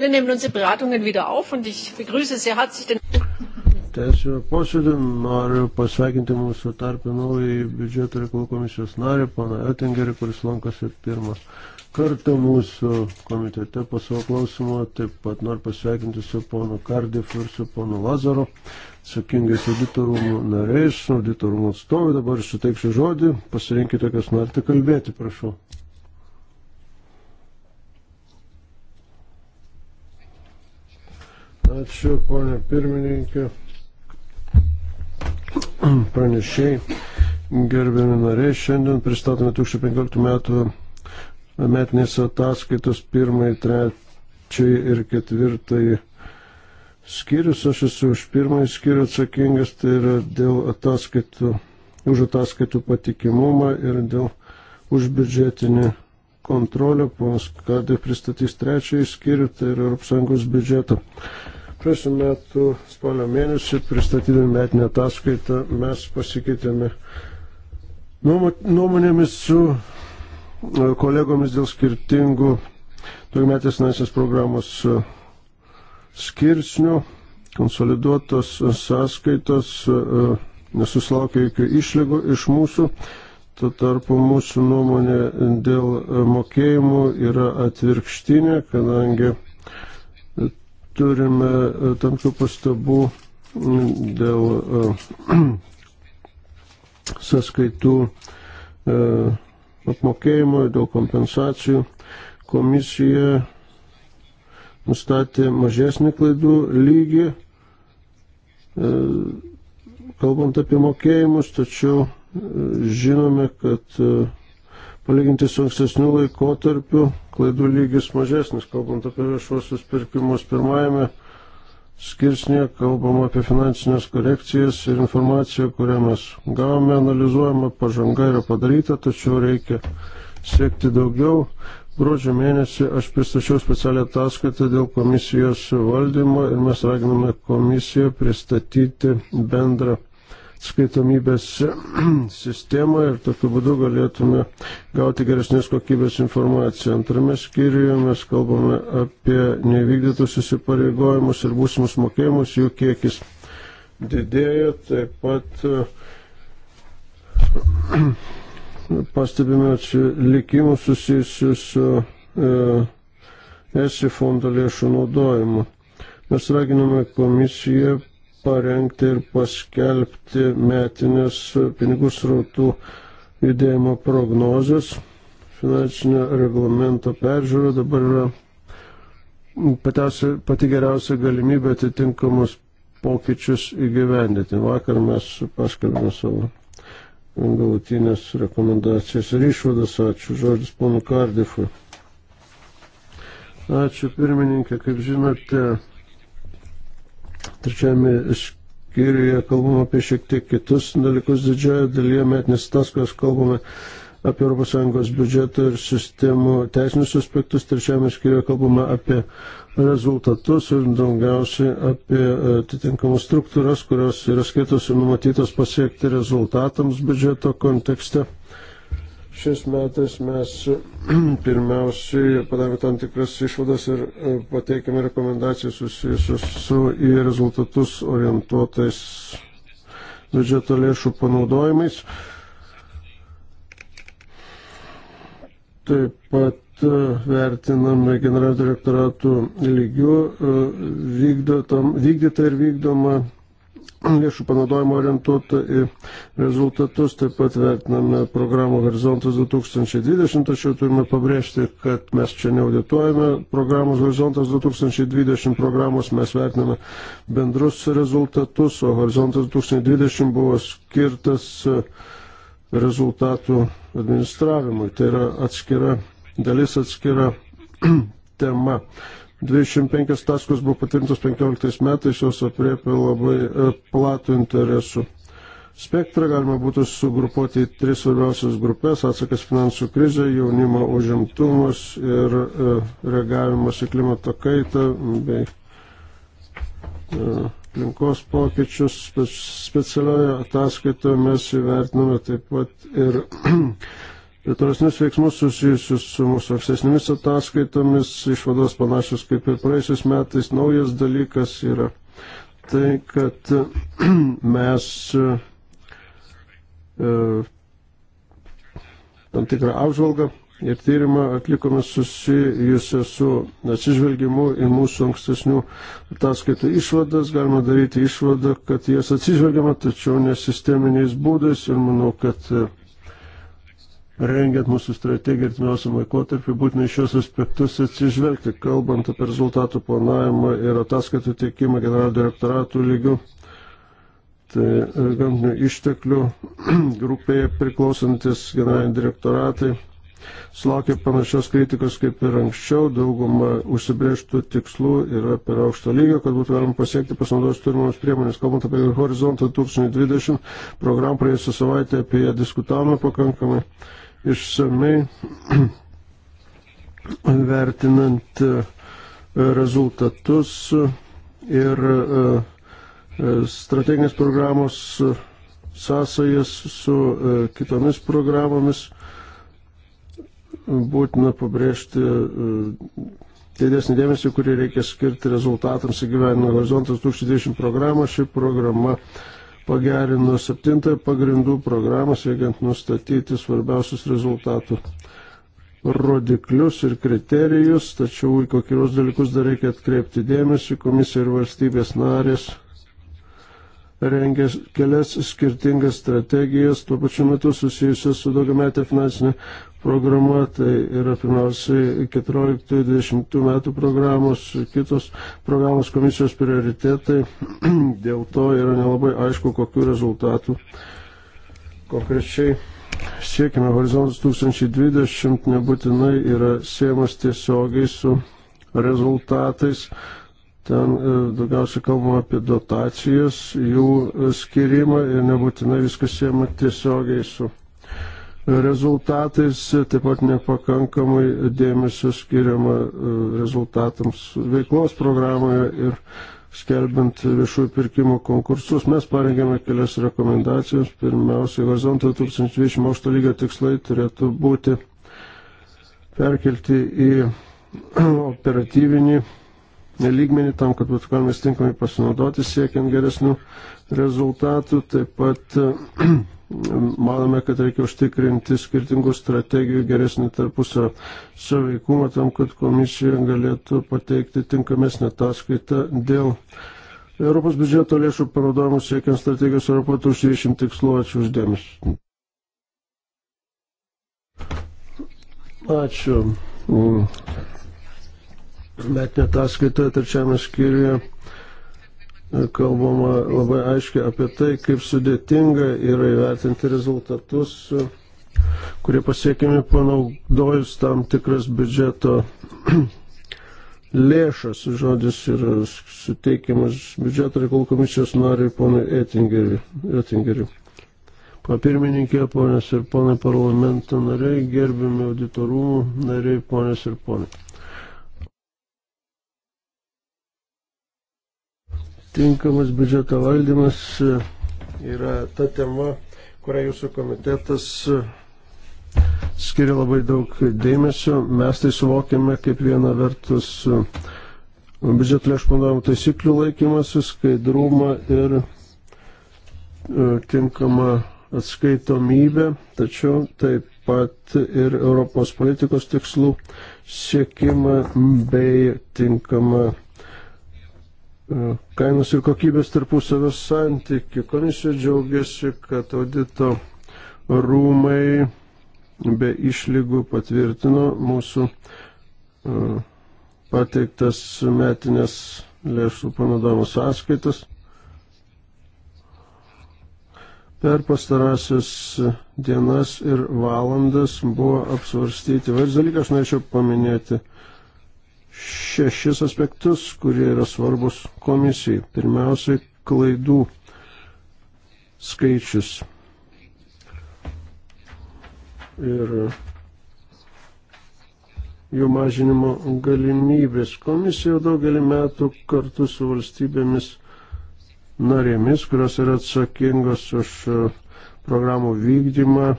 Wir nehmen unsere Beratungen wieder auf und ich begrüße sehr herzlich den. Tęsiu posėdį, noriu pasveikinti mūsų tarpę naują biudžeto reikalų komisijos narį, pana Oettingerį, kuris lankosi pirmą kartą mūsų komitete po savo klausimo. Taip pat noriu pasveikinti su ponu Kardifu ir su ponu Lazaru, atsakingais auditorumų nariais, auditorumų atstovai. Dabar suteiksiu žodį, pasirinkite, kas norite kalbėti, prašau. Ačiū, ponė pirmininkė. Pranešiai, gerbiami nariai, šiandien pristatome 2015 metų metinės ataskaitos pirmai, trečiai ir ketvirtai skyrius. Aš esu už pirmąjį skyrių atsakingas, tai yra dėl ataskaitų, už ataskaitų patikimumą ir dėl už biudžetinį kontrolę. Ponas Kadė pristatys trečiąjį skyrių, tai yra ES biudžeto Praėjusiu metu spalio mėnesį pristatydami metinę ataskaitą mes pasikeitėme nuomonėmis su e, kolegomis dėl skirtingų daugiametės naisės programos e, skirsnių, konsoliduotos sąskaitos e, nesusilaukė jokių išlygų iš mūsų. Tuo tarpu mūsų nuomonė dėl mokėjimų yra atvirkštinė, kadangi turime e, tam tikrų pastabų dėl e, sąskaitų e, apmokėjimo, dėl kompensacijų. Komisija nustatė mažesnį klaidų lygį, kalbant apie mokėjimus, tačiau žinome, kad Palyginti su ankstesniu laikotarpiu, klaidų lygis mažesnis, kalbant apie viešuosius pirkimus pirmajame skirsnėje, kalbama apie finansinės korekcijas ir informaciją, kurią mes gavome, analizuojama, pažanga yra padaryta, tačiau reikia siekti daugiau. Gruodžio mėnesį aš pristačiau specialią ataskaitą dėl komisijos valdymo ir mes raginame komisiją pristatyti bendrą skaitomybės sistemą ir tokiu būdu galėtume gauti geresnės kokybės informaciją. Antrame skyriuje mes kalbame apie nevykdytus įsipareigojimus ir būsimus mokėjimus, jų kiekis didėja, taip pat pastebime atsilikimus susijusius su e, esi fondo lėšų naudojimu. Mes raginame komisiją parengti ir paskelbti metinės pinigų srautų judėjimo prognozes. Finansinio reglamento peržiūra dabar yra patiausia, pati geriausia galimybė atitinkamus pokyčius įgyvendyti. Vakar mes paskelbėme savo galutinės rekomendacijas ir išvadas. Ačiū. Žodis ponu Kardifui. Ačiū pirmininkė, kaip žinote, Trečiame skyriuje kalbama apie šiek tiek kitus dalykus. Didžioje dalyje metinės ataskaitos kalbame apie ES biudžeto ir sistemų teisinius aspektus. Trečiame skyriuje kalbama apie rezultatus ir daugiausiai apie atitinkamus struktūras, kurios yra skirtos ir numatytos pasiekti rezultatams biudžeto kontekste. Šiais metais mes pirmiausiai padarėme tam tikras išvadas ir e, pateikėme rekomendacijas susijusius su į rezultatus orientuotais biudžeto lėšų panaudojimais. Taip pat e, vertiname generalinio direktoratų lygių e, vykdytą ir vykdomą lėšų panaudojimo orientuota į rezultatus, taip pat vertiname programą Horizontas 2020, tačiau turime pabrėžti, kad mes čia neaudituojame programos Horizontas 2020 programos, mes vertiname bendrus rezultatus, o Horizontas 2020 buvo skirtas e, rezultatų administravimui. Tai yra atskira, dalis atskira tema. 25 taškus buvo patvirtintos 15 metais, jos apriepia labai e, platų interesų spektrą, galima būtų sugrupuoti į tris svarbiausias grupės - atsakas finansų krizė, jaunimo užimtumas ir e, reagavimas į klimato kaitą bei e, aplinkos pokyčius. Specialioje ataskaitoje mes įvertiname taip pat ir tolesnius veiksmus susijusius su mūsų ankstesnėmis ataskaitomis, išvados panašios kaip ir praėjusiais metais. Naujas dalykas yra tai, kad mes e, tam tikrą apžvalgą ir tyrimą atlikome susijusią su atsižvelgimu į mūsų ankstesnių ataskaitų išvadas. Galima daryti išvadą, kad jas atsižvelgiama, tačiau nesisteminiais būdais ir manau, kad e, rengiant mūsų strategiją artimiausiam laikotarpiu, būtina į šios aspektus atsižvelgti, kalbant apie rezultatų planavimą ir ataskaitų teikimą generalinio direktoratų lygių. Tai e, gamtinių išteklių grupėje priklausantis generaliniai direktoratai sulaukė panašios kritikos kaip ir anksčiau, dauguma užsibrėžtų tikslų yra per aukšto lygio, kad būtų galima pasiekti pasinaudojus turimomis priemonės. Kalbant apie Horizontą 2020 programą praėjusią savaitę, apie ją diskutavome pakankamai išsamei vertinant e, rezultatus ir e, e, strateginės programos sąsajas su kitomis programomis būtina pabrėžti tai didesnį dėmesį, kurį reikia skirti rezultatams įgyvenimo horizontas 2020 programą. Ši programa pagerino septintąją pagrindų programą, siekiant nustatyti svarbiausius rezultatų rodiklius ir kriterijus, tačiau į kokius dalykus dar reikia atkreipti dėmesį, komisija ir valstybės narės rengia kelias skirtingas strategijas, tuo pačiu metu susijusias su daugiametė finansinė programa, tai yra pirmiausiai 14-20 metų programos, kitos programos komisijos prioritetai, dėl to yra nelabai aišku, kokiu rezultatu konkrečiai siekime horizontas 2020 nebūtinai yra siemas tiesiogiai su rezultatais Ten e, daugiausia kalbama apie dotacijas, jų skirimą ir nebūtinai viskas siejama tiesiogiai su rezultatais, taip pat nepakankamai dėmesio skiriama e, rezultatams veiklos programoje ir skelbiant viešųjų pirkimų konkursus. Mes parengėme kelias rekomendacijas. Pirmiausia, horizonto 2020 aukšto lygio tikslai turėtų būti perkelti į operatyvinį lygmenį tam, kad būtų galima tinkamai pasinaudoti siekiant geresnių rezultatų. Taip pat manome, kad reikia užtikrinti skirtingų strategijų geresnį tarpusio saveikumą tam, kad komisija galėtų pateikti tinkamesnę ataskaitą dėl Europos biudžeto lėšų panaudojimų siekiant strategijos Europą 2020 tikslų. Ačiū uždėmesi. Ačiū. Mm metinė ataskaita trečiame skyriuje e, kalbama labai aiškiai apie tai, kaip sudėtinga yra įvertinti rezultatus, e, kurie pasiekimi panaudojus tam tikras biudžeto lėšas. Žodis yra suteikiamas biudžeto reikalų komisijos nariui ponui Ettingeriui. Papirmininkė, ponės ir ponai parlamento nariai, gerbiami auditorumų nariai, ponės ir ponai. Tinkamas biudžeto valdymas e, yra ta tema, kurią jūsų komitetas e, skiria labai daug dėmesio. Mes tai suvokiame kaip viena vertus e, biudžeto lėšų panaudojimo taisyklių laikymasi, skaidrumą ir tinkamą atskaitomybę, tačiau taip pat ir Europos politikos tikslų siekimą bei tinkamą E, kainos ir kokybės tarpusavio santykių. Komisija džiaugiasi, kad audito rūmai be išlygų patvirtino mūsų e, pateiktas metinės lėšų panaudojimo sąskaitas. Per pastarasias dienas ir valandas buvo apsvarstyti. Vairs dalykas, aš norėčiau paminėti šešis aspektus, kurie yra svarbus komisijai. Pirmiausiai, klaidų skaičius. Ir jų mažinimo galimybės. Komisija daugelį metų kartu su valstybėmis narėmis, kurios yra atsakingos už uh, programų vykdymą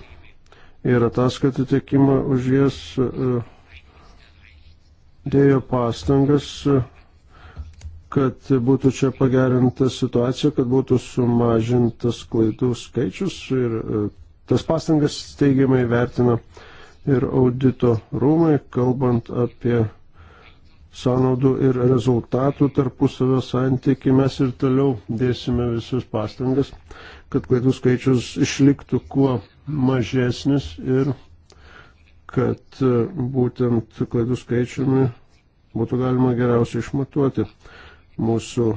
ir ataskaitų tekimą už jas uh, dėjo pastangas, kad būtų čia pagerinta situacija, kad būtų sumažintas klaidų skaičius ir e, tas pastangas teigiamai vertina ir audito rūmai, kalbant apie sąnaudų ir rezultatų tarpusavio santyki, mes ir toliau dėsime visus pastangas, kad klaidų skaičius išliktų kuo mažesnis ir kad e, būtent klaidų skaičiumi būtų galima geriausiai išmatuoti mūsų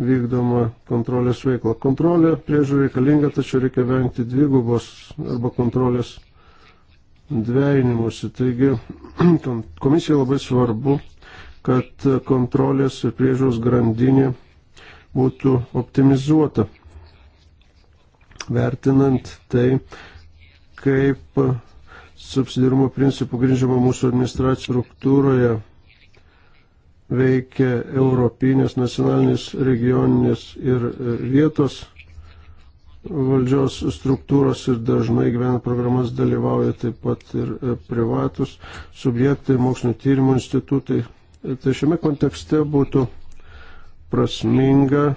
vykdoma kontrolės veikla. Kontrolė priežiūrė reikalinga, tačiau reikia vengti dvigubos arba kontrolės dvejinimuose. Taigi komisija labai svarbu, kad kontrolės ir priežiūros grandinė būtų optimizuota. Vertinant tai, kaip subsidirumo principų grindžiama mūsų administracijos struktūroje veikia europinės, nacionalinės, regioninės ir e, vietos valdžios struktūros ir dažnai gyvena programas dalyvauja taip pat ir e, privatus subjektai, mokslinio tyrimo institutai. E, tai šiame kontekste būtų prasminga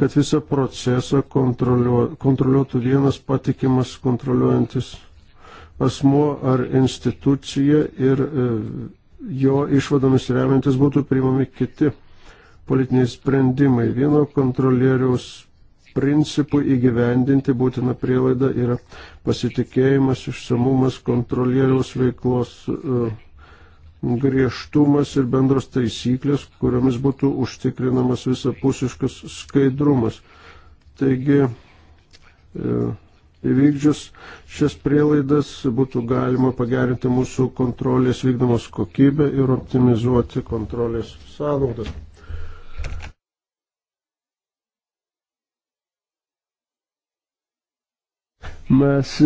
kad visą procesą kontroliuo, kontroliuotų vienas patikimas kontroliuojantis asmuo ar institucija ir e, jo išvadomis remiantis būtų priimami kiti politiniai sprendimai. Vieno kontrolieriaus principų įgyvendinti būtina prielaida yra pasitikėjimas, išsamumas kontrolieriaus veiklos. Uh, griežtumas ir bendros taisyklės, kuriomis būtų užtikrinamas visapusiškas skaidrumas. Taigi, e, įvykdžius šias prielaidas būtų galima pagerinti mūsų kontrolės vykdomos kokybę ir optimizuoti kontrolės sąnaudas. Mes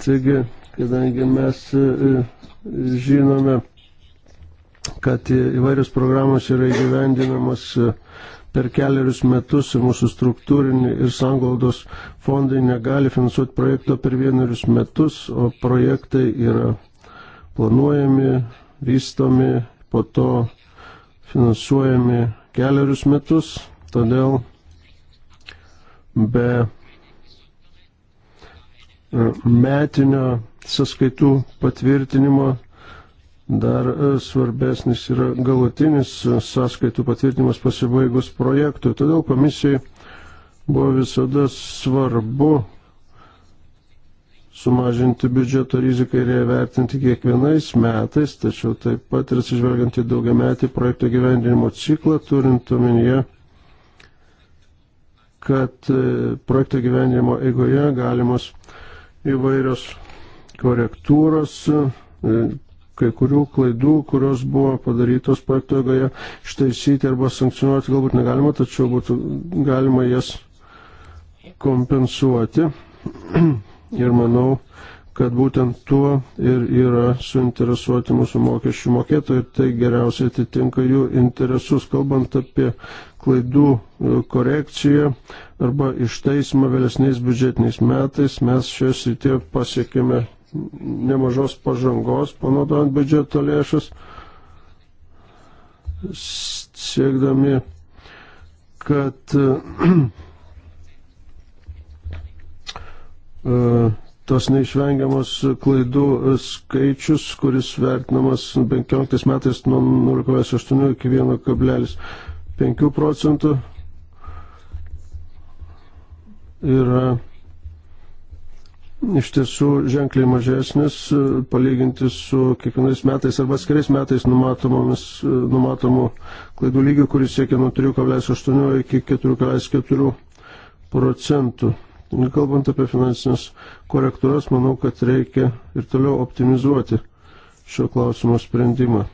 Taigi, kadangi mes e, žinome, kad įvairios programos yra įgyvendinamos e, per keliarius metus ir mūsų struktūriniai ir sanglaudos fondai negali finansuoti projekto per vienerius metus, o projektai yra planuojami, vystomi, po to finansuojami keliarius metus, todėl be E, metinio sąskaitų patvirtinimo Dar e, svarbesnis yra galutinis sąskaitų patvirtinimas pasibaigus projektui. Todėl komisijai buvo visada svarbu sumažinti biudžeto riziką ir ją vertinti kiekvienais metais, tačiau taip pat ir atsižvelgiant į daugiametį projekto gyvendinimo ciklą, turint omenyje, kad e, projekto gyvendinimo eigoje galimas įvairios korektūros, e, kai kurių klaidų, kurios buvo padarytos projekto eigoje, ištaisyti arba sankcionuoti galbūt negalima, tačiau būtų galima jas kompensuoti. Ir manau, kad būtent tuo ir yra suinteresuoti mūsų mokesčių mokėtojai ir tai geriausiai atitinka jų interesus. Kalbant apie klaidų e, korekciją arba ištaismą vėlesniais biudžetiniais metais, mes šioje srityje pasiekime nemažos pažangos, panaudojant biudžeto lėšas, siekdami, kad uh, tos neišvengiamos klaidų skaičius, kuris vertinamas 15 metais nuo 0,8 iki 1,5 procentų yra iš tiesų ženkliai mažesnis palyginti su kiekvienais metais arba skiriais metais numatomų klaidų lygių, kuris siekia nuo 3,8 iki 4,4 procentų. Kalbant apie finansinės korektūras, manau, kad reikia ir toliau optimizuoti šio klausimo sprendimą.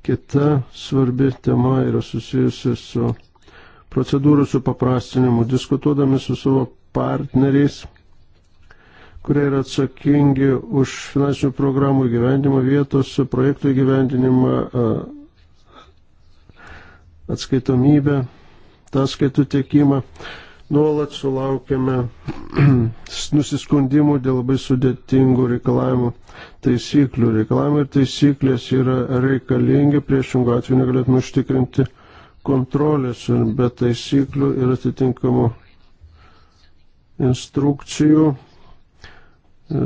Kita svarbi tema yra susijusi su procedūrų supaprastinimu. Diskutuodami su savo partneriais, kurie yra atsakingi už finansinių programų įgyvendimą, vietos projektų įgyvendinimą, atskaitomybę, tą skaitų tiekimą, Nuolat sulaukėme nusiskundimų dėl labai sudėtingų reikalavimų taisyklių. Reikalavimai ir taisyklės yra reikalingi, priešingų atveju negalėtume užtikrinti kontrolės ir be taisyklių ir atitinkamų instrukcijų e,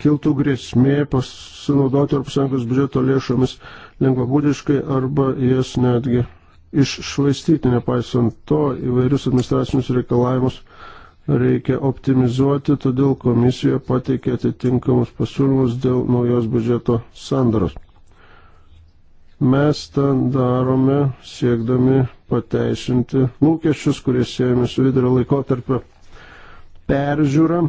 kiltų grėsmė pasinaudoti Europos Sąjungos biudžeto lėšomis lengvabūdiškai arba jas netgi iššvaistyti, nepaisant to įvairius administracinius reikalavimus reikia optimizuoti, todėl komisija pateikė atitinkamus pasiūlymus dėl naujos biudžeto sandaros. Mes tą darome siekdami pateisinti lūkesčius, kurie siejami su vidurio laikotarpio peržiūra,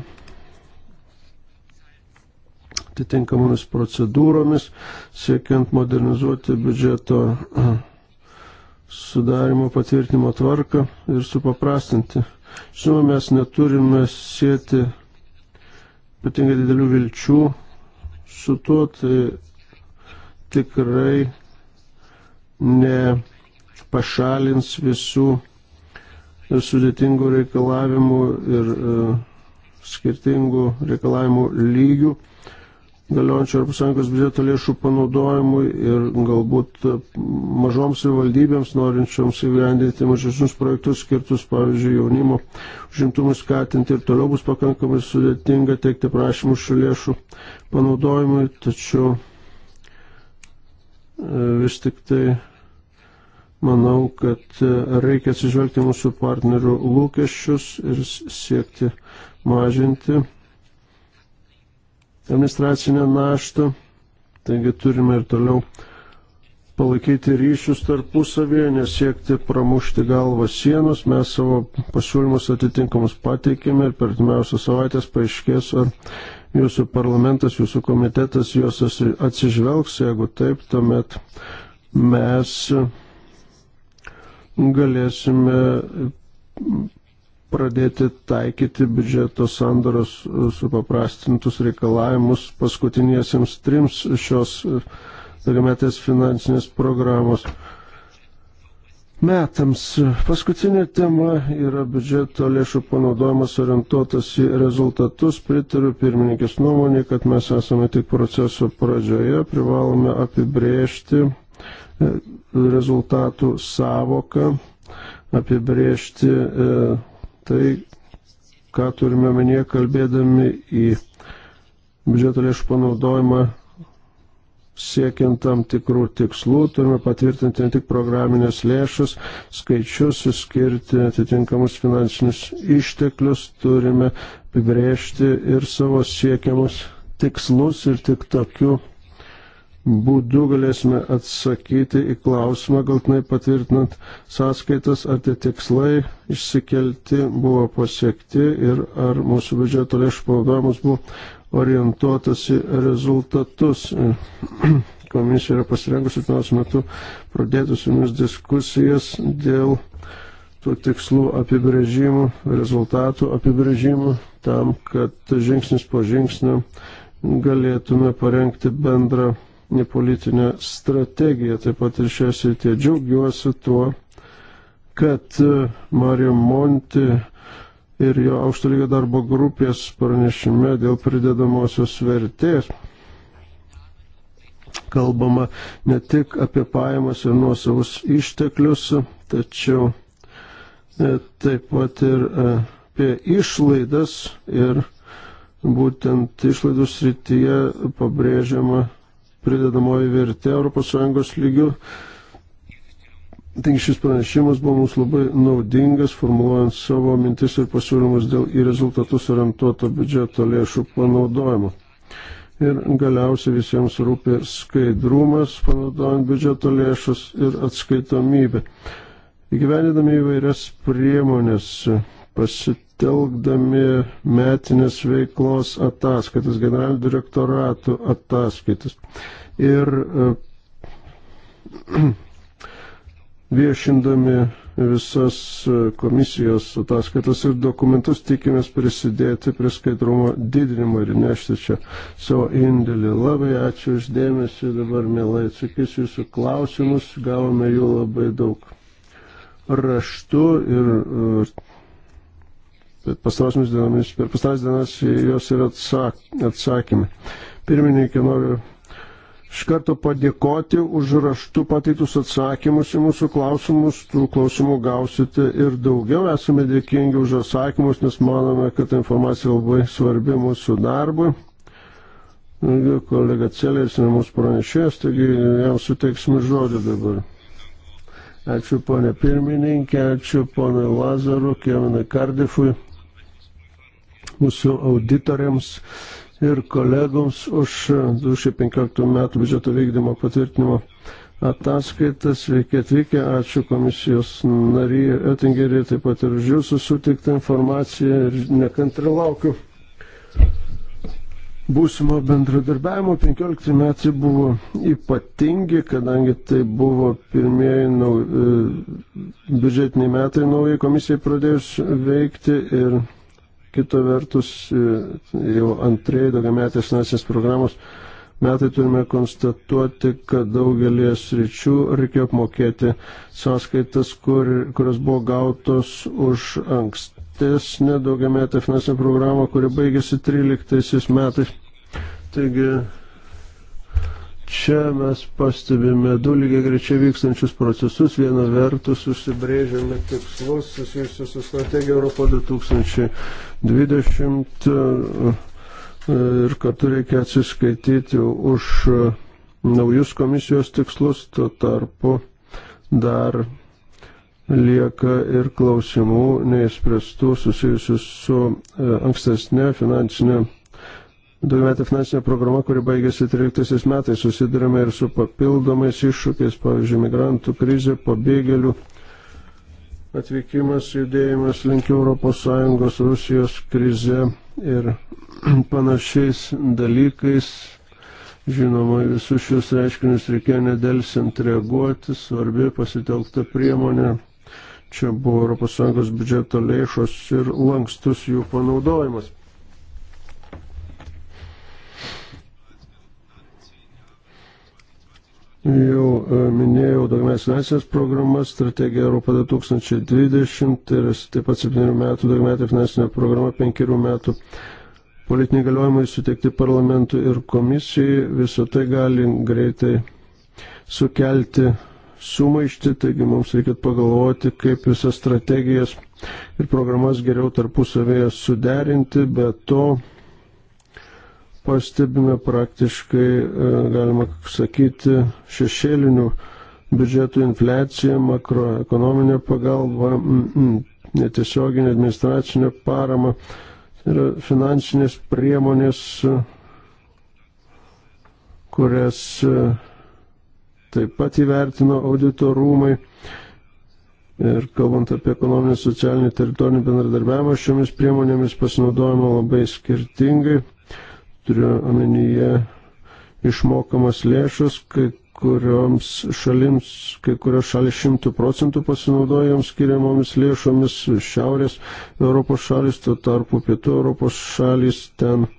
atitinkamomis procedūromis, siekiant modernizuoti biudžeto sudarimo patvirtinimo tvarką ir supaprastinti. Žinoma, mes neturime sėti ypatingai didelių vilčių su tuo, tai tikrai nepašalins visų sudėtingų reikalavimų ir e, skirtingų reikalavimų lygių galiojančio ES biudžeto lėšų panaudojimui ir galbūt e, mažoms valdybėms norinčioms įgyvendinti mažesnius projektus skirtus, pavyzdžiui, jaunimo žimtumui skatinti ir toliau bus pakankamai sudėtinga teikti prašymus šių lėšų panaudojimui, tačiau e, vis tik tai manau, kad e, reikia atsižvelgti mūsų partnerių lūkesčius ir siekti mažinti administracinę naštą. Taigi turime ir toliau palaikyti ryšius tarpusavėje, nesiekti pramušti galvą sienos. Mes savo pasiūlymus atitinkamus pateikėme ir per artimiausias savaitės paaiškės, ar jūsų parlamentas, jūsų komitetas juos atsižvelgs. Jeigu taip, tuomet mes galėsime pradėti taikyti biudžeto sandaros e, supaprastintus reikalavimus paskutiniesiems trims šios daugiametės e, finansinės programos metams. Paskutinė tema yra biudžeto lėšų panaudojimas orientuotas į rezultatus. Pritariu pirmininkės nuomonė, kad mes esame tik proceso pradžioje, privalome apibrėžti e, rezultatų savoką, apibrėžti tai, ką turime menyje kalbėdami į biudžeto lėšų panaudojimą siekiant tam tikrų tikslų, turime patvirtinti ne tik programinės lėšas, skaičius, skirti atitinkamus finansinius išteklius, turime apibrėžti ir savo siekiamus tikslus ir tik tokiu būdu galėsime atsakyti į klausimą, galtinai patvirtinant sąskaitas, ar tie tikslai išsikelti buvo pasiekti ir ar mūsų biudžeto lėšų panaudojimas buvo orientuotas į rezultatus. Komisija yra pasirengusi finansų metu pradėti su jumis diskusijas dėl tų tikslų apibrėžimų, rezultatų apibrėžimų, tam, kad žingsnis po žingsnio galėtume parengti bendrą nepolitinę strategiją. Taip pat ir šią sritį džiaugiuosi tuo, kad e, Mario Monti ir jo aukšto lygio darbo grupės pranešime dėl pridedamosios vertės kalbama ne tik apie pajamas ir nuosavus išteklius, tačiau e, taip pat ir e, apie išlaidas ir būtent išlaidų srityje pabrėžiama pridedamoji vertė ES lygių. Taigi šis pranešimas buvo mums labai naudingas, formuluojant savo mintis ir pasiūlymus dėl į rezultatus orientuoto biudžeto lėšų panaudojimo. Ir galiausiai visiems rūpi skaidrumas, panaudojant biudžeto lėšas ir atskaitomybė. Įgyvenidami įvairias priemonės pasit pasitelkdami metinės veiklos ataskaitas, generalinių direktoratų ataskaitas. Ir e, viešindami visas e, komisijos ataskaitas ir dokumentus tikimės prisidėti prie skaidrumo didinimo ir nešti čia savo indėlį. Labai ačiū uždėmesi, dabar mielai atsakysiu jūsų klausimus, gavome jų labai daug raštu ir uh, bet pastarosiamis dienomis, per pastaras dienas jos yra atsak, atsakymai. Pirmininkė, noriu iš karto padėkoti už raštų pateiktus atsakymus į mūsų klausimus. Tų klausimų gausite ir daugiau. Esame dėkingi už atsakymus, nes manome, kad ta informacija labai svarbi mūsų darbui. Kolega Celės yra mūsų pranešėjas, taigi jam suteiksime žodį dabar. Ačiū ponė pirmininkė, ačiū ponė Lazaru, Kevinai Kardifui mūsų auditoriams ir kolegoms už 2015 metų biudžeto vykdymo patvirtinimo ataskaitą. Sveiki atvykę, ačiū komisijos nariai Ettingeriai, taip pat ir už jūsų sutiktą informaciją ir nekantri laukiu. Būsimo bendradarbiavimo 15 metai buvo ypatingi, kadangi tai buvo pirmieji nau, e, biudžetiniai metai naujai komisijai pradėjus veikti ir Kita vertus, e, jau antrieji daugiametės finansinės programos metai turime konstatuoti, kad daugelį sričių reikėjo apmokėti sąskaitas, kur, kurios buvo gautos už ankstesnę daugiametę finansinę programą, kuri baigėsi 13 metais. Taigi Čia mes pastebime du lygiai greičiai vykstančius procesus. Viena vertus užsibrėžiame tikslus susijusius su strategija Europo 2020 e, ir kartu reikia atsiskaityti už e, naujus komisijos tikslus, tuo tarpu dar lieka ir klausimų neįspręstų susijusius su e, ankstesnė finansinė Daugiametė finansinė programa, kuri baigėsi 13 metais, susidurime ir su papildomais iššūkiais, pavyzdžiui, migrantų krizė, pabėgėlių atvykimas, judėjimas link ES, Rusijos krize ir panašiais dalykais. Žinoma, visus šios reiškinius reikėjo nedelsiant reaguoti, svarbi pasitelkta priemonė. Čia buvo ES biudžeto lėšos ir lankstus jų panaudojimas. Jau e, minėjau daugmės finansinės programas, strategija Europa 2020 ir tai taip pat 7 metų daugmetė finansinė programa 5 metų. Politiniai galiojimai suteikti parlamentui ir komisijai, visą tai gali greitai sukelti sumaišti, taigi mums reikėtų pagalvoti, kaip visas strategijas ir programas geriau tarpusavėje suderinti, bet to pastebime praktiškai, e, galima sakyti, šešėlinių biudžetų infliaciją, makroekonominę pagalbą, netiesioginę administracinę paramą, tai yra finansinės priemonės, kurias e, taip pat įvertino audito rūmai. Ir kalbant apie ekonominį, socialinį, teritorinį bendradarbiavimą, šiomis priemonėmis pasinaudojama labai skirtingai turiu omenyje išmokamas lėšas, kai kurioms šalims, kai kurios šalis šimtų procentų pasinaudoja joms skiriamomis lėšomis, šiaurės Europos šalis, tuo tarpu pietų Europos šalis ten e,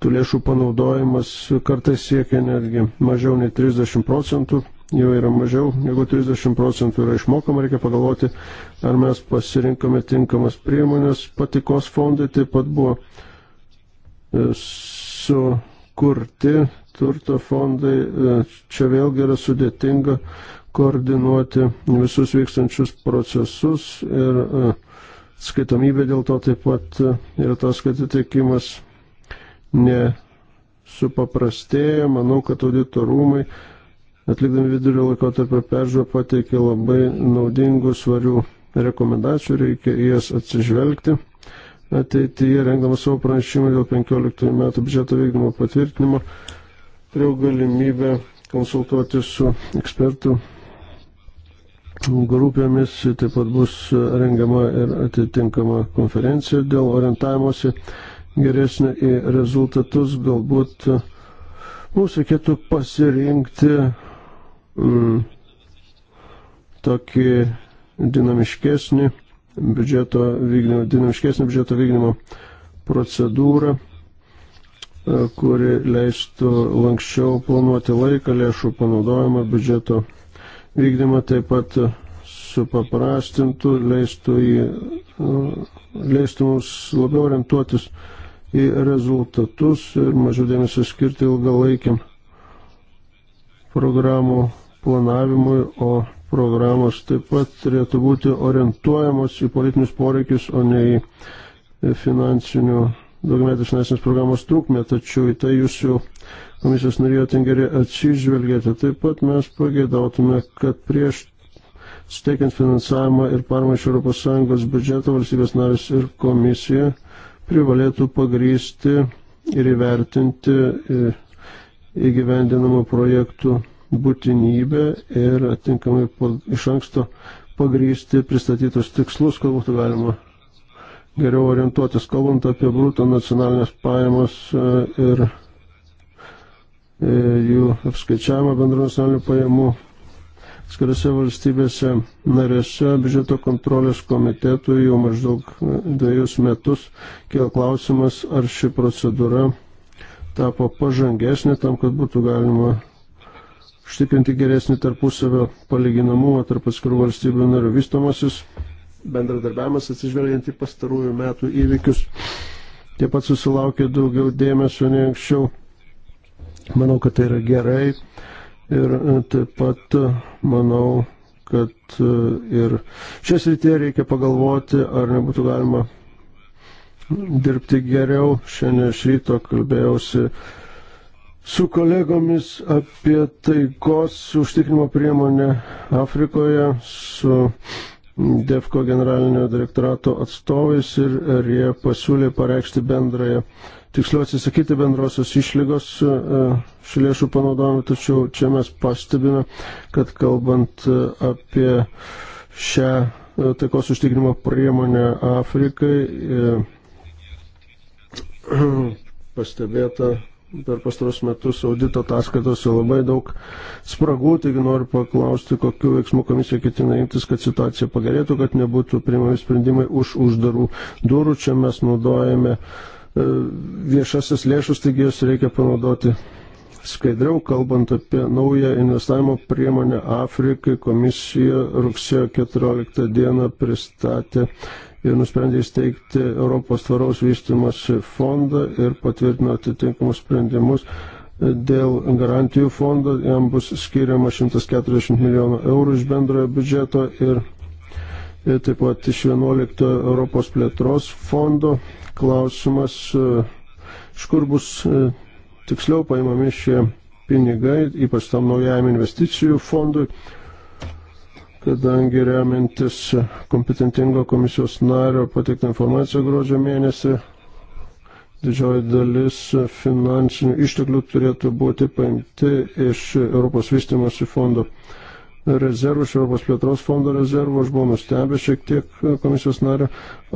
tų lėšų panaudojimas kartais siekia netgi mažiau nei 30 procentų jau yra mažiau negu 30 procentų yra išmokama, reikia pagalvoti, ar mes pasirinkome tinkamas priemonės. Patikos fondai taip pat buvo e, sukurti, turto fondai, e, čia vėlgi yra sudėtinga koordinuoti visus vykstančius procesus ir e, skaitomybė dėl to taip pat yra tas, kad atitikimas nesupaprastėja. Manau, kad auditorumai rūmai atlikdami vidurio laikotarpio peržiūrą pateikė labai naudingų, svarių rekomendacijų, reikia į jas atsižvelgti. Ateityje, rengdamas savo pranešimą dėl 15 metų biudžeto vykdymo patvirtinimo, turėjau galimybę konsultuoti su ekspertų grupėmis, taip pat bus rengiama ir atitinkama konferencija dėl orientavimosi geresnė į rezultatus, galbūt mums reikėtų pasirinkti mm, tokį dinamiškesnį biudžeto vykdymo, dinamiškesnį biudžeto vykdymo procedūrą, e, kuri leistų lankščiau planuoti laiką, lėšų panaudojimą, biudžeto vykdymą, taip pat supaprastintų, leistų, į, e, leistų mums labiau orientuotis į rezultatus ir mažiau dėmesio skirti ilgalaikiam programų planavimui, o programos taip pat turėtų būti orientuojamos į politinius poreikius, o ne į finansinių daugiametės finansinės programos trukmę, tačiau į tai jūs jau komisijos norėjo ten gerai atsižvelgėte. Taip pat mes pageidautume, kad prieš steikiant finansavimą ir parmą iš ES biudžeto valstybės narės ir komisija privalėtų pagrysti ir įvertinti e, įgyvendinamų projektų būtinybę ir atinkamai iš anksto pagrysti pristatytus tikslus, kad būtų galima geriau orientuotis, kalbant apie brūto nacionalinės pajamos e, ir e, jų apskaičiavimą bendro nacionalinių pajamų. Skiriuose valstybėse narėse biudžeto kontrolės komitetui jau maždaug dviejus metus kėl klausimas, ar ši procedūra tapo pažangesnė tam, kad būtų galima užtikrinti geresnį tarpusavio palyginamumą tarp atskirų valstybių narių. Vystomasis bendradarbiavimas atsižvelgiant į pastarųjų metų įvykius taip pat susilaukė daugiau dėmesio nei anksčiau. Manau, kad tai yra gerai ir e, taip pat e, manau, kad e, ir šias rytėje reikia pagalvoti, ar nebūtų galima dirbti geriau. Šiandien iš ryto kalbėjausi su kolegomis apie taikos užtikrinimo priemonę Afrikoje su DEFCO generalinio direktorato atstovais ir, ir jie pasiūlė pareikšti bendrąją, tiksliau atsisakyti bendrosios išlygos e, šilėšų panaudojimą, tačiau čia mes pastebime, kad kalbant e, apie šią e, taikos užtikrinimo priemonę Afrikai, pastebėta per pastaros metus audito ataskaitose labai daug spragų, taigi noriu paklausti, kokiu veiksmu komisija ketina imtis, kad situacija pagerėtų, kad nebūtų priimami sprendimai už uždarų durų. Čia mes naudojame e, viešasis lėšus, taigi jos reikia panaudoti skaidriau, kalbant apie naują investavimo priemonę Afrikai, komisija rugsėjo 14 dieną pristatė ir nusprendė įsteigti Europos tvaraus vystimas fondą ir patvirtino atitinkamus sprendimus dėl garantijų fondo. Jam bus skiriama 140 milijonų eurų iš bendrojo biudžeto ir taip pat iš 11 Europos plėtros fondo. Klausimas, e, iš kur bus e, tiksliau paimami šie pinigai, ypač tam naujajam investicijų fondui kadangi remiantis kompetentingo komisijos nario pateiktą informaciją gruodžio mėnesį, didžioji dalis finansinių išteklių turėtų būti paimti iš Europos vystimosi fondo rezervų, iš Europos plėtros fondo rezervų. Aš buvau nustebęs šiek tiek komisijos nario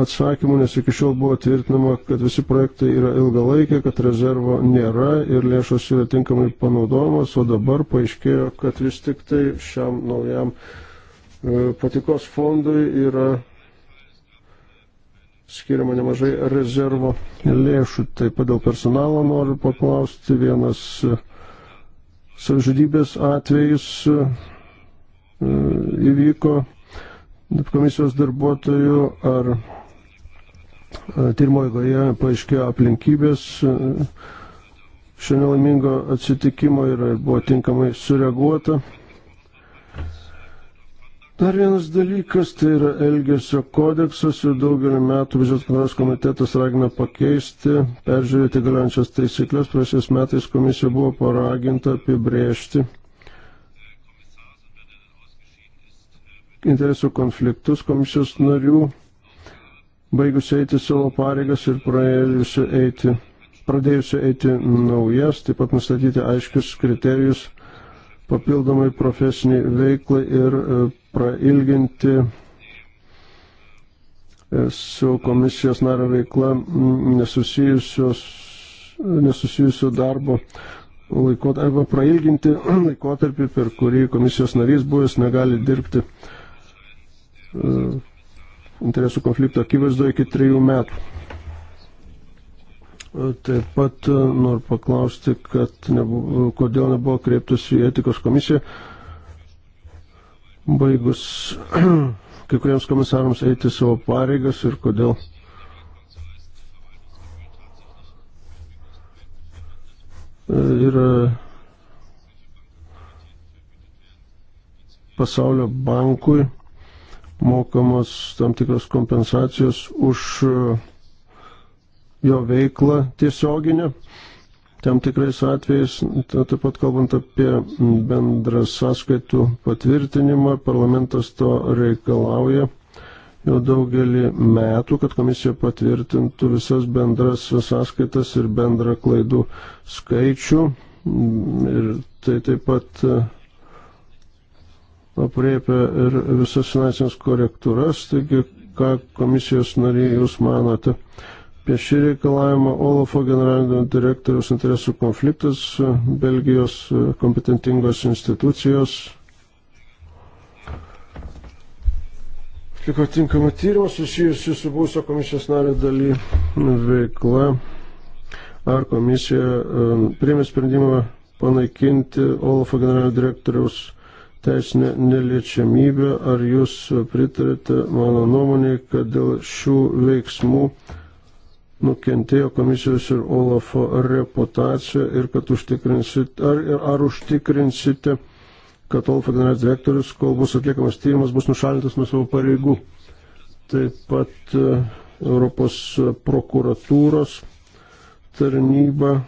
atsakymų, nes iki šiol buvo tvirtinama, kad visi projektai yra ilgalaikiai, kad rezervo nėra ir lėšos yra tinkamai panaudojamos, o dabar paaiškėjo, kad vis tik tai šiam naujam E, patikos fondui yra skiriama nemažai rezervo lėšų. Taip pat dėl personalo noriu paklausti. Vienas e, savižudybės atvejis e, įvyko komisijos darbuotojų ar tyrimo eigoje paaiškėjo aplinkybės šio nelaimingo atsitikimo ir buvo tinkamai sureaguota. Dar vienas dalykas, tai yra Elgesio kodeksas, jau daugelį metų Biudžeto kontrolės komitetas ragina pakeisti, peržiūrėti galiojančias taisyklės. Praėjusiais metais komisija buvo paraginta apibrėžti interesų konfliktus komisijos narių, baigusiai eiti savo pareigas ir praėjusiai eiti, pradėjusiai eiti naujas, taip pat nustatyti aiškius kriterijus papildomai profesiniai veiklai ir e, prailginti e, su komisijos nario veikla nesusijusio darbo laikotarpį arba prailginti laikotarpį, per kurį komisijos narys buvęs negali dirbti e, interesų konflikto akivaizdoje iki trijų metų. Taip pat e, noriu paklausti, kad nebuvo, kodėl nebuvo kreiptas į etikos komisiją, baigus kai kuriems komisarams eiti savo pareigas ir kodėl. Ir e, pasaulio bankui mokamos tam tikros kompensacijos už jo veiklą tiesioginę. Tam tikrais atvejais, taip pat kalbant apie bendrą sąskaitų patvirtinimą, parlamentas to reikalauja jau daugelį metų, kad komisija patvirtintų visas bendras sąskaitas ir bendrą klaidų skaičių. Ir tai taip pat e, apriepia ir visas finansinės korektūras. Taigi, ką komisijos nariai jūs manote apie šį reikalavimą Olafo generalinio direktoriaus interesų konfliktas e, Belgijos e, kompetentingos institucijos. Liko tinkamą tyrimą susijusiu su būsio komisijos nario daly veikla. Ar komisija e, priėmė sprendimą panaikinti Olafo generalinio direktoriaus teisinę neliečiamybę, ar jūs pritarėte mano nuomonė, kad dėl šių veiksmų nukentėjo komisijos ir Olafo reputacija ir kad užtikrinsite, ar, ar užtikrinsite, kad Olafo generalinis direktorius, kol bus atliekamas tyrimas, bus nušalintas nuo savo pareigų. Taip pat e, Europos prokuratūros tarnyba,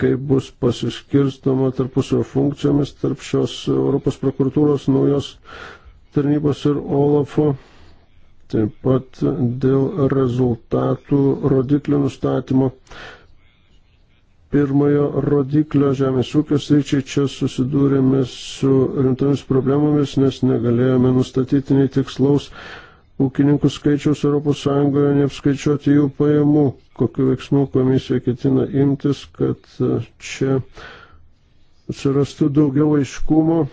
kaip bus pasiskirstama tarpusio funkcijomis tarp šios Europos prokuratūros naujos tarnybos ir Olafo Taip pat dėl rezultatų rodiklių nustatymo. Pirmojo rodiklio žemės ūkio sričiai čia susidūrėme su rimtomis problemomis, nes negalėjome nustatyti nei tikslaus ūkininkų skaičiaus ES, neapskaičiuoti jų pajamų. Kokiu veiksmu komisija ketina imtis, kad čia atsirastų daugiau aiškumo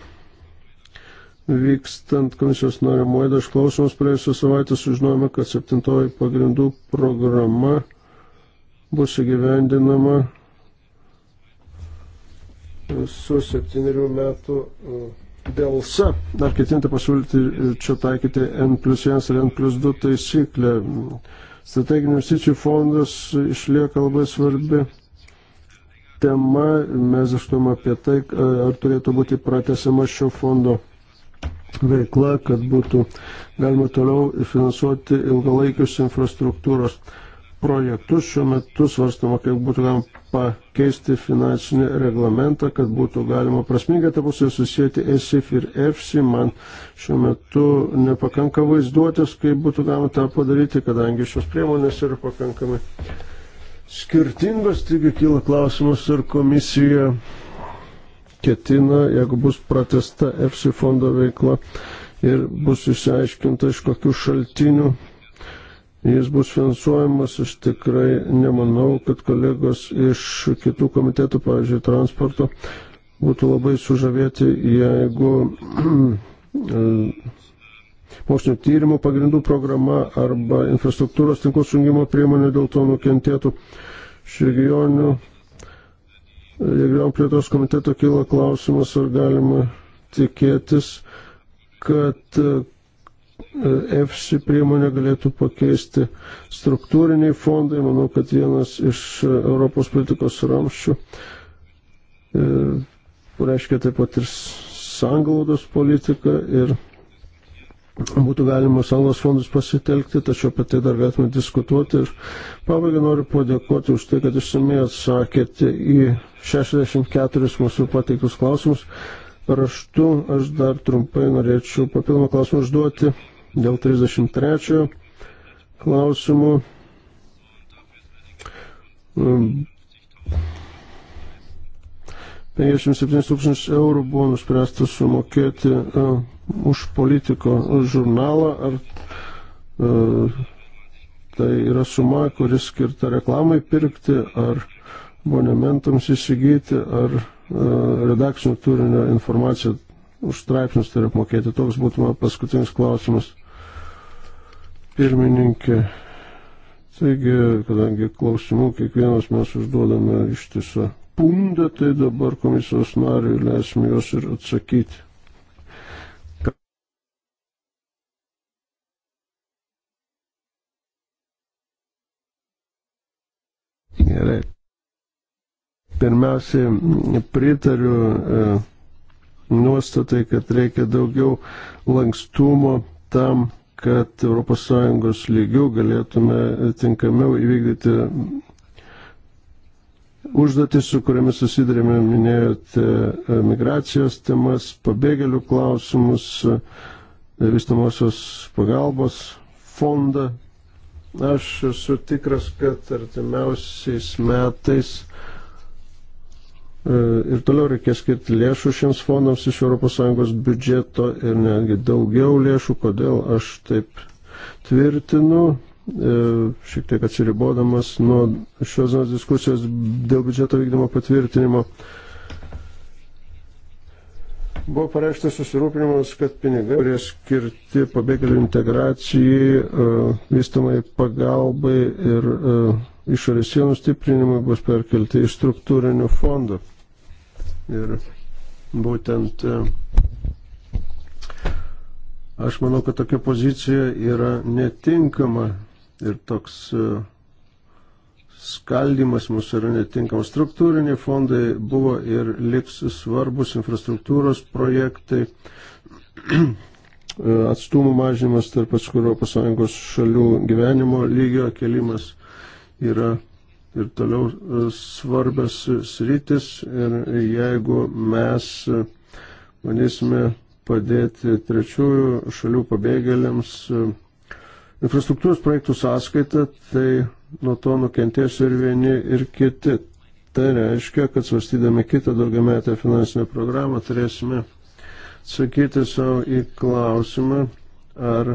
Vykstant komisijos nario Moedo išklausimus praėjusią savaitę sužinojome, kad septintoji pagrindų programa bus įgyvendinama su septyniarių metų e, dėlsa. Ar ketinti pasiūlyti čia taikyti N plus 1 ar N plus 2 taisyklę? Strateginių investicijų fondas išlieka labai svarbi tema. Mes ištum apie tai, ar turėtų būti pratesama šio fondo veikla, kad būtų galima toliau finansuoti ilgalaikius infrastruktūros projektus. Šiuo metu svarstama, kaip būtų galima pakeisti finansinį reglamentą, kad būtų galima prasmingai tarpusai susijęti ESIF ir EFSI. Man šiuo metu nepakanka vaizduotis, kaip būtų galima tą padaryti, kadangi šios priemonės yra pakankamai skirtingos, taigi kyla klausimas, ar komisija ketina, jeigu bus pratesta EFSI fondo veikla ir bus išsiaiškinta iš kokių šaltinių jis bus finansuojamas, aš tikrai nemanau, kad kolegos iš kitų komitetų, pavyzdžiui, transporto, būtų labai sužavėti, jeigu mokslinio tyrimų pagrindų programa arba infrastruktūros tinklų sungimo priemonė dėl to nukentėtų iš regioninių Regionų plėtros komiteto kyla klausimas, ar galima tikėtis, kad EFSI priemonė galėtų pakeisti struktūriniai fondai. Manau, kad vienas iš e, Europos politikos ramščių e, reiškia taip pat ir sanglaudos politika ir būtų galima salos fondus pasitelkti, tačiau apie tai dar galėtume diskutuoti. Ir pabaigai noriu padėkoti už tai, kad išsamei atsakėte į 64 mūsų pateiktus klausimus. Raštu aš dar trumpai norėčiau papildomą klausimą užduoti dėl 33 klausimų. Um, 57 tūkstančių eurų buvo nuspręsta sumokėti uh, už politiko žurnalą, ar uh, tai yra suma, kuris skirta reklamai pirkti, ar abonementams įsigyti, ar uh, redakcinio turinio informaciją už straipsnius turi apmokėti. Toks būtų mano paskutinis klausimas. Pirmininkė. Taigi, kadangi klausimų kiekvienas mes užduodame ištisą pundą, tai dabar komisijos nariui leisime juos ir atsakyti. Gerai. Pirmiausiai pritariu e, nuostatai, kad reikia daugiau lankstumo tam, kad ES lygių galėtume e, tinkamiau įvykdyti užduotis, su kuriamis susidurėme, minėjote e, migracijos temas, pabėgėlių klausimus, vystamosios pagalbos fondą Aš esu tikras, kad artimiausiais metais e, ir toliau reikės skirti lėšų šiems fondams iš ES biudžeto ir netgi daugiau lėšų, kodėl aš taip tvirtinu, e, šiek tiek atsiribodamas nuo šios diskusijos dėl biudžeto vykdymo patvirtinimo. Buvo pareikštas susirūpinimas, kad pinigai, kurie skirti pabėgėlių integracijai, e, vystamai pagalbai ir e, išorės sienų stiprinimui, bus perkelti iš struktūrinių fondų. Ir būtent e, aš manau, kad tokia pozicija yra netinkama ir toks skaldimas mūsų yra netinkamas. Struktūriniai fondai buvo ir liks svarbus infrastruktūros projektai, atstumų mažinimas tarp atskirų ES šalių gyvenimo lygio kelimas yra ir toliau e, svarbios sritis ir jeigu mes manysime padėti trečiųjų šalių pabėgėliams e, infrastruktūros projektų sąskaitą, tai nuo to nukentės ir vieni, ir kiti. Tai reiškia, kad svarstydami kitą daugiametę finansinę programą turėsime sakyti savo į klausimą, ar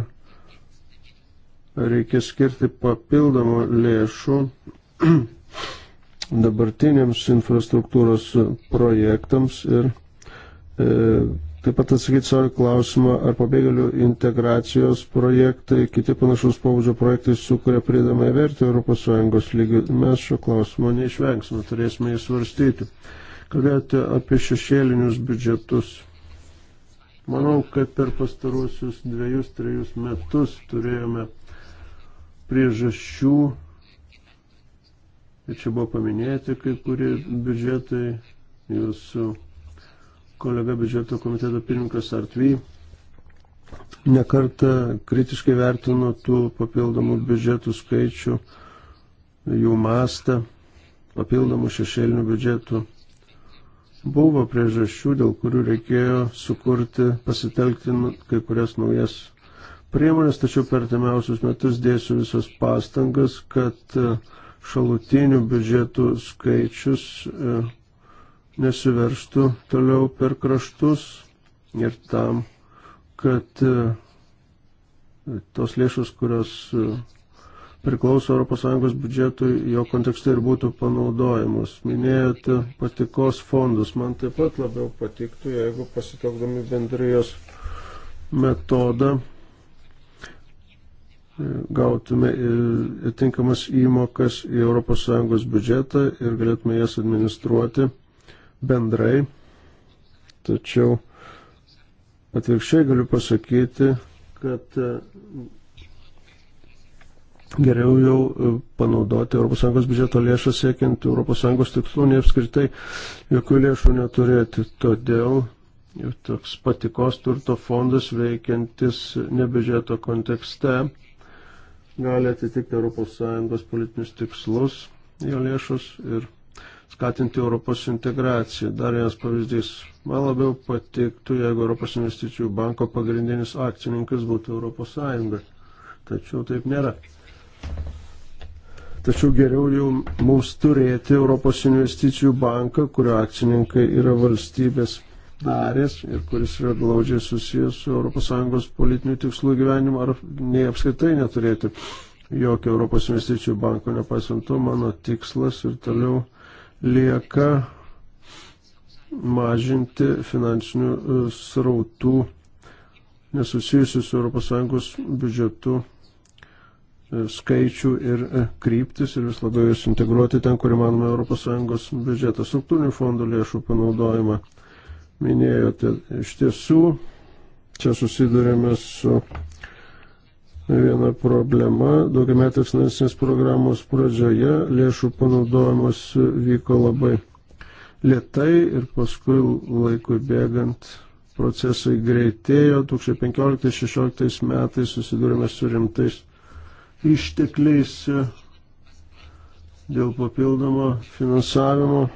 reikia skirti papildomų lėšų dabartiniams infrastruktūros projektams ir e, Taip pat atsakyti savo klausimą, ar pabėgėlių integracijos projektai, kiti panašus pobūdžio projektai sukuria pridamą vertę ES lygių. Mes šio klausimo neišvengsime, turėsime jį svarstyti. Kalbėjote apie šešėlinius biudžetus. Manau, kad per pastaruosius dviejus, trejus metus turėjome priežasčių, ir čia buvo paminėti kai kurie biudžetai, jūsų kolega biudžeto komiteto pirmininkas Artvy nekartą kritiškai vertino tų papildomų biudžetų skaičių, jų mastą, papildomų šešėlinių biudžetų. Buvo priežasčių, dėl kurių reikėjo sukurti, pasitelkti nu, kai kurias naujas priemonės, tačiau per temiausius metus dėsiu visas pastangas, kad šalutinių biudžetų skaičius e, nesiverštų toliau per kraštus ir tam, kad e, tos lėšos, kurios e, priklauso ES biudžetui, jo kontekste ir būtų panaudojamos. Minėjote patikos fondus. Man taip pat labiau patiktų, jeigu pasitokdami bendrijos metodą e, gautume atinkamas įmokas į ES biudžetą ir galėtume jas administruoti bendrai, tačiau atvirkščiai galiu pasakyti, kad e, geriau jau e, panaudoti ES biudžeto lėšą siekiant ES tikslų, nei apskritai jokių lėšų neturėti. Todėl toks patikos turto fondas veikiantis ne biudžeto kontekste gali atitikti ES politinius tikslus jo lėšus ir skatinti Europos integraciją. Dar vienas pavyzdys. Man labiau patiktų, jeigu Europos investicijų banko pagrindinis akcininkas būtų Europos Sąjunga. Tačiau taip nėra. Tačiau geriau jau mums turėti Europos investicijų banką, kurio akcininkai yra valstybės narės ir kuris yra glaudžiai susijęs su ES politiniu tikslu gyvenimu, ar nei apskritai neturėti jokio Europos investicijų banko. Nepaisant to, mano tikslas ir toliau lieka mažinti finansinių e, srautų nesusijusių su ES biudžetu e, skaičių ir e, kryptis ir vis labiau jas integruoti ten, kur įmanoma ES biudžetą struktūrinių fondų lėšų panaudojimą. Minėjote, iš tiesų čia susidurėme su viena problema. Daugiametės finansinės programos pradžioje lėšų panaudojimas vyko labai lietai ir paskui laikui bėgant procesai greitėjo. 2015-2016 metais susidūrėme su rimtais ištekliais dėl papildomo finansavimo.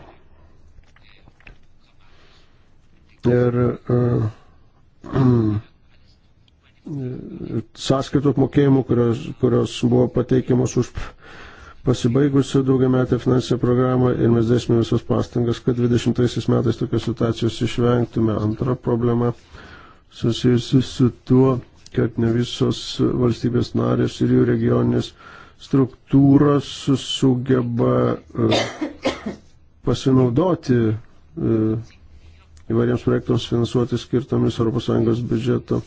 Ir uh, sąskaitų apmokėjimų, kurios, kurios buvo pateikiamos už pasibaigusią daugiametę finansinę programą ir mes dėsime visas pastangas, kad 20 metais tokios situacijos išvengtume. Antra problema susijusi su tuo, kad ne visos valstybės narės ir jų regioninės struktūros sugeba e, pasinaudoti e, įvairiems projektams finansuoti skirtomis ES biudžeto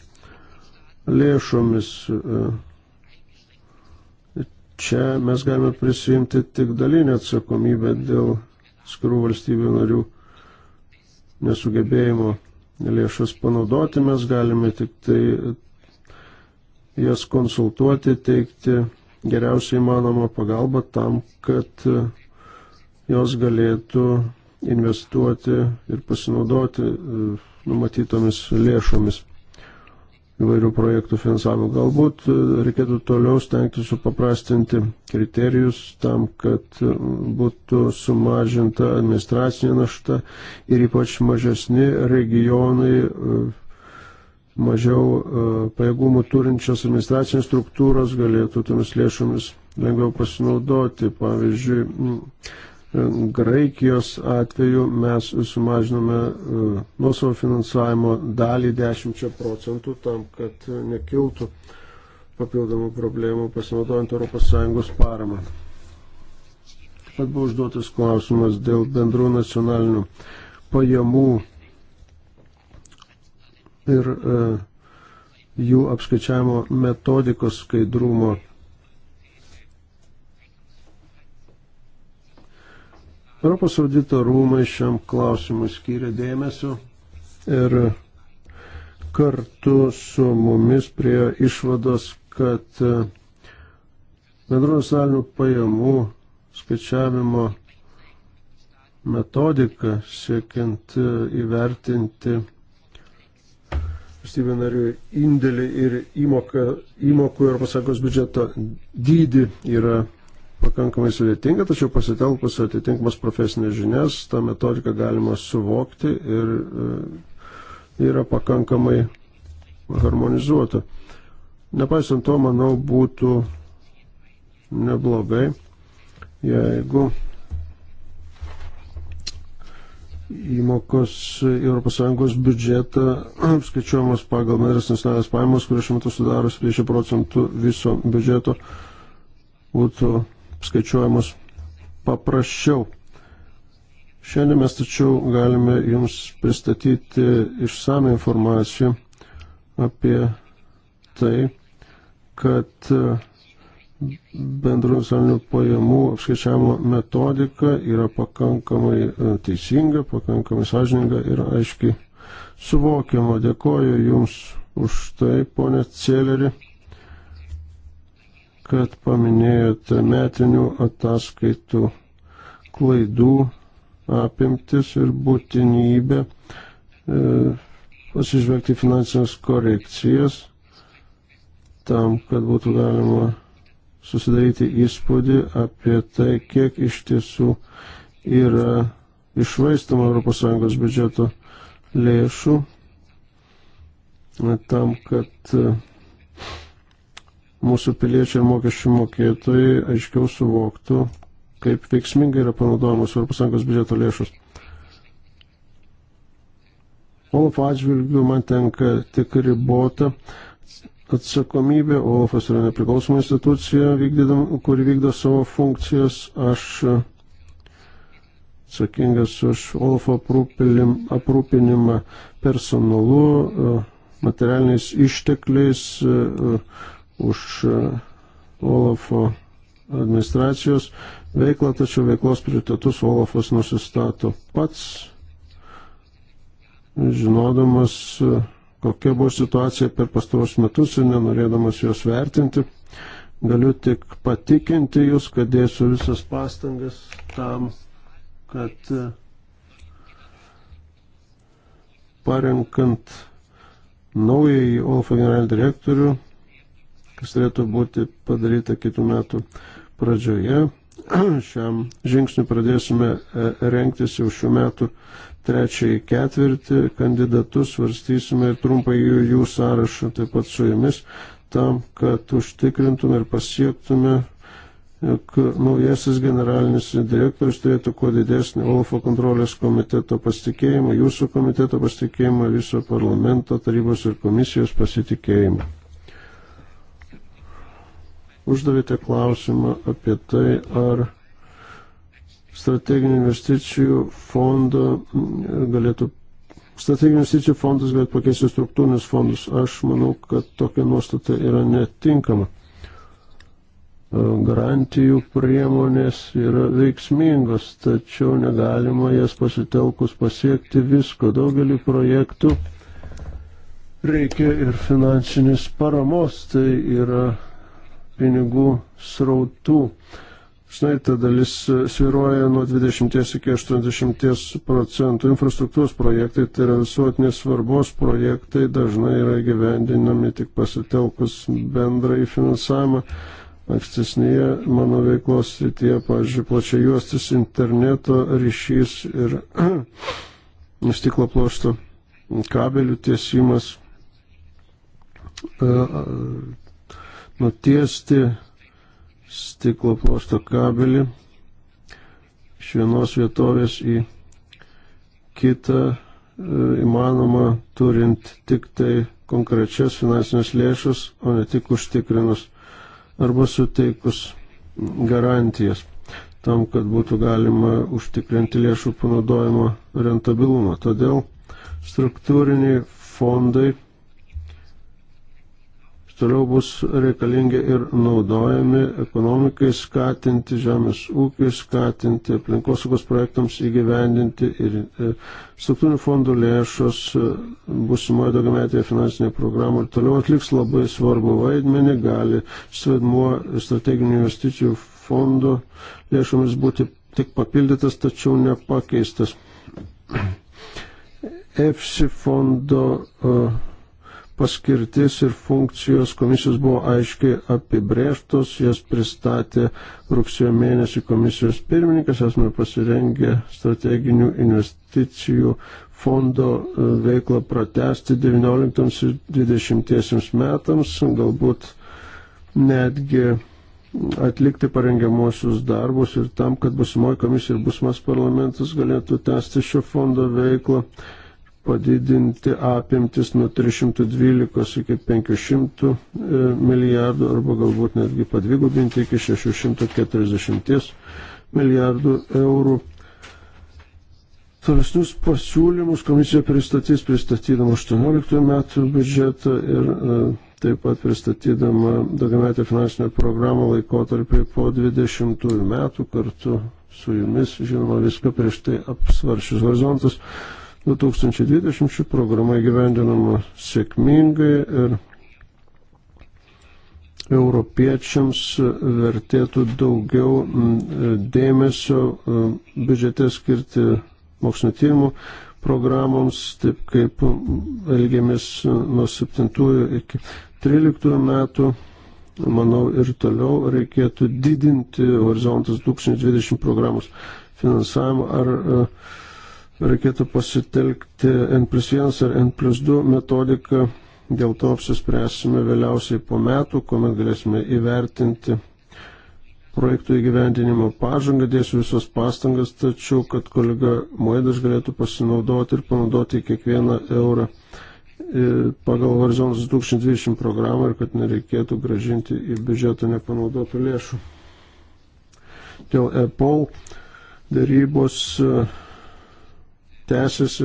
lėšomis. E, čia mes galime prisimti tik dalinę atsakomybę dėl skirų valstybių narių nesugebėjimo lėšas panaudoti, mes galime tik tai e, jas konsultuoti, teikti geriausiai manoma pagalba tam, kad e, jos galėtų investuoti ir pasinaudoti numatytomis lėšomis įvairių projektų finansavimo. Galbūt e, reikėtų toliau stengti supaprastinti kriterijus tam, kad e, būtų sumažinta administracinė našta ir ypač mažesni regionai, e, mažiau pajėgumų turinčios administracinės struktūros galėtų tomis lėšomis lengviau pasinaudoti. Pavyzdžiui, Graikijos atveju mes sumažinome e, nuo savo finansavimo dalį 10 procentų tam, kad nekiltų papildomų problemų pasinaudojant ES paramą. Taip pat buvo užduotas klausimas dėl bendrų nacionalinių pajamų ir e, jų apskaičiavimo metodikos skaidrumo Europos audito rūmai šiam klausimui skyrė dėmesio ir kartu su mumis prie išvados, kad bendrų nacionalinių pajamų skaičiavimo metodika siekiant įvertinti valstybių narių indėlį ir įmoką, įmokų Europos Sąjungos biudžeto dydį yra pakankamai sudėtinga, tačiau pasitelkus atitinkamas profesinės žinias, tą metodiką galima suvokti ir e, yra pakankamai harmonizuota. Nepaisant to, manau, būtų neblogai, jeigu įmokos ES biudžetą apskaičiuojamas pagal meras nacionalinės pajamos, kuris šiuo metu sudaro 70 procentų viso biudžeto, būtų skaičiuojamos paprasčiau. Šiandien mes tačiau galime Jums pristatyti išsame informaciją apie tai, kad bendrų nacionalinių pajamų apskaičiavimo metodika yra pakankamai e, teisinga, pakankamai sąžininga ir aiškiai suvokiama. Dėkoju Jums už tai, ponė Celeri kad paminėjote metinių ataskaitų klaidų apimtis ir būtinybę e, pasižvelgti finansinės korekcijas tam, kad būtų galima susidaryti įspūdį apie tai, kiek iš tiesų yra išvaistama ES biudžeto lėšų e, tam, kad e, mūsų piliečiai ir mokesčių mokėtojai aiškiau suvoktų, kaip veiksmingai yra panaudojamos ES biudžeto lėšos. Olafo atžvilgių man tenka tik ribota atsakomybė. Olafas yra nepriklausoma institucija, kuri vykdo savo funkcijas. Aš atsakingas už Olafo aprūpinimą personalu, materialiniais ištekliais, už e, Olafo administracijos veiklą, tačiau veiklos prioritetus Olafas nusistato pats, žinodamas, e, kokia buvo situacija per pastaros metus ir nenorėdamas jos vertinti. Galiu tik patikinti Jūs, kad dėsiu visas pastangas tam, kad e, parenkant naująjį Olafo generalinį direktorių kas turėtų būti padaryta kitų metų pradžioje. Šiam žingsniu pradėsime e, renktis jau šių metų trečiąjį ketvirtį, kandidatus svarstysime ir trumpai jų, jų sąrašą taip pat su jumis, tam, kad užtikrintume ir pasiektume, jog naujasis generalinis direktorius turėtų kuo didesnį OLFO kontrolės komiteto pasitikėjimą, jūsų komiteto pasitikėjimą, viso parlamento, tarybos ir komisijos pasitikėjimą uždavėte klausimą apie tai, ar strateginių investicijų fondo mm, galėtų strateginių investicijų fondas galėtų pakeisti struktūrinius fondus. Aš manau, kad tokia nuostata yra netinkama. E, garantijų priemonės yra veiksmingos, tačiau negalima jas pasitelkus pasiekti visko. Daugelį projektų reikia ir finansinės paramos, tai yra pinigų srautų. Žinai, ta dalis e, sviruoja nuo 20 iki 80 procentų. Infrastruktūros projektai, tai yra visuotinės svarbos projektai, dažnai yra gyvendinami tik pasitelkus bendrai finansavimą. Ankstesnėje mano veiklos srityje, pavyzdžiui, plačia juostis interneto ryšys ir stiklo plošto kabelių tiesimas e, nutiesti stiklo pluošto kabelį iš vienos vietovės į kitą e, įmanoma turint tik tai konkrečias finansinės lėšas, o ne tik užtikrinus arba suteikus garantijas tam, kad būtų galima užtikrinti lėšų panaudojimo rentabilumą. Todėl struktūriniai fondai toliau bus reikalingi ir naudojami ekonomikai skatinti, žemės ūkiai skatinti, aplinkosaugos projektams įgyvendinti ir e, struktūrinių fondų lėšos e, busimoje daugiametėje finansinėje programoje ir toliau atliks labai svarbu vaidmenį, gali svedmuo strateginių investicijų fondo lėšomis būti tik papildytas, tačiau nepakeistas. EFSI fondo uh, paskirtis ir funkcijos komisijos buvo aiškiai apibrėžtos, jas pristatė rugsėjo mėnesį komisijos pirmininkas, esame pasirengę strateginių investicijų fondo e, veiklą pratesti 19 ir 20 metams, galbūt netgi atlikti parengiamuosius darbus ir tam, kad busimoji komisija ir busimas parlamentas galėtų tęsti šio fondo veiklą padidinti apimtis nuo 312 iki 500 e, milijardų arba galbūt netgi padvigubinti iki 640 milijardų eurų. Tolesnius pasiūlymus komisija pristatys pristatydama 18 metų biudžetą ir e, taip pat pristatydama daugiametę finansinę programą laikotarpį po 20 metų kartu su jumis, žinoma, viską prieš tai apsvaršius horizontus. 2020 ši programa įgyvendinama sėkmingai ir europiečiams vertėtų daugiau mm, dėmesio mm, biudžete skirti mokslinio tyrimų programoms, taip kaip mm, elgėmės nuo 7 iki 13 metų. Manau, ir toliau reikėtų didinti Horizontas 2020 programos finansavimą ar uh, reikėtų pasitelkti N plus 1 ar N plus 2 metodiką, dėl to apsispręsime vėliausiai po metų, kuomet galėsime įvertinti projektų įgyvendinimo pažangą, dėsiu visos pastangas, tačiau, kad kolega Moedas galėtų pasinaudoti ir panaudoti kiekvieną eurą e, pagal Horizontas 2020 programą ir kad nereikėtų gražinti į biudžetą nepanaudotų lėšų. Dėl EPOL darybos e, tęsiasi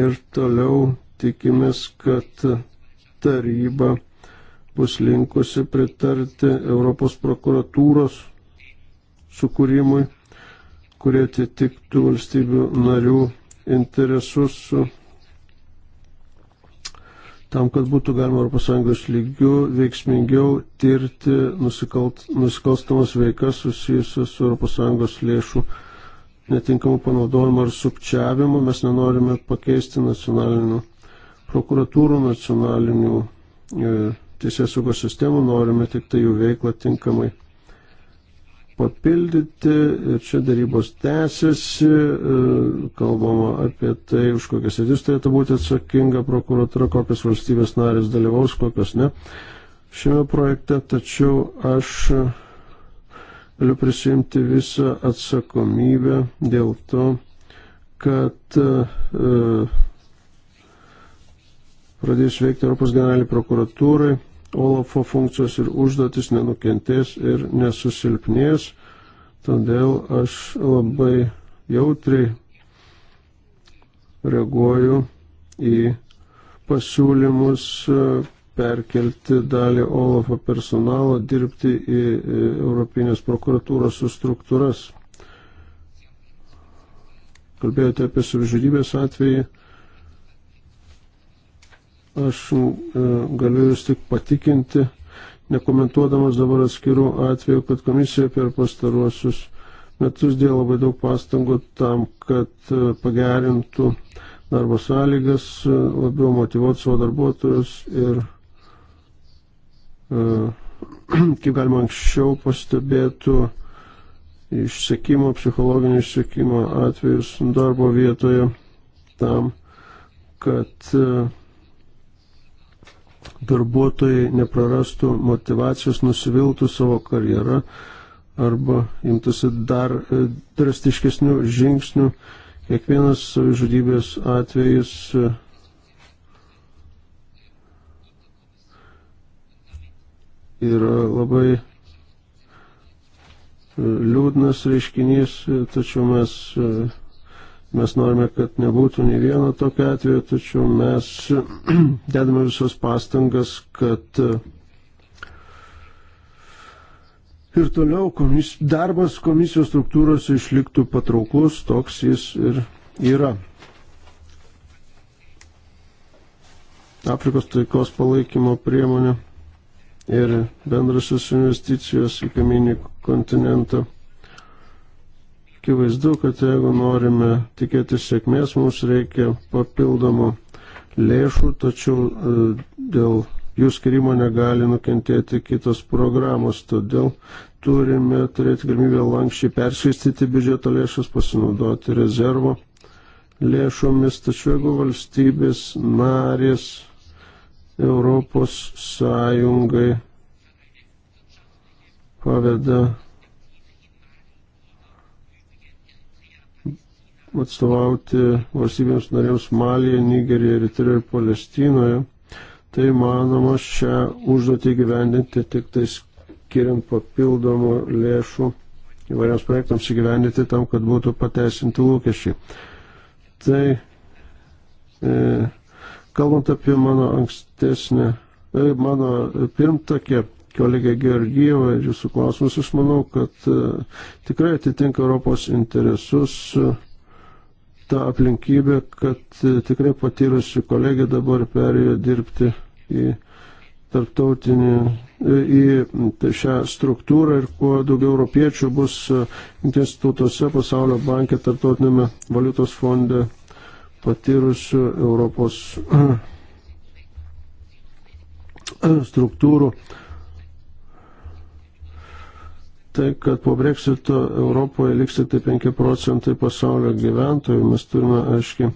ir toliau tikimės, kad taryba bus linkusi pritarti Europos prokuratūros sukūrimui, kurie atitiktų valstybių narių interesus tam, kad būtų galima ES lygių veiksmingiau tirti nusikalt, nusikalstamas veikas susijusias su ES lėšų netinkamu panaudojimu ar sukčiavimu. Mes nenorime pakeisti nacionalinių prokuratūrų, nacionalinių e, teisės saugos sistemų, norime tik tai jų veiklą tinkamai papildyti ir čia darybos tęsiasi, e, kalbama apie tai, už kokias sėdis turėtų būti atsakinga prokuratūra, kokias valstybės narės dalyvaus, kokias ne šiame projekte, tačiau aš galiu prisimti visą atsakomybę dėl to, kad e, pradėjus veikti Europos generalinį prokuratūrai, Olafo funkcijos ir užduotis nenukentės ir nesusilpnės. Todėl aš labai jautriai reaguoju į pasiūlymus e, perkelti dalį Olafo personalo dirbti į e, Europinės prokuratūros struktūras. Kalbėjote apie savižudybės atvejį. Aš e, galiu jūs tik patikinti, nekomentuodamas dabar atskirų atvejų, kad komisija per pastaruosius metus dėjo labai daug pastangų tam, kad e, pagerintų darbo sąlygas, e, labiau motivuotų savo darbuotojus ir kaip galima anksčiau pastebėtų išsekimo, psichologinio išsekimo atvejus darbo vietoje tam, kad uh, darbuotojai neprarastų motivacijos, nusiviltų savo karjerą arba imtųsi dar e, drastiškesnių žingsnių. Kiekvienas savižudybės atvejis e, yra labai e, liūdnas reiškinys, tačiau mes Mes norime, kad nebūtų nei vieno tokio atveju, tačiau mes dedame visos pastangas, kad e, ir toliau komis, darbas komisijos struktūros išliktų patrauklus, toks jis ir yra. Afrikos taikos palaikymo priemonė ir bendrasis investicijos į kaiminį kontinentą Akivaizdu, kad jeigu norime tikėtis sėkmės, mums reikia papildomų lėšų, tačiau e, dėl jų skirimo negali nukentėti kitos programos, todėl turime turėti galimybę lankščiai perskirstyti biudžeto lėšas, pasinaudoti rezervo lėšomis, tačiau jeigu valstybės narės Europos Sąjungai paveda atstovauti valstybėms narėms Malėje, Nigerijoje, Eritrijoje ir Palestinoje. Tai manoma šią užduotį gyvendinti tik tai skiriant papildomų lėšų įvairiams projektams įgyvendinti tam, kad būtų pateisinti lūkesčiai. Tai e, kalbant apie mano ankstesnę, e, mano pirmtakė, kolegė Georgijeva ir jūsų klausimus, aš manau, kad e, tikrai atitinka Europos interesus. E, tą aplinkybę, kad e, tikrai patyrusi kolegė dabar perėjo dirbti į tarptautinį, e, į tai šią struktūrą ir kuo daugiau europiečių bus e, jungtinės tautose, pasaulio bankė, tarptautinėme valiutos fonde patyrusių Europos struktūrų tai, kad po breksito Europoje liks tik tai 5 procentai pasaulio gyventojų, mes turime aiškiai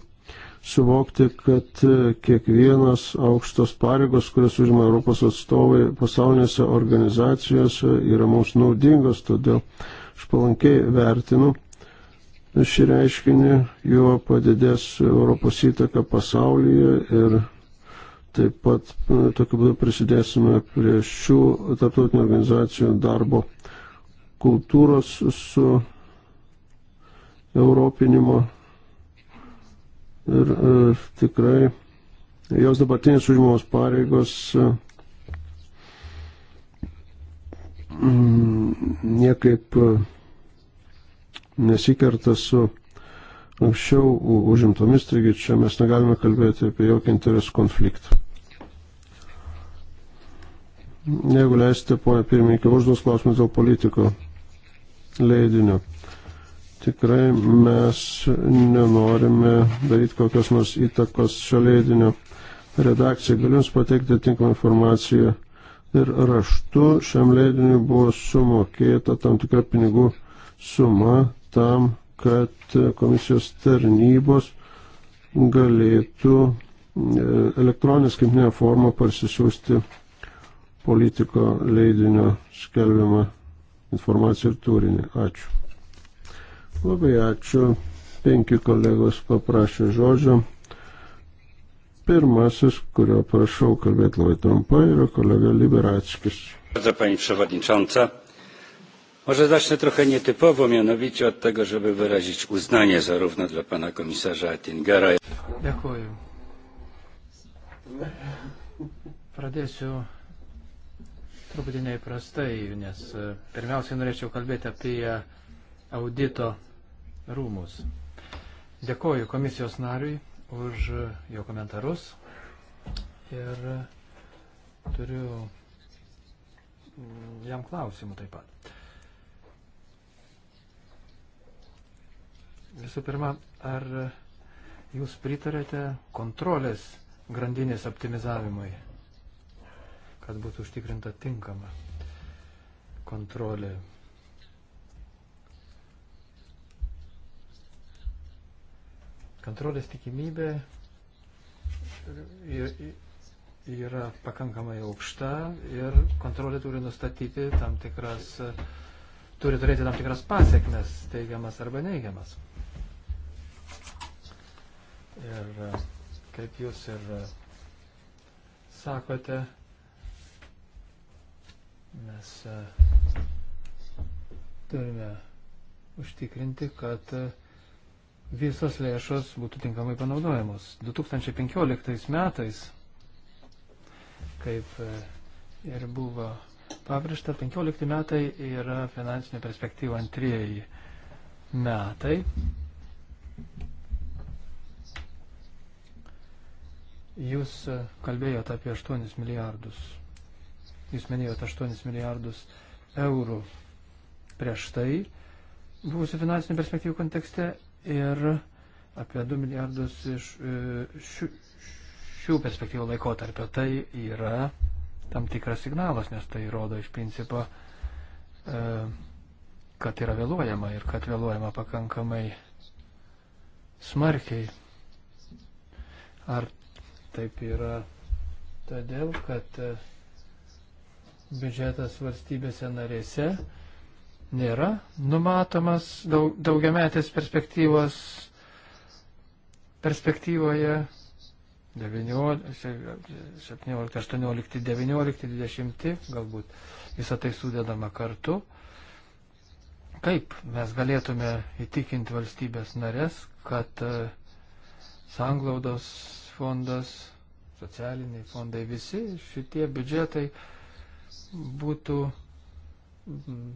suvokti, kad e, kiekvienas aukštos pareigos, kurias užima Europos atstovai pasaulinėse organizacijose, yra mums naudingos, todėl aš palankiai vertinu šį reiškinį, juo padidės Europos įtaka pasaulyje ir taip pat e, tokiu būdu prisidėsime prie šių tarptautinių organizacijų darbo kultūros su europinimo ir e, tikrai jos dabartinės užimamos pareigos e, niekaip nesikerta su anksčiau užimtomis, taigi čia mes negalime kalbėti apie jokį interesų konfliktą. Jeigu leisite, ponia pirmininkė, užduos klausimus dėl politiko leidinio. Tikrai mes nenorime daryti kokios nors įtakos šio leidinio redakcijai. Galiu Jums pateikti tinkamą informaciją. Ir raštu šiam leidiniui buvo sumokėta tam tikra pinigų suma tam, kad komisijos tarnybos galėtų e, elektroninės skaitminę formą parsisiųsti politiko leidinio skelbimą informaciją ir turinį. Ačiū. Labai ačiū. Penki kolegos paprašė žodžio. Pirmasis, kurio prašau kalbėti labai trumpai, yra kolega Liberatskis. Bardzo Pani Przewodnicząca. Może zacznę trochę nietypowo, mianowicie od tego, żeby wyrazić uznanie zarówno dla Pana Komisarza Attingera. Dziękuję. Pradėsiu truputį neįprastai, nes e, pirmiausiai norėčiau kalbėti apie audito rūmus. Dėkoju komisijos nariui už jo komentarus ir turiu mm, jam klausimų taip pat. Visų pirma, ar jūs pritarėte kontrolės grandinės optimizavimui? kad būtų užtikrinta tinkama kontrolė. Kontrolės tikimybė yra pakankamai aukšta ir kontrolė turi nustatyti tam tikras, turi turėti tam tikras pasiekmes, teigiamas arba neigiamas. Ir kaip jūs ir sakote, Mes e, turime užtikrinti, kad e, visos lėšos būtų tinkamai panaudojamos. 2015 metais, kaip e, ir buvo pabrėžta, 15 metai yra finansinė perspektyva antrieji metai. Jūs kalbėjote apie 8 milijardus Jūs minėjote 8 milijardus eurų prieš tai buvusių finansinių perspektyvų kontekste ir apie 2 milijardus iš e, šių, šių perspektyvų laikotarpio. Tai yra tam tikras signalas, nes tai rodo iš principo, e, kad yra vėluojama ir kad vėluojama pakankamai smarkiai. Ar taip yra todėl, kad e, biudžetas valstybėse narėse nėra numatomas daug, daugiametės perspektyvos perspektyvoje 17, 18, 19, 20, galbūt visą tai sudedama kartu. Kaip mes galėtume įtikinti valstybės narės, kad e, sanglaudos fondas, socialiniai fondai, visi šitie biudžetai būtų mm,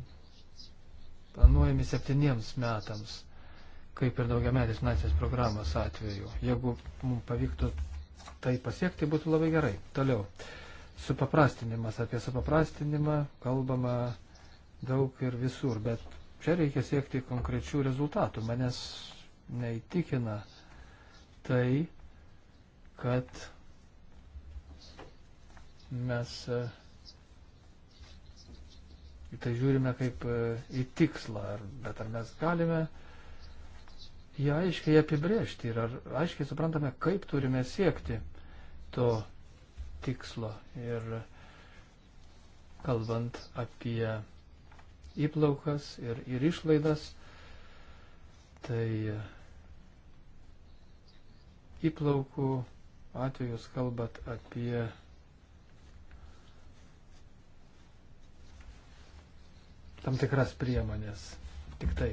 planuojami septyniems metams, kaip ir daugiametės finansinės programos atveju. Jeigu mums pavyktų tai pasiekti, tai būtų labai gerai. Toliau. Supaprastinimas. Apie supaprastinimą kalbama daug ir visur, bet čia reikia siekti konkrečių rezultatų. Manęs neįtikina tai, kad mes uh, į tai žiūrime kaip e, į tikslą, ar, bet ar mes galime ją aiškiai apibrėžti ir ar aiškiai suprantame, kaip turime siekti to tikslo. Ir kalbant apie įplaukas ir, ir išlaidas, tai įplaukų atvejus kalbat apie tam tikras priemonės. Tik tai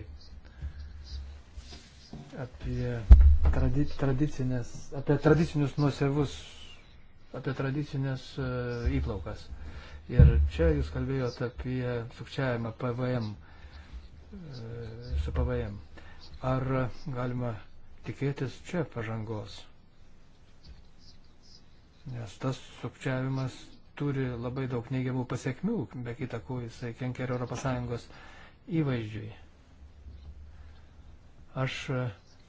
apie, tradi apie tradicinius nuosevus, apie tradicinės uh, įplaukas. Ir čia jūs kalbėjote apie sukčiavimą PVM, uh, e, su PVM. Ar galima tikėtis čia pažangos? Nes tas sukčiavimas turi labai daug neigiamų pasiekmių, be kita ko jisai kenkia ir ES įvaizdžiui. Aš e,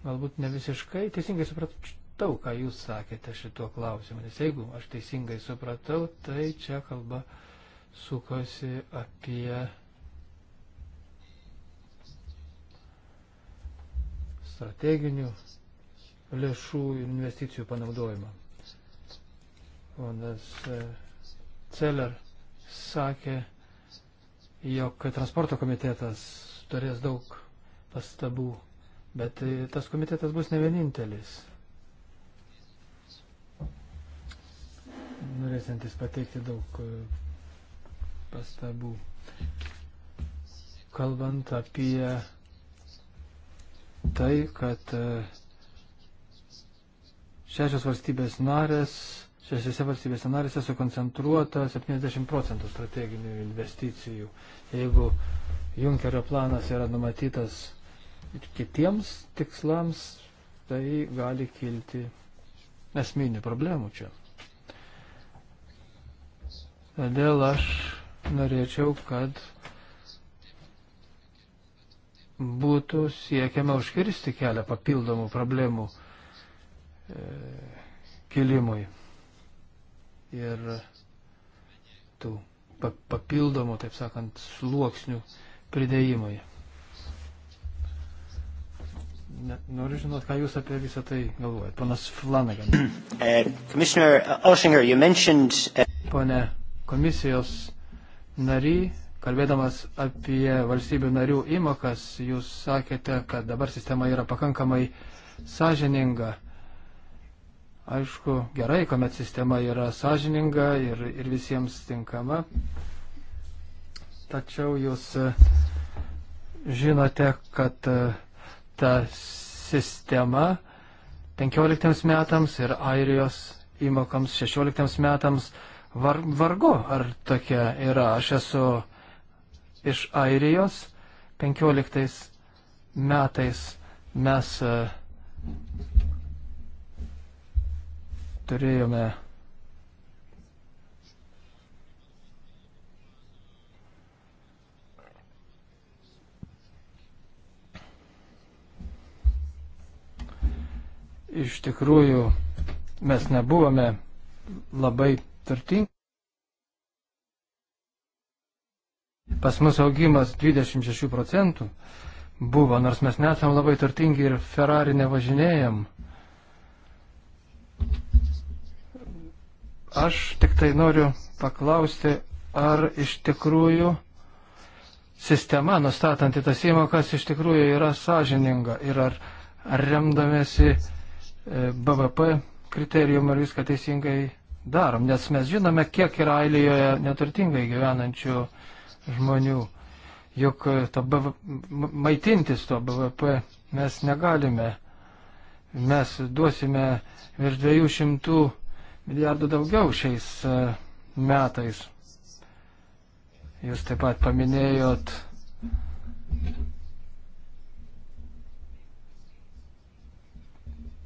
galbūt ne visiškai teisingai supratau, ką jūs sakėte šituo klausimu, nes jeigu aš teisingai supratau, tai čia kalba sukosi apie strateginių lėšų ir investicijų panaudojimą. Ponas e, Celer sakė, jog transporto komitetas turės daug pastabų, bet tai tas komitetas bus ne vienintelis. Norėsintis pateikti daug e, pastabų. Kalbant apie tai, kad e, šešios valstybės narės šešiose valstybėse narėse sukoncentruota 70 procentų strateginių investicijų. Jeigu Junkerio planas yra numatytas kitiems tikslams, tai gali kilti esminių problemų čia. Todėl aš norėčiau, kad būtų siekiama užkirsti kelią papildomų problemų e, kilimui ir tų papildomų, taip sakant, sluoksnių pridėjimui. Ne, noriu žinot, ką Jūs apie visą tai galvojate. Panas Flanagan. Uh, uh, Pone komisijos nary, kalbėdamas apie valstybių narių įmokas, Jūs sakėte, kad dabar sistema yra pakankamai sąžininga. Aišku, gerai, kuomet sistema yra sąžininga ir, ir visiems tinkama. Tačiau jūs e, žinote, kad e, ta sistema 15 metams ir Airijos įmokams 16 metams var, vargu, ar tokia yra. Aš esu iš Airijos 15 metais mes e, turėjome iš tikrųjų mes nebuvome labai turtingi. Pas mus augimas 26 procentų buvo, nors mes nesam labai turtingi ir Ferrari nevažinėjom. Aš tik tai noriu paklausti, ar iš tikrųjų sistema nustatanti tas įmokas iš tikrųjų yra sąžininga ir ar, ar remdamėsi e, BVP kriterijum ar viską teisingai darom, nes mes žinome, kiek yra Ailijoje neturtingai gyvenančių žmonių. Juk to BVP, maitintis to BVP mes negalime. Mes duosime virš 200 milijardų daugiau šiais e, metais. Jūs taip pat paminėjot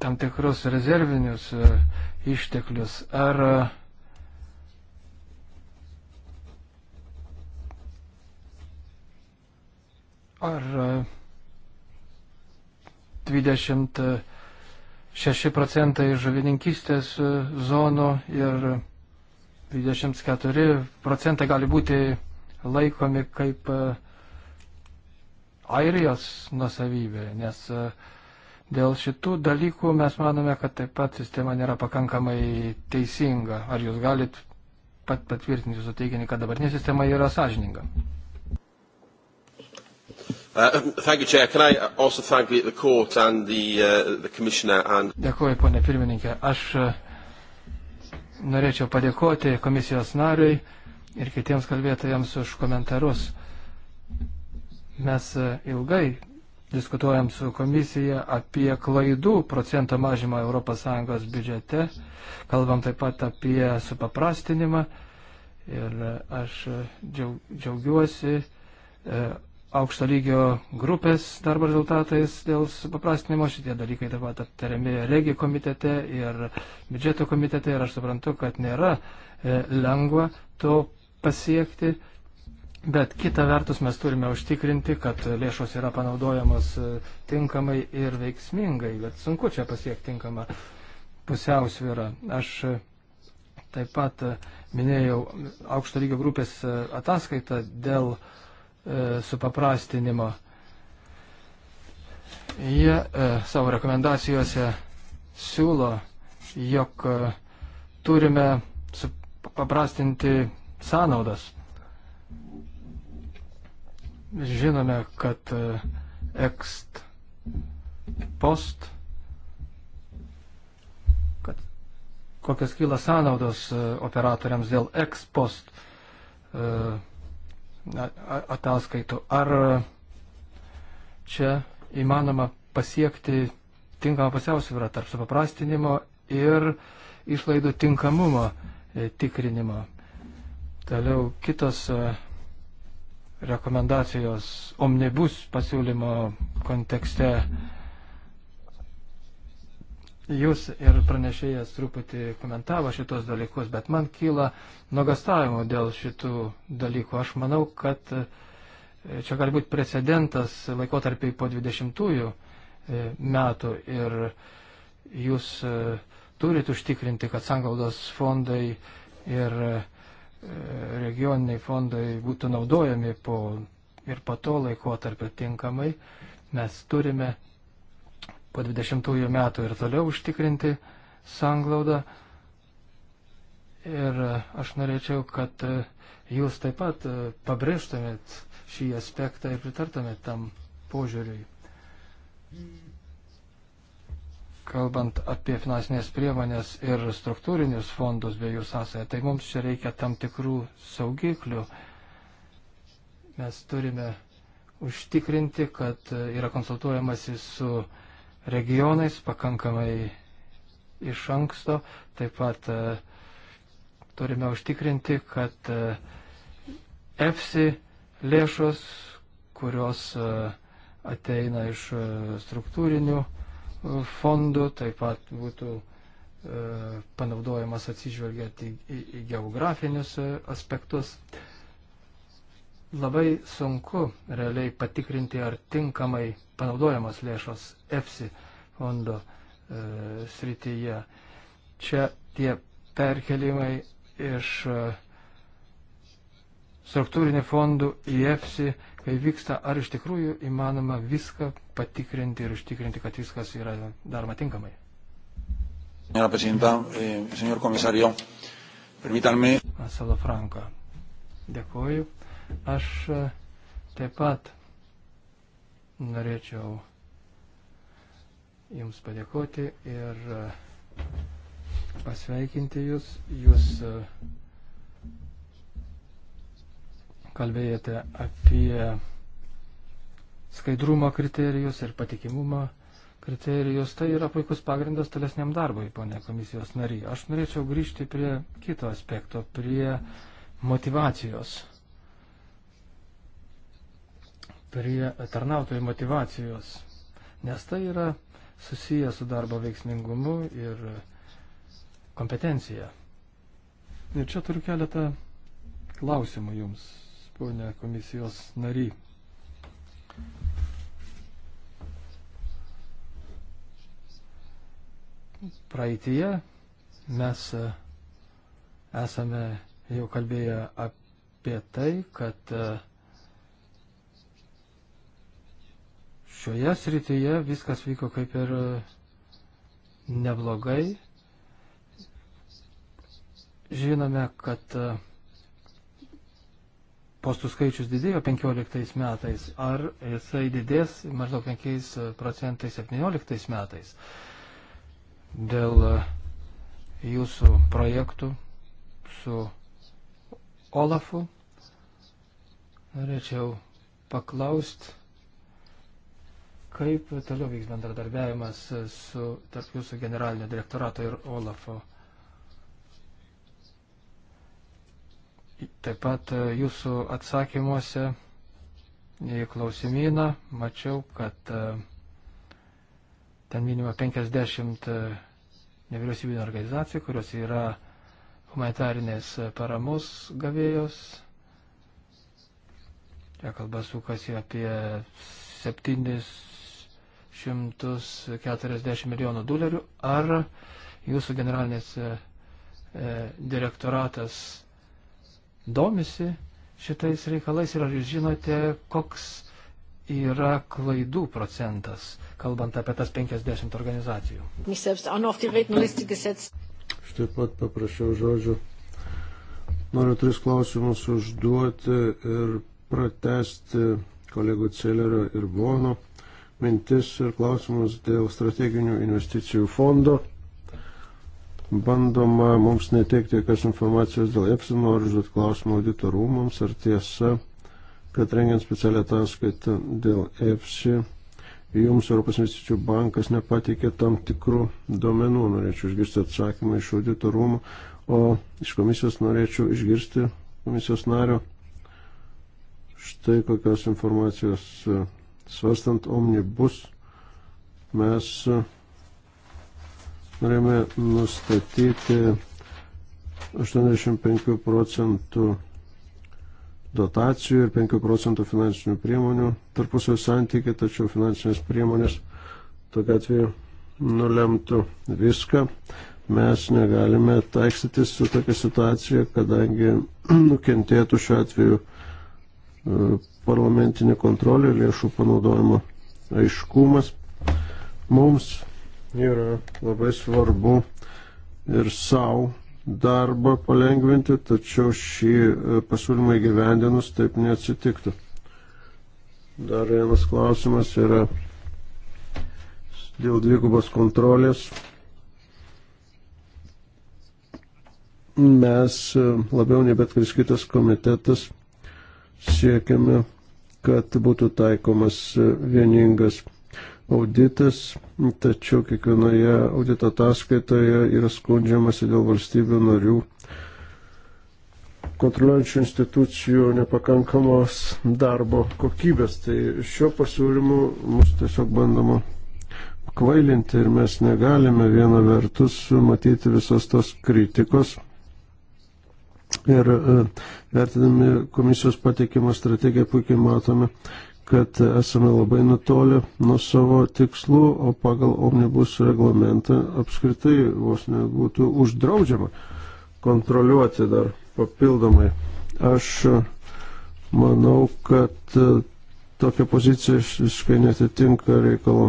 tam tikrus rezervinius e, išteklius. Ar e, ar 20 6 procentai žuvininkystės e, zonų ir 24 procentai gali būti laikomi kaip e, Airijos nusavybė, nes e, dėl šitų dalykų mes manome, kad taip pat sistema nėra pakankamai teisinga. Ar jūs galit pat patvirtinti jūsų teiginį, kad dabartinė sistema yra sąžininga? Uh, thank you, Chair. Can I also thank the, the Court and the, uh, the Commissioner and... Dėkuoju, ponė pirmininkė. Aš uh, norėčiau padėkoti komisijos nariui ir kitiems kalbėtojams už komentarus. Mes uh, ilgai diskutuojam su komisija apie klaidų procento mažymą ES biudžete, kalbam taip pat apie supaprastinimą ir uh, aš džiaugiuosi aukšto lygio grupės darbo rezultatais dėl supaprastinimo. Šitie dalykai taip pat aptariami regi komitete ir biudžeto komitete ir aš suprantu, kad nėra e, lengva to pasiekti. Bet kita vertus mes turime užtikrinti, kad lėšos yra panaudojamos e, tinkamai ir veiksmingai, bet sunku čia pasiekti tinkamą pusiausvyrą. Aš e, taip pat e, minėjau aukšto lygio grupės ataskaitą dėl uh, E, supaprastinimo. Jie e, savo rekomendacijose siūlo, jog e, turime supaprastinti sąnaudas. Žinome, kad ekst post, kad kokios kyla sąnaudos operatoriams dėl ekst post. Uh, ataskaitų. Ar čia įmanoma pasiekti tinkamą pusiausvyrą tarp supaprastinimo ir išlaidų tinkamumo e, tikrinimo. Toliau kitos e, rekomendacijos omnibus pasiūlymo kontekste Jūs ir pranešėjas truputį komentavo šitos dalykus, bet man kyla nuogastavimų dėl šitų dalykų. Aš manau, kad e, čia gali būti precedentas laikotarpiai po 20-ųjų e, metų ir jūs e, turite užtikrinti, kad sangaldos fondai ir regioniniai fondai būtų naudojami po ir po to laikotarpio tinkamai. Mes turime po 20 metų ir toliau užtikrinti sanglaudą. Ir aš norėčiau, kad jūs taip pat pabrėžtumėt šį aspektą ir pritartumėt tam požiūriui. Kalbant apie finansinės priemonės ir struktūrinius fondus bei jų sąsąją, tai mums čia reikia tam tikrų saugiklių. Mes turime užtikrinti, kad yra konsultuojamasi su uh, regionais pakankamai iš anksto. Taip pat e, turime užtikrinti, kad EFSI lėšos, kurios e, ateina iš e, struktūrinių fondų, taip pat būtų panaudojamas atsižvelgiant į, į, į geografinius aspektus labai sunku realiai patikrinti, ar tinkamai panaudojamos lėšos EFSI fondo e, srityje. Čia tie perkelimai iš e, struktūrinių fondų į EFSI, kai vyksta, ar iš tikrųjų įmanoma viską patikrinti ir užtikrinti, kad viskas yra daroma tinkamai. Señora presidenta, eh, señor comisario, permítanme. Marcelo Franco. Dėkuoju. Aš e, taip pat norėčiau Jums padėkoti ir e, pasveikinti Jūs. Jūs e, kalbėjote apie skaidrumo kriterijus ir patikimumo kriterijus. Tai yra puikus pagrindas tolesniam darbui, ponė komisijos nariai. Aš norėčiau grįžti prie kito aspekto, prie motivacijos prie tarnautojų motivacijos, nes tai yra susiję su darbo veiksmingumu ir kompetencija. Ir čia turiu keletą klausimų jums, ponė komisijos nary. Praeitie mes esame jau kalbėję apie tai, kad uh, šioje srityje viskas vyko kaip ir e, neblogai. Žinome, kad e, postų skaičius didėjo 15 metais, ar jisai didės maždaug 5 e, procentais 17 metais dėl jūsų projektų su Olafu. Norėčiau paklausti, Kaip toliau vyks bendradarbiavimas su, tarp jūsų generalinio direktorato ir Olafo? Taip pat e, jūsų atsakymuose į klausimyną mačiau, kad e, ten minima 50 e, nevyriausybinio organizacijų, kurios yra humanitarinės paramos gavėjos. Čia kalba sukasi apie 7 140 milijonų dolerių, ar jūsų generalinis e, e, direktoratas domisi šitais reikalais ir ar jūs žinote, koks yra klaidų procentas, kalbant apie tas 50 organizacijų. Aš taip pat paprašiau žodžių. Noriu tris klausimus užduoti ir pratesti kolegų Celerio ir Bono mintis ir klausimus dėl strateginių investicijų fondo. Bandoma mums neteikti jokios informacijos dėl EPSI, noriu užduoti klausimą auditorumams, ar tiesa, kad rengiant specialią ataskaitą dėl EPSI, jums Europos investicijų bankas nepateikė tam tikrų duomenų, norėčiau išgirsti atsakymą iš auditorumų, o iš komisijos norėčiau išgirsti komisijos nario štai kokios informacijos svarstant omnibus, mes e, norėjome nustatyti 85 procentų dotacijų ir 5 procentų finansinių priemonių tarpusio santykiai, tačiau finansinės priemonės tokia atveju nulemtų viską. Mes negalime taikstytis su tokia situacija, kadangi nukentėtų šiuo atveju e, parlamentinė kontrolė, lėšų panaudojimo aiškumas mums yra labai svarbu ir savo darbą palengvinti, tačiau šį e, pasiūlymą įgyvendinus taip neatsitiktų. Dar vienas klausimas yra dėl dvigubos kontrolės. Mes e, labiau nei bet kuris kitas komitetas siekiame kad būtų taikomas vieningas auditas, tačiau kiekvienoje audito ataskaitoje yra skundžiamasi dėl valstybių narių kontroliuojančių institucijų nepakankamos darbo kokybės. Tai šiuo pasiūlymu mus tiesiog bandoma kvailinti ir mes negalime viena vertus matyti visos tos kritikos Ir e, vertinami komisijos pateikimo strategiją puikiai matome, kad esame labai nutolę nuo savo tikslų, o pagal omnibus reglamentą apskritai vos nebūtų uždraudžiama kontroliuoti dar papildomai. Aš e, manau, kad e, tokia pozicija visiškai netitinka reikalo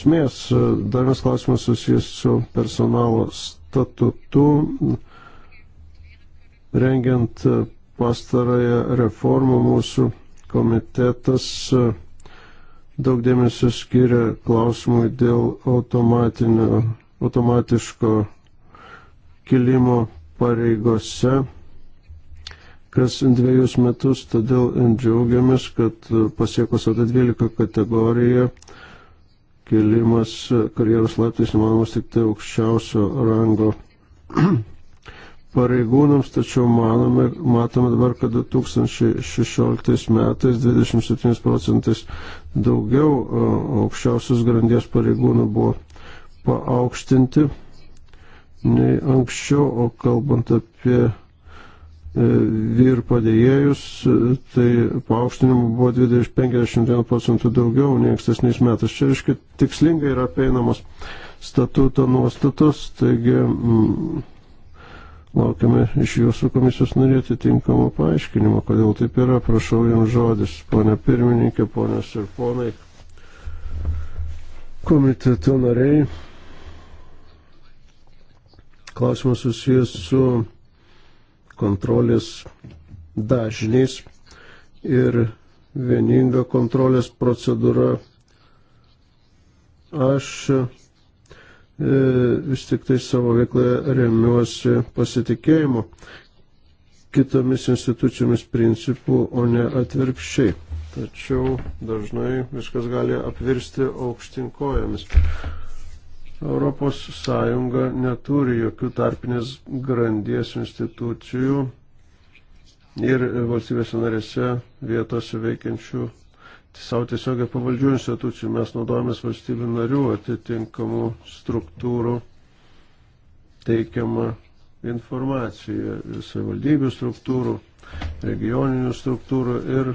smės. Dar vienas klausimas susijęs su personalo statutu Rengiant e, pastarąją reformą mūsų komitetas e, daug dėmesio skiria klausimui dėl automatiško kilimo pareigose kas dviejus metus, todėl džiaugiamės, kad e, pasiekus AT12 kategoriją kilimas karjeros laiptais įmanomas tik tai aukščiausio rango pareigūnams, tačiau manome, matome dabar, kad 2016 metais 27 procentais daugiau aukščiausios grandies pareigūnų buvo paaukštinti nei anksčiau, o kalbant apie e, vyr padėjėjus, tai paaukštinimų buvo 51 procentų daugiau nei ankstesniais metais. Čia, reiškia, tikslingai yra apeinamos statuto nuostatos, taigi mm, Laukiame iš jūsų komisijos norėti tinkamą paaiškinimą, kodėl taip yra. Prašau jums žodis, ponė pirmininkė, ponės ir ponai, komiteto nariai. Klausimas susijęs su kontrolės dažniais ir vieninga kontrolės procedūra. Aš E, vis tik tai savo veikloje remiuosi pasitikėjimu kitomis institucijomis principų, o ne atvirkščiai. Tačiau dažnai viskas gali apvirsti aukštinkojomis. Europos Sąjunga neturi jokių tarpinės grandies institucijų ir valstybės narėse vietose veikiančių savo tiesiogiai pavaldžių institucijų, mes naudojamės valstybių narių atitinkamų struktūrų teikiamą informaciją, savivaldybių struktūrų, regioninių struktūrų ir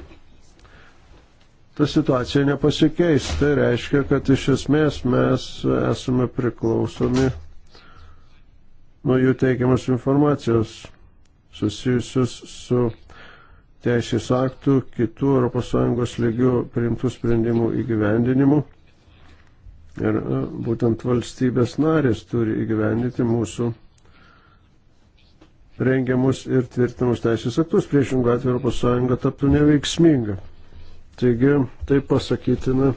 ta situacija nepasikeis. Tai reiškia, kad iš esmės mes esame priklausomi nuo jų teikiamas informacijos susijusius su teisės aktų, kitų ES lygių priimtų sprendimų įgyvendinimu. Ir e, būtent valstybės narės turi įgyvendyti mūsų rengiamus ir tvirtinamus teisės aktus, priešingų atveju ES taptų neveiksminga. Taigi tai pasakytina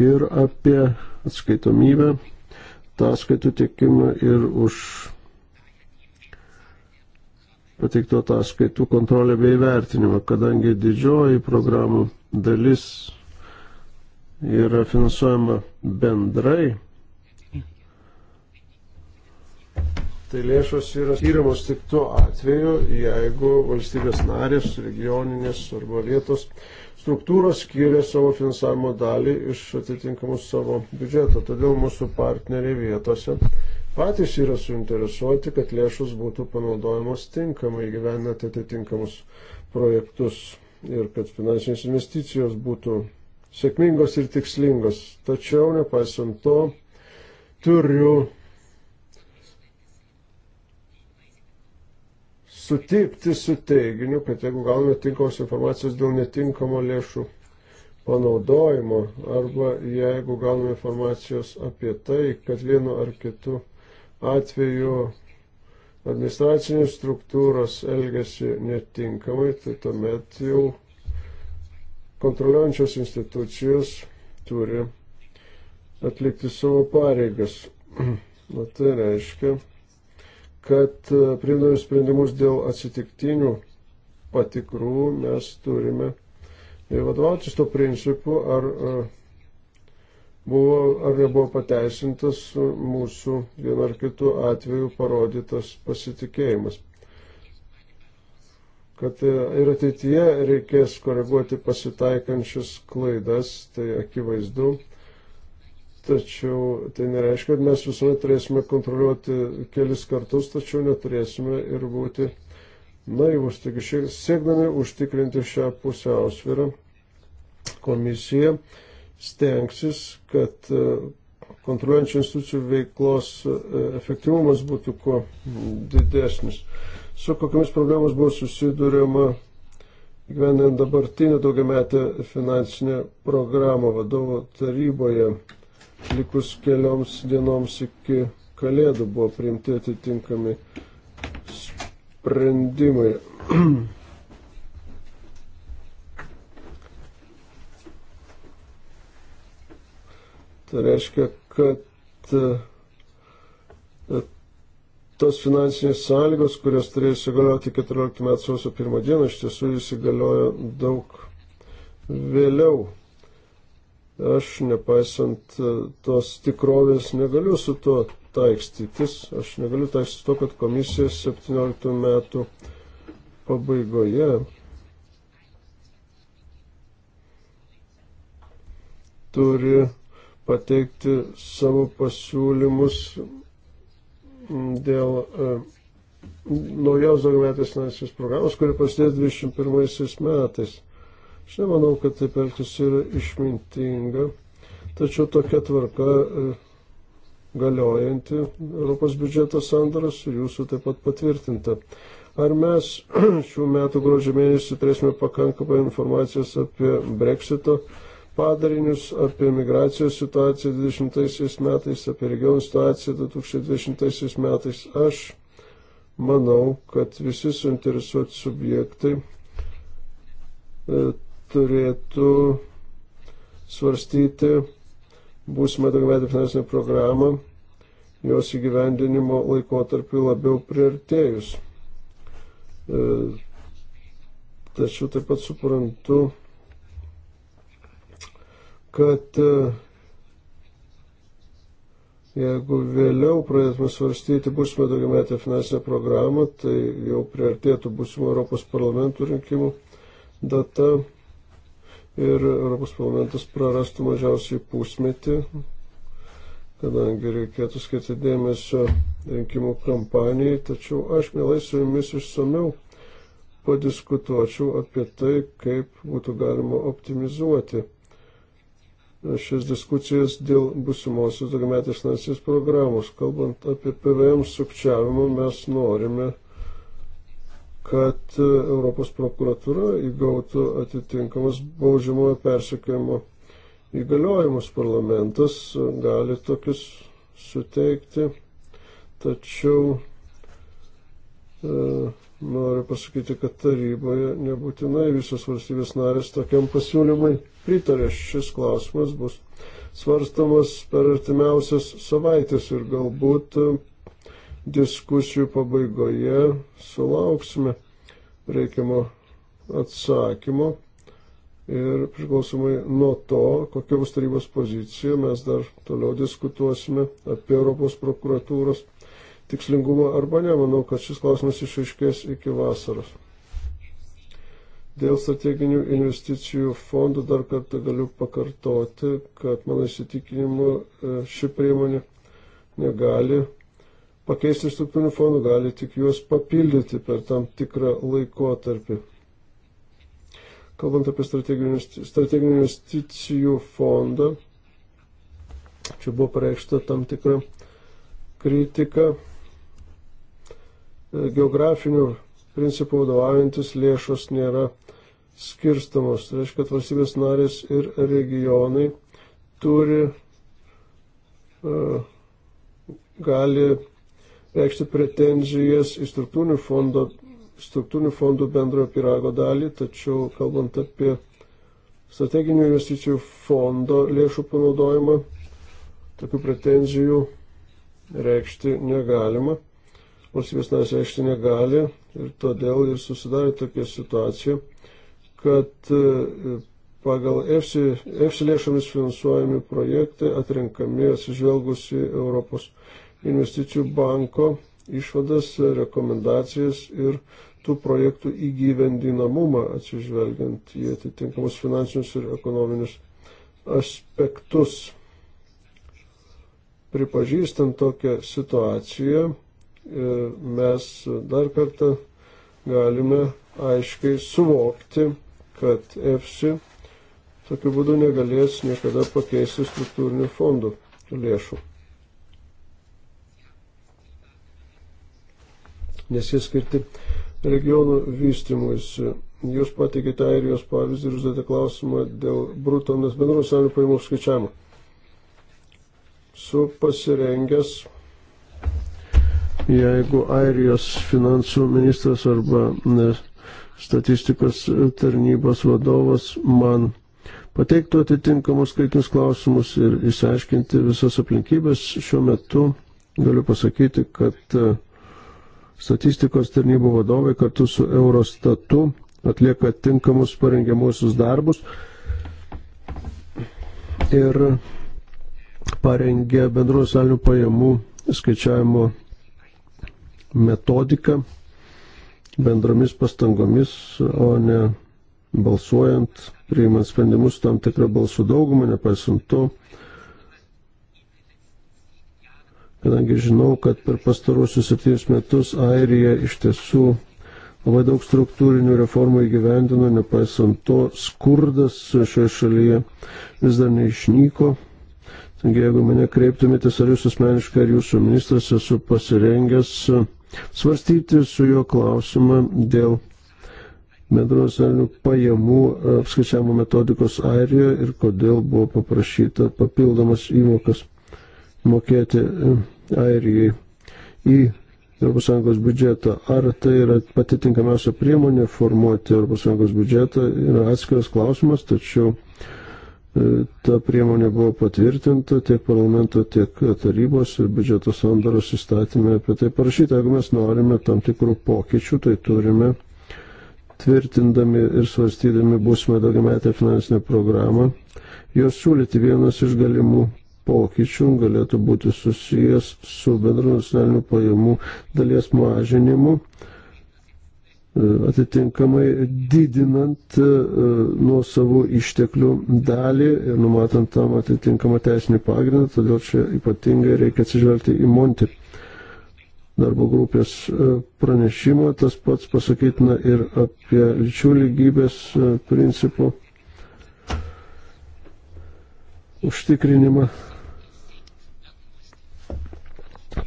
ir apie atskaitomybę, tą skaitų tiekimą ir už pateiktų ataskaitų kontrolę bei vertinimą, kadangi didžioji programų dalis yra finansuojama bendrai. Tai lėšos yra skiriamos tik tuo atveju, jeigu valstybės narės, regioninės arba vietos struktūros skiria savo finansavimo dalį iš atitinkamų savo biudžeto. Todėl mūsų partneriai vietose patys yra suinteresuoti, kad lėšus būtų panaudojamos tinkamai, gyvenant atitinkamus projektus ir kad finansinės investicijos būtų sėkmingos ir tikslingos. Tačiau, nepaisant to, turiu sutikti su teiginiu, kad jeigu gauname tinkamos informacijos dėl netinkamo lėšų panaudojimo arba jeigu gauname informacijos apie tai, kad vienu ar kitu atveju administracinės struktūros elgesi netinkamai, tai tuomet jau kontroliuojančios institucijos turi atlikti savo pareigas. O tai reiškia, kad e, priimdami sprendimus dėl atsitiktinių patikrų mes turime vadovautis to principu, ar e, buvo ar nebuvo pateisintas mūsų vienu ar kitu atveju parodytas pasitikėjimas. Kad e, ir ateityje reikės koreguoti pasitaikančius klaidas, tai akivaizdu. Tačiau tai nereiškia, kad mes visuomet turėsime kontroliuoti kelis kartus, tačiau neturėsime ir būti naivus. Taigi siekdami užtikrinti šią pusiausvyrą, komisija stengsis, kad e, kontroliuojančių institucijų veiklos e, efektyvumas būtų kuo didesnis. Su kokiamis problemas buvo susidurima gyvenant dabartinę daugiametę finansinę programą vadovo taryboje, likus kelioms dienoms iki kalėdų buvo priimti atitinkami sprendimai. Tai reiškia, kad e, tos finansinės sąlygos, kurios turėjo įsigalioti 14 metų sausio 1 dieną, iš tiesų įsigaliojo daug vėliau. Aš, nepaisant e, tos tikrovės, negaliu su tuo taikstytis. Aš negaliu taikstytis to, kad komisija 17 metų pabaigoje turi pateikti savo pasiūlymus dėl e, naujos daugiametės finansinės programos, kuri prasidės 21 metais. Aš nemanau, kad taip elgtis yra išmintinga, tačiau tokia tvarka e, galiojanti Europos biudžeto sandaras ir jūsų taip pat patvirtinta. Ar mes šių metų gruodžio mėnesį turėsime pakankamai informacijos apie breksito padarinius, apie migracijos situaciją 2020 metais, apie regionų situaciją 2020 metais. Aš manau, kad visi suinteresuoti subjektai e, turėtų svarstyti būsimą daugiametę finansinę programą jos įgyvendinimo laikotarpiu labiau priartėjus. E, tačiau taip pat suprantu, kad e, jeigu vėliau pradėtume svarstyti būsimą daugiametę finansinę programą, tai jau priartėtų būsimo Europos parlamentų rinkimų data ir Europos parlamentas prarastų mažiausiai pusmetį, kadangi reikėtų skirti dėmesio rinkimų kampanijai, tačiau aš mielai su jumis išsameu padiskutuočiau apie tai, kaip būtų galima optimizuoti šias diskusijas dėl busimosios daugiametės finansinės programos. Kalbant apie PVM sukčiavimą, mes norime, kad e, Europos prokuratura įgautų atitinkamas baudžiamojo persikėjimo įgaliojimus. Parlamentas e, gali tokius suteikti, tačiau e, Noriu pasakyti, kad taryboje nebūtinai visos valstybės narės tokiam pasiūlymui pritarė. Šis klausimas bus svarstamas per artimiausias savaitės ir galbūt diskusijų pabaigoje sulauksime reikiamo atsakymo ir priklausomai nuo to, kokia bus tarybos pozicija, mes dar toliau diskutuosime apie Europos prokuratūros tikslingumą arba ne. Manau, kad šis klausimas išaiškės iki vasaros. Dėl strateginių investicijų fondų dar kartą galiu pakartoti, kad mano įsitikinimu e, ši priemonė negali pakeisti struktūrinių fondų, gali tik juos papildyti per tam tikrą laikotarpį. Kalbant apie strateginių investicijų fondą, čia buvo pareikšta tam tikra kritika geografinių principų vadovaujantis lėšos nėra skirstamos. Tai reiškia, kad valstybės narės ir regionai turi, e, gali reikšti pretenzijas į struktūrinių fondų, struktūrinių fondų bendrojo pirago dalį, tačiau kalbant apie strateginių investicijų fondo lėšų panaudojimą, tokių pretenzijų reikšti negalima valstybės narės reikšti negali ir todėl ir susidarė tokia situacija, kad e, pagal EFSI, EFSI lėšomis finansuojami projektai atrenkami atsižvelgusi Europos investicijų banko išvadas, rekomendacijas ir tų projektų įgyvendinamumą atsižvelgiant į atitinkamus finansinius ir ekonominius aspektus. Pripažįstant tokią situaciją, E, mes dar kartą galime aiškiai suvokti, kad EFSI tokiu būdu negalės niekada pakeisti struktūrinių fondų lėšų. Nes jie skirti regionų vystimuisi. Jūs pateikite airijos pavyzdį ir uždate klausimą dėl bruto nes bendrų sąlygų pajamų skaičiavimo. Su pasirengęs jeigu Airijos finansų ministras arba statistikos tarnybos vadovas man pateiktų atitinkamus skaitinius klausimus ir įsiaiškinti visas aplinkybės. Šiuo metu galiu pasakyti, kad e, statistikos tarnybų vadovai kartu su Eurostatu atlieka tinkamus parengiamuosius darbus ir parengia bendruoju salinių pajamų skaičiavimo metodiką bendromis pastangomis, o ne balsuojant, priimant sprendimus tam tikrą balsų daugumą, nepaisant to, kadangi žinau, kad per pastaruosius septynis metus Airija iš tiesų labai daug struktūrinių reformų įgyvendino, nepaisant to skurdas šioje šalyje vis dar neišnyko. Taigi, jeigu mane kreiptumėte, ar jūs asmeniškai, ar jūsų ministras, esu pasirengęs svarstyti su juo klausimą dėl bendros pajamų e, apskaičiavimo metodikos Airijoje ir kodėl buvo paprašyta papildomas įmokas mokėti e, Airijai į ES biudžetą. Ar tai yra pati tinkamiausia priemonė formuoti ES biudžetą, yra atskiras klausimas, tačiau E, ta priemonė buvo patvirtinta tiek parlamento, tiek tarybos ir biudžeto sandaros įstatymė apie tai parašyta. Jeigu mes norime tam tikrų pokyčių, tai turime tvirtindami ir svarstydami būsimą daugiametę finansinę programą, jos siūlyti vienas iš galimų pokyčių galėtų būti susijęs su bendru nacionaliniu pajamų dalies mažinimu. Ma E, atitinkamai didinant e, e, nuo savų išteklių dalį ir numatant tam atitinkamą teisinį pagrindą, todėl čia ypatingai reikia atsižvelgti į Monti darbo grupės pranešimą, tas pats pasakytina ir apie lyčių lygybės principų užtikrinimą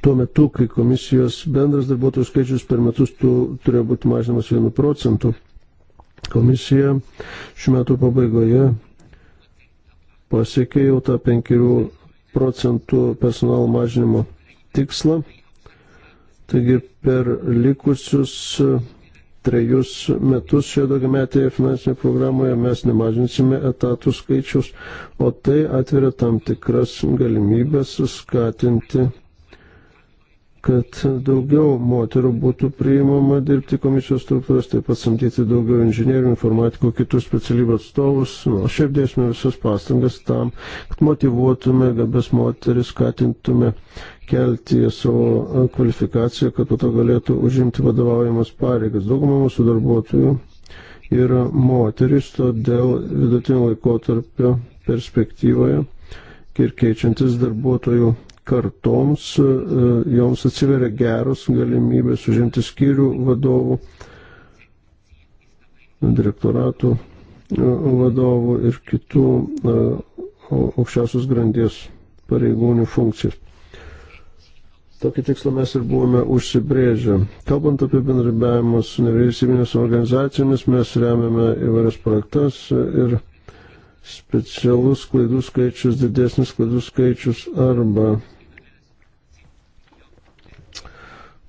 tuo metu, kai komisijos bendras darbuotojų skaičius per metus tu, turėjo būti mažinamas 1 procentu. Komisija šiuo metu pabaigoje pasiekė jau tą 5 procentų personalo mažinimo tikslą. Taigi per likusius e, trejus metus šioje daugiametėje finansinėje programoje mes nemažinsime etatų skaičius, o tai atveria tam tikras galimybės skatinti kad daugiau moterų būtų priimama dirbti komisijos struktūros, taip pat samdyti daugiau inžinierių, informatikų, kitų specialybių atstovus. O šiaip dėsime visas pastangas tam, kad motivuotume gabes moteris, skatintume kelti savo kvalifikaciją, kad po to galėtų užimti vadovaujamas pareigas. Dauguma mūsų darbuotojų yra moteris, todėl vidutinio laikotarpio perspektyvoje ir keičiantis darbuotojų kartoms, e, joms atsiveria geros galimybės užimti skyrių vadovų, direktoratų e, vadovų ir kitų e, aukščiausios grandies pareigūnių funkcijas. Tokį tikslą mes ir buvome užsibrėžę. Kalbant apie bendradarbiavimą su nevyriausybinės organizacijomis, mes remiame įvairias projektas ir specialus klaidų skaičius, didesnis klaidų skaičius arba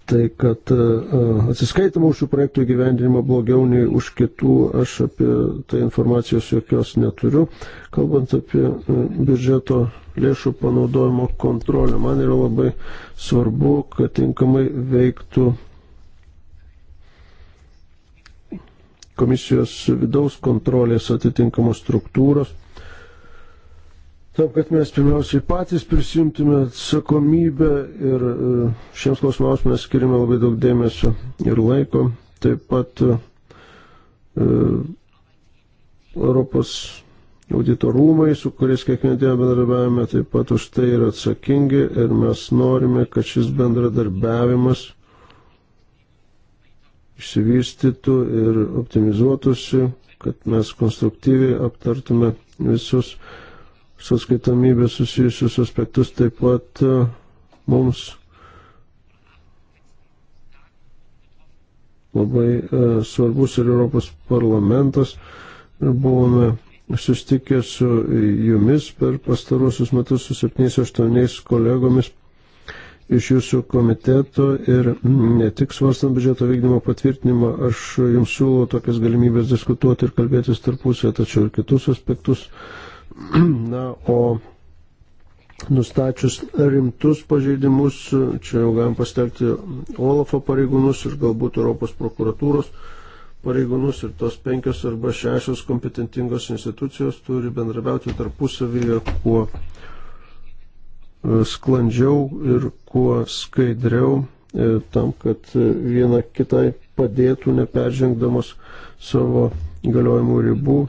tai, kad e, e, atsiskaitama už šių projektų gyvendinimą blogiau nei už kitų, aš apie tai informacijos jokios neturiu. Kalbant apie e, biudžeto lėšų panaudojimo kontrolę, man yra labai svarbu, kad tinkamai veiktų komisijos vidaus kontrolės atitinkamos struktūros Tam, kad mes pirmiausiai patys prisimtume atsakomybę ir e, šiems klausimams mes skirime labai daug dėmesio ir laiko. Taip pat e, e Europos auditorumai, su kuriais kiekvieną dieną bendradarbiavame, taip pat už tai yra atsakingi ir mes norime, kad šis bendradarbiavimas išsivystytų ir optimizuotųsi, kad mes konstruktyviai aptartume visus su skaitomybė susijusius aspektus taip pat e, mums labai e, svarbus ir Europos parlamentas. Ir buvome sustikę su jumis per pastarosius metus su 7-8 kolegomis iš jūsų komiteto ir ne tik svarstant biudžeto vykdymo patvirtinimą, aš jums siūlau tokias galimybės diskutuoti ir kalbėtis tarpusę, tačiau ir kitus aspektus Na, o nustačius rimtus pažeidimus, čia jau galim pastelgti Olafo pareigūnus ir galbūt Europos prokuratūros pareigūnus ir tos penkios arba šešios kompetentingos institucijos turi bendrabiauti tarpusavyje kuo e, sklandžiau ir kuo skaidriau e, tam, kad viena kitai padėtų neperžengdamos savo galiojimų ribų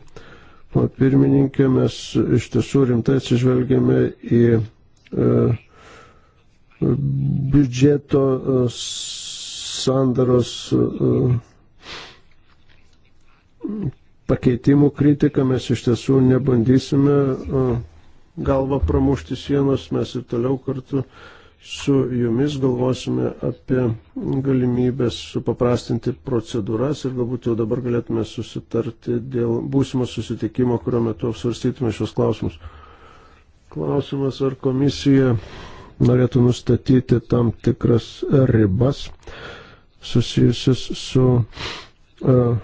pirmininkė, mes iš tiesų rimtai atsižvelgėme į e, biudžeto e, sandaros e, pakeitimų kritiką, mes iš tiesų nebandysime galvą pramušti sienos, mes ir toliau kartu uh, su jumis galvosime apie galimybės supaprastinti procedūras ir galbūt jau dabar galėtume susitarti dėl būsimo susitikimo, kurio metu apsvarstytume šios klausimus. Klausimas, ar komisija norėtų nustatyti tam tikras ribas susijusius su uh,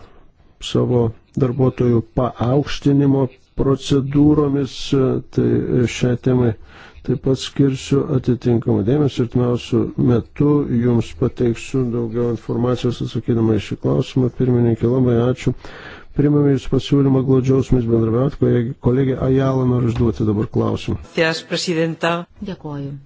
savo darbuotojų paaukštinimo procedūromis, e, tai šią temą Taip pat skirsiu atitinkamą dėmesį ir tmiausių metų jums pateiksiu daugiau informacijos atsakydama į šį klausimą. Pirmininkė, labai ačiū. Primame jūs pasiūlymą glaudžiausmis bendrabiauti. Kolegė Ajala nori užduoti dabar klausimą. Ties, prezidenta. Dėkoju.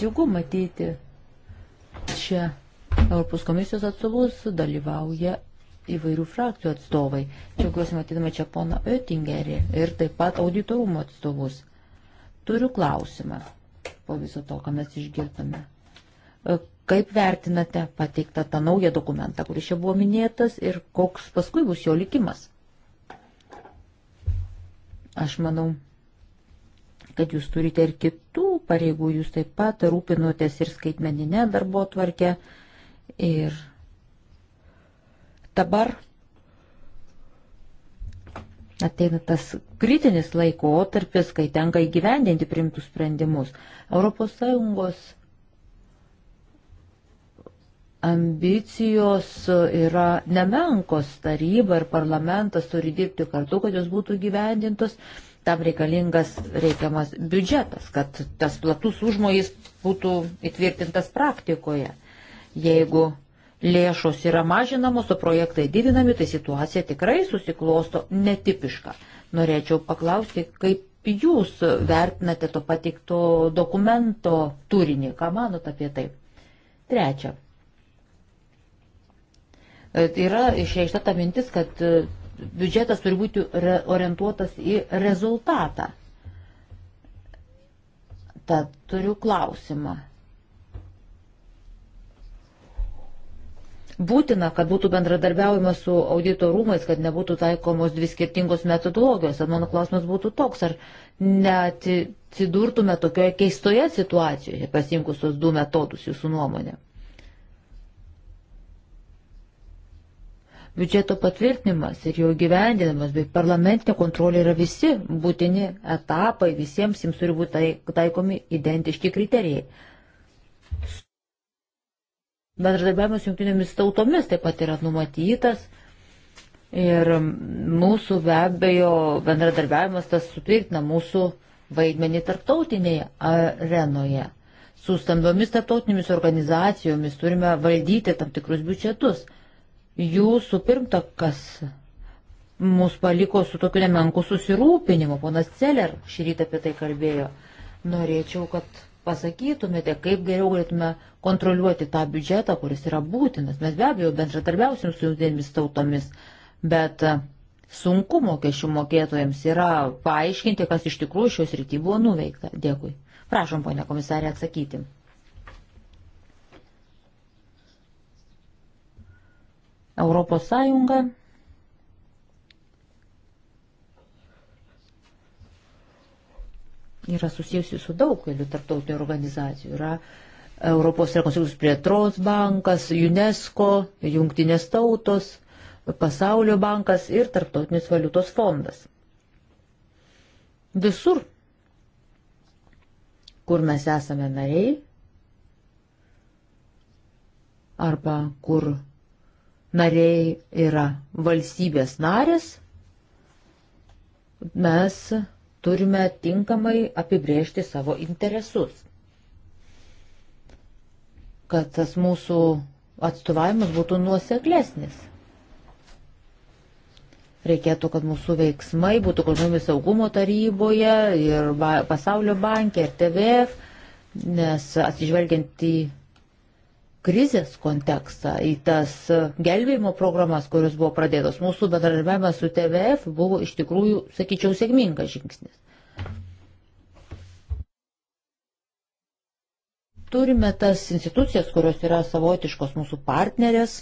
Džiugu matyti čia Europos komisijos atstovus dalyvauja įvairių frakcijų atstovai. Džiaugiuosi matydama čia poną Oettingerį ir taip pat auditorumo atstovus. Turiu klausimą po viso to, ką mes išgirdome. E, kaip vertinate pateiktą tą naują dokumentą, kuris čia buvo minėtas ir koks paskui bus jo likimas? Aš manau, kad jūs turite ir kitų pareigų, jūs taip pat rūpinotės ir skaitmeninę darbo tvarkę. Ir dabar ateina tas kritinis laikotarpis, kai tenka įgyvendinti primtus sprendimus. ES ambicijos yra nemenkos, taryba ir parlamentas turi dirbti kartu, kad jos būtų gyvendintos. Tam reikalingas reikiamas biudžetas, kad tas platus užmojis būtų įtvirtintas praktikoje. Jeigu lėšos yra mažinamos, o projektai didinami, tai situacija tikrai susiklosto netipiška. Norėčiau paklausti, kaip jūs vertinate to patikto dokumento turinį, ką manot apie tai. Trečia. E, yra išreikšta ta mintis, kad biudžetas turi būti orientuotas į rezultatą. Tad turiu klausimą. Būtina, kad būtų bendradarbiaujama su audito rūmais, kad nebūtų taikomos dvi skirtingos metodologijos. Tad mano klausimas būtų toks, ar neatsidurtume tokioje keistoje situacijoje, pasimkus tos du metodus jūsų nuomonė. Biudžeto patvirtinimas ir jo gyvendinimas bei parlamentinė kontrolė yra visi būtini etapai, visiems jiems turi būti tai- taikomi identiški kriterijai. Bendradarbiavimas jungtinėmis tautomis taip pat yra numatytas. Ir mūsų be abejo bendradarbiavimas tas sutvirtina mūsų vaidmenį tarptautinėje arenoje. Su stambiomis tarptautinėmis organizacijomis turime valdyti tam tikrus biudžetus. Jūsų pirmtakas mus paliko su tokiu nemenku susirūpinimu. Ponas Celer šį rytą apie tai kalbėjo. Norėčiau, kad pasakytumėte, kaip geriau galėtume kontroliuoti tą biudžetą, kuris yra būtinas. Mes be abejo bendratarbiausim su jungtinėmis tautomis, bet e, sunku mokesčių mokėtojams yra paaiškinti, kas iš tikrųjų šios rytį buvo nuveikta. Dėkui. Prašom, ponia komisarė, atsakyti. Europos Sąjunga yra susijusi su daugeliu tarptautinių organizacijų. Yra Europos rekonstrukcijos plėtros bankas, UNESCO, Jungtinės tautos, Pasaulio bankas ir Tarptautinis valiutos fondas. Visur, kur mes esame nariai, arba kur nariai yra valstybės narės, mes turime tinkamai apibrėžti savo interesus. Kad tas mūsų atstovavimas būtų nuoseklesnis. Reikėtų, kad mūsų veiksmai būtų kožnomi saugumo taryboje ir pasaulio bankė ir TVF, nes atsižvelgiant į krizės kontekstą, į tas gelbėjimo programas, kurios buvo pradėtos. Mūsų bendradarbiavimas su TVF buvo iš tikrųjų, sakyčiau, sėkmingas žingsnis. Turime tas institucijas, kurios yra savotiškos mūsų partnerės.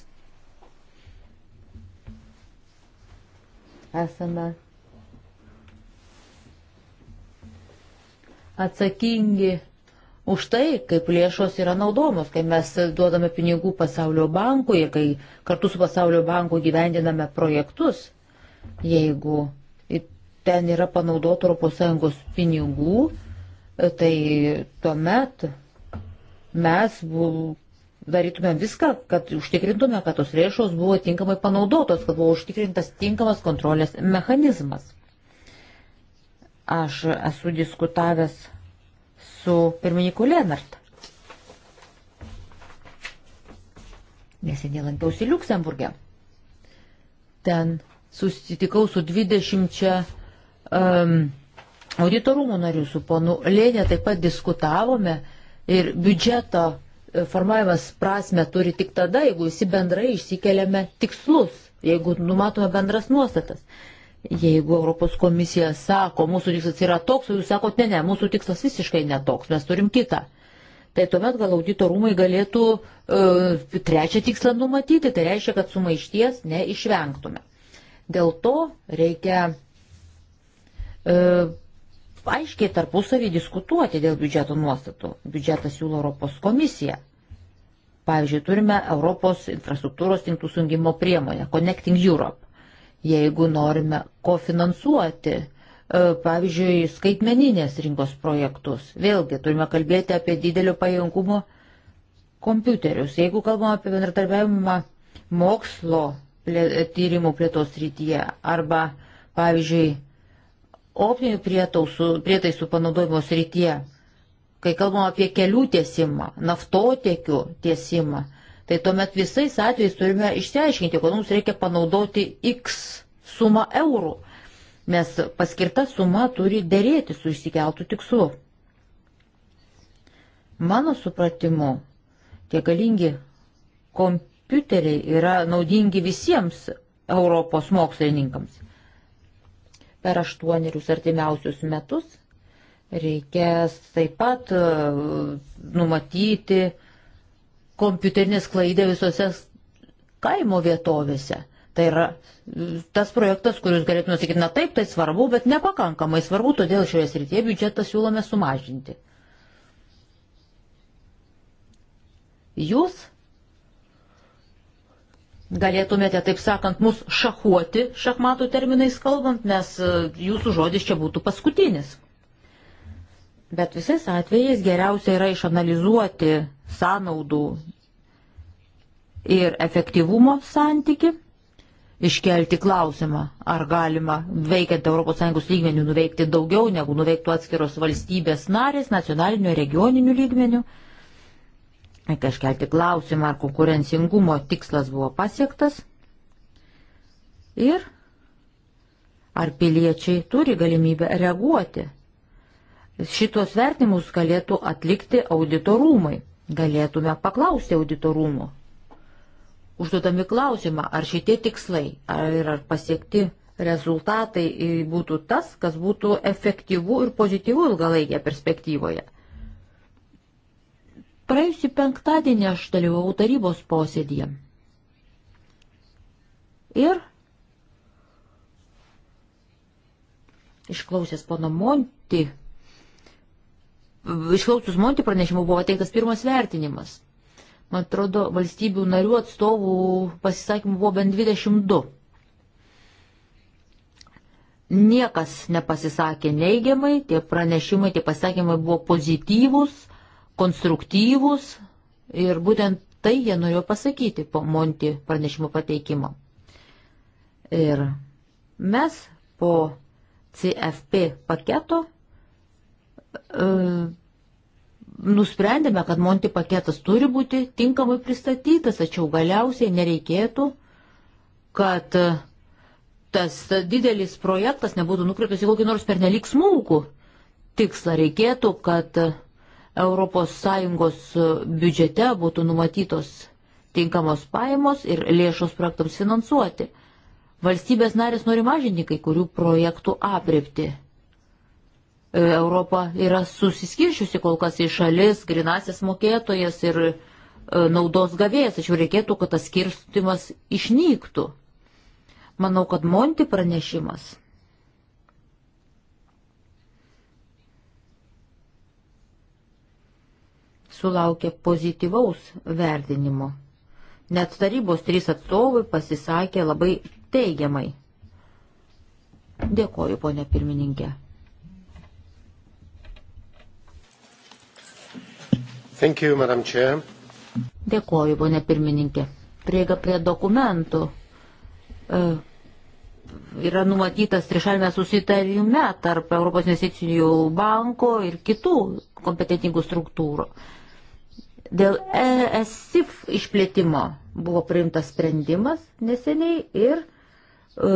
Esame atsakingi už tai, kaip lėšos yra naudomos, kai mes duodame pinigų pasaulio bankui ir kai kartu su pasaulio banku gyvendiname projektus. Jeigu ten yra panaudota ES pinigų, tai tuomet mes darytume viską, kad užtikrintume, kad tos lėšos buvo tinkamai panaudotos, kad buvo užtikrintas tinkamas kontrolės mechanizmas. Aš esu diskutavęs su pirmininku Lenart. Neseniai lankiausi Luksemburgė. Ten susitikau su 20 um, auditorumų narių, su ponu Lėnė taip pat diskutavome ir biudžeto e, formavimas prasme turi tik tada, jeigu visi bendrai išsikeliame tikslus, jeigu numatome bendras nuostatas. Jeigu Europos komisija sako, mūsų tikslas yra toks, o jūs sakote, ne, ne, mūsų tikslas visiškai netoks, mes turim kitą. Tai tuomet gal audito rūmai galėtų uh, e, trečią tikslą numatyti, tai reiškia, kad sumaišties neišvengtume. Dėl to reikia uh, e, aiškiai tarpusavį diskutuoti dėl biudžeto nuostatų. Biudžetą siūlo Europos komisija. Pavyzdžiui, turime Europos infrastruktūros tinklų sungimo priemonę Connecting Europe jeigu norime kofinansuoti, e, pavyzdžiui, skaitmeninės rinkos projektus. Vėlgi, turime kalbėti apie didelio pajėgumo kompiuterius. Jeigu kalbame apie bendratarbiavimą mokslo tyrimų plėtos rytyje arba, pavyzdžiui, optinių prietaisų, prietaisų panaudojimo srityje, kai kalbame apie kelių tiesimą, naftotiekių tiesimą, tai tuomet visais atvejais turime išsiaiškinti, kodėl mums reikia panaudoti X sumą eurų, nes paskirta suma turi dėrėti su išsikeltų tikslu. Mano supratimu, tie galingi kompiuteriai yra naudingi visiems Europos mokslininkams. Per aštuonerius artimiausius metus reikės taip pat e, numatyti, uh, kompiuterinė sklaidė visose kaimo vietovėse. Tai yra tas projektas, kuris galėtume sakyti, na taip, tai svarbu, bet nepakankamai svarbu, todėl šioje srityje biudžetą siūlome sumažinti. Jūs galėtumėte, taip sakant, mus šachuoti, šachmatų terminais kalbant, nes e, jūsų žodis čia būtų paskutinis. Bet visais atvejais geriausia yra išanalizuoti sąnaudų ir efektyvumo santyki, iškelti klausimą, ar galima veikiant ES lygmenių nuveikti daugiau, negu nuveiktų atskiros valstybės narės nacionaliniu regioniniu lygmeniu. Reikia iškelti klausimą, ar konkurencingumo tikslas buvo pasiektas ir ar piliečiai turi galimybę reaguoti šitos vertimus galėtų atlikti auditorumai. Galėtume paklausti auditorumo, užduodami klausimą, ar šitie tikslai ar, ar pasiekti rezultatai būtų tas, kas būtų efektyvu ir pozityvu ilgalaikėje perspektyvoje. Praėjusį penktadienį aš dalyvau tarybos posėdėje. Ir išklausęs pono Monti išklausus Monti pranešimų buvo teiktas pirmas vertinimas. Man atrodo, valstybių narių atstovų pasisakymų buvo bent 22. Niekas nepasisakė neigiamai, tie pranešimai, tie pasisakymai buvo pozityvūs, konstruktyvūs ir būtent tai jie norėjo pasakyti po Monti pranešimo pateikimo. Ir mes po CFP paketo E, nusprendėme, kad Monti paketas turi būti tinkamai pristatytas, tačiau galiausiai nereikėtų, kad tas didelis projektas nebūtų nukreiptas į kokį nors pernelik smulkų tikslą. Reikėtų, kad ES biudžete būtų numatytos tinkamos pajamos ir lėšos projektams finansuoti. Valstybės narės nori mažinti kai kurių projektų apriepti. E, Europa yra susiskiršiusi kol kas į šalis, grinasis mokėtojas ir e, naudos gavėjas, tačiau reikėtų, kad tas skirstimas išnyktų. Manau, kad Monti pranešimas. sulaukė pozityvaus vertinimo. Net tarybos trys atstovai pasisakė labai teigiamai. Dėkoju, ponė pirmininkė. Thank you, Madam Chair. Dėkuoju, ponė pirmininkė. Prieiga prie dokumentų e, yra numatytas trišalme susitarime tarp Europos investicijų banko ir kitų kompetentingų struktūrų. Dėl ESIF išplėtimo buvo priimtas sprendimas neseniai ir e,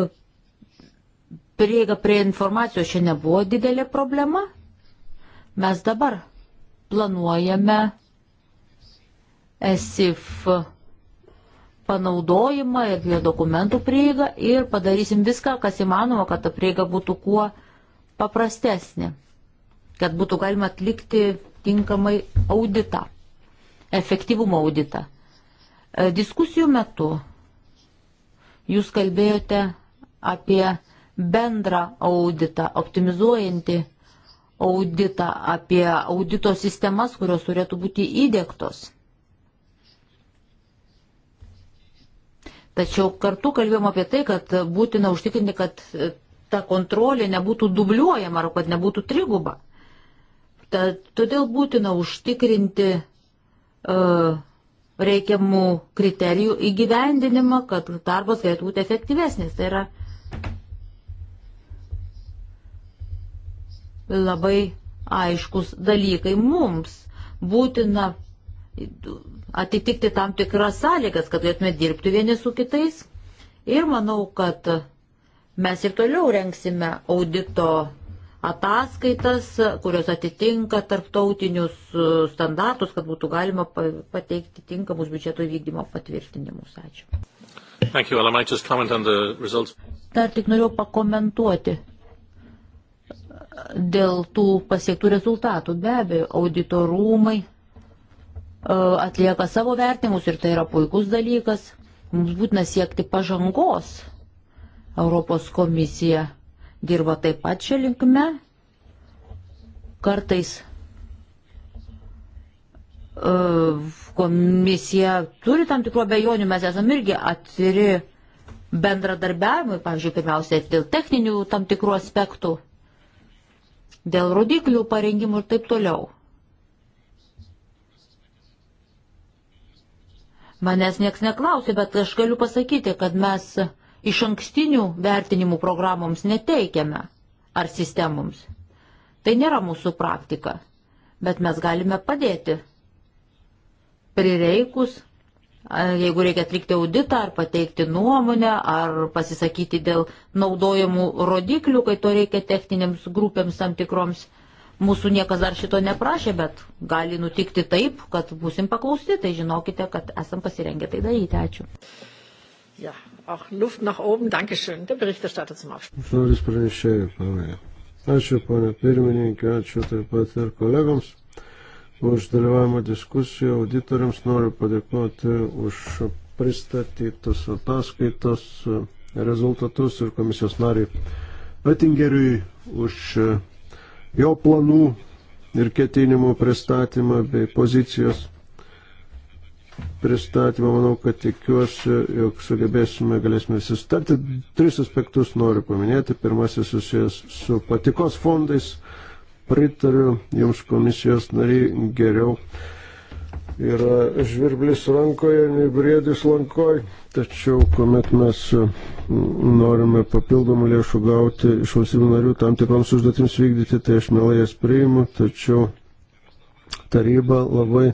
prieiga prie informacijos čia nebuvo didelė problema. Mes dabar planuojame ESIF panaudojimą ir jo dokumentų prieigą ir padarysim viską, kas įmanoma, kad ta prieiga būtų kuo paprastesnė, kad būtų galima atlikti tinkamai auditą, efektyvumo auditą. E, diskusijų metu jūs kalbėjote apie bendrą auditą, optimizuojantį auditą, apie audito sistemas, kurios turėtų būti įdėktos. Tačiau kartu kalbėjom apie tai, kad būtina užtikrinti, kad ta kontrolė nebūtų dubliuojama ar kad nebūtų triguba. Tad, todėl būtina užtikrinti uh, reikiamų kriterijų įgyvendinimą, kad darbas galėtų būti efektyvesnis. Tai yra uh, labai aiškus dalykai mums. Būtina atitikti tam tikras sąlygas, kad galėtume dirbti vieni su kitais. Ir manau, kad mes ir toliau renksime audito ataskaitas, kurios atitinka tarptautinius e, standartus, kad būtų galima pateikti tinkamus biudžeto vykdymo patvirtinimus. Ačiū. Dar tik noriu pakomentuoti dėl tų pasiektų rezultatų. Be abejo, auditorumai e, atlieka savo vertimus ir tai yra puikus dalykas. Mums būtina siekti pažangos. Europos komisija dirba taip pat šią linkme. Kartais e, komisija turi tam tikrų abejonių, mes esame irgi atviri bendradarbiavimui, pavyzdžiui, pirmiausia, dėl techninių tam tikrų aspektų dėl rodiklių parengimų ir taip toliau. Manęs nieks neklausė, bet aš galiu pasakyti, kad mes iš ankstinių vertinimų programoms neteikiame ar sistemoms. Tai nėra mūsų praktika, bet mes galime padėti. Prireikus jeigu reikia atlikti auditą ar pateikti nuomonę, ar pasisakyti dėl naudojimų rodiklių, kai to reikia techninėms grupėms tam tikroms. Mūsų niekas dar šito neprašė, bet gali nutikti taip, kad busim paklausti, tai žinokite, kad esam pasirengę tai daryti. Ačiū. Ja, auch Luft nach oben. Dankeschön. Der Berichterstatter zum Abschluss. Žodis pranešėjai, pamėgau. Ačiū, ponė pirmininkė, ačiū taip pat ir kolegams už dalyvavimą diskusiją. Auditoriams noriu padėkoti už pristatytus ataskaitos rezultatus ir komisijos nariai Atingeriui už jo planų ir ketinimų pristatymą bei pozicijos pristatymą. Manau, kad tikiuosi, jog sugebėsime, galėsime susitarti. Tris aspektus noriu paminėti. Pirmasis susijęs su patikos fondais pritariu jums komisijos nariai geriau. Yra žvirblis rankoje, nei briedis lankoj, tačiau kuomet mes mm, norime papildomų lėšų gauti iš valstybių narių tam tikroms užduotims vykdyti, tai aš mielai jas priimu, tačiau taryba labai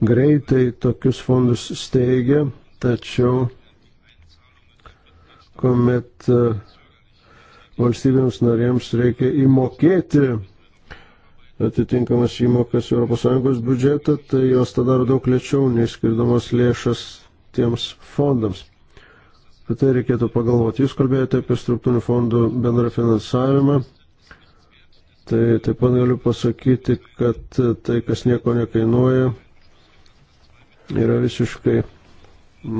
greitai tokius fondus steigia, tačiau kuomet e, valstybėms narėms reikia įmokėti atitinkamas įmokas ES biudžetą, tai jos tą daro daug lėčiau, nei skirdamos lėšas tiems fondams. Apie tai reikėtų pagalvoti. Jūs kalbėjote apie struktūrinių fondų bendrą finansavimą. Tai taip pat galiu pasakyti, kad tai, kas nieko nekainuoja, yra visiškai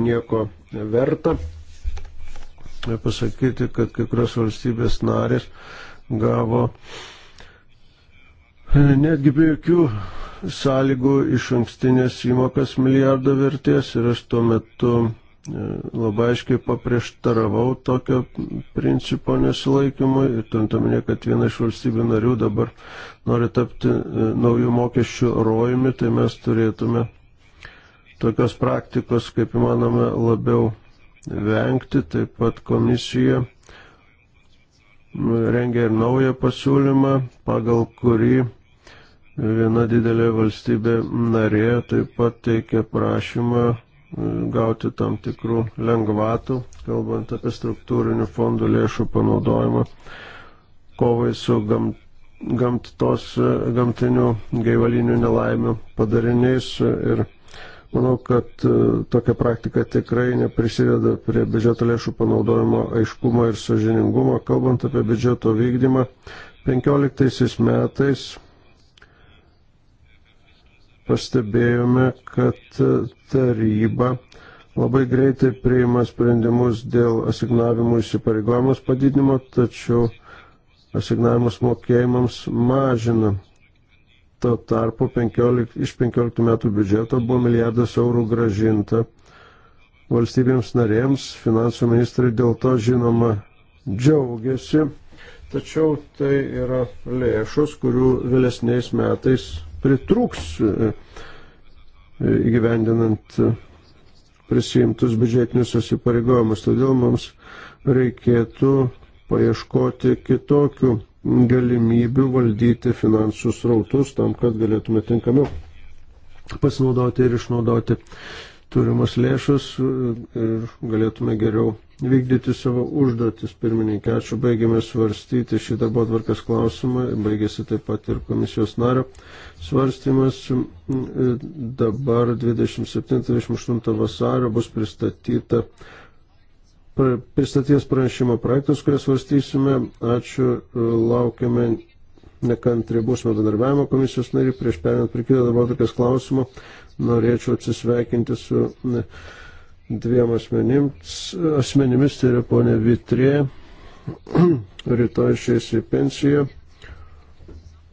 nieko verta. Pasakyti, kad kai kurios valstybės narės gavo uh, netgi be jokių sąlygų iš ankstinės įmokas milijardo vertės ir aš tuo metu e, labai aiškiai paprieštaravau tokio principo nesilaikymui ir turintaminė, kad viena iš valstybių narių dabar nori tapti e, naujų mokesčių rojumi, tai mes turėtume tokios praktikos, kaip įmanome, labiau vengti. Taip pat komisija rengia ir naują pasiūlymą, pagal kurį Viena didelė valstybė narė taip pat teikia prašymą e, gauti tam tikrų lengvatų, kalbant apie struktūrinių fondų lėšų panaudojimą kovai su gam, gamtos, e, gamtinių gaivalinių nelaimių padariniais. Ir manau, kad e, tokia praktika tikrai neprisideda prie biudžeto lėšų panaudojimo aiškumo ir sažiningumo. Kalbant apie biudžeto vykdymą, 15 metais pastebėjome, kad taryba labai greitai priima sprendimus dėl asignavimų įsipareigojimus padidinimo, tačiau asignavimus mokėjimams mažina. Tuo tarpu 15, iš 15 metų biudžeto buvo milijardas eurų gražinta valstybėms narėms. Finansų ministrai dėl to žinoma džiaugiasi, tačiau tai yra lėšos, kurių vėlesniais metais pritrūks e, įgyvendinant e, prisijimtus biudžetinius įsipareigojimus. Todėl mums reikėtų paieškoti kitokių galimybių valdyti finansų srautus tam, kad galėtume tinkamiau pasinaudoti ir išnaudoti turimas lėšas e, ir galėtume geriau vykdyti savo užduotis. Pirmininkė, ačiū, baigėme svarstyti šį darbo tvarkas klausimą, baigėsi taip pat ir komisijos nario svarstymas. E, dabar 27-28 vasario bus pristatyta. Pristaties pranešimo projektus, kurias svarstysime. Ačiū, e, laukiame nekantriai būsimo bendarbiavimo komisijos nariai prieš perinant prie kito darbo tokias klausimo norėčiau atsisveikinti su dviem asmenims, asmenimis, tai yra ponė Vitrė, rytoj išeis į pensiją e,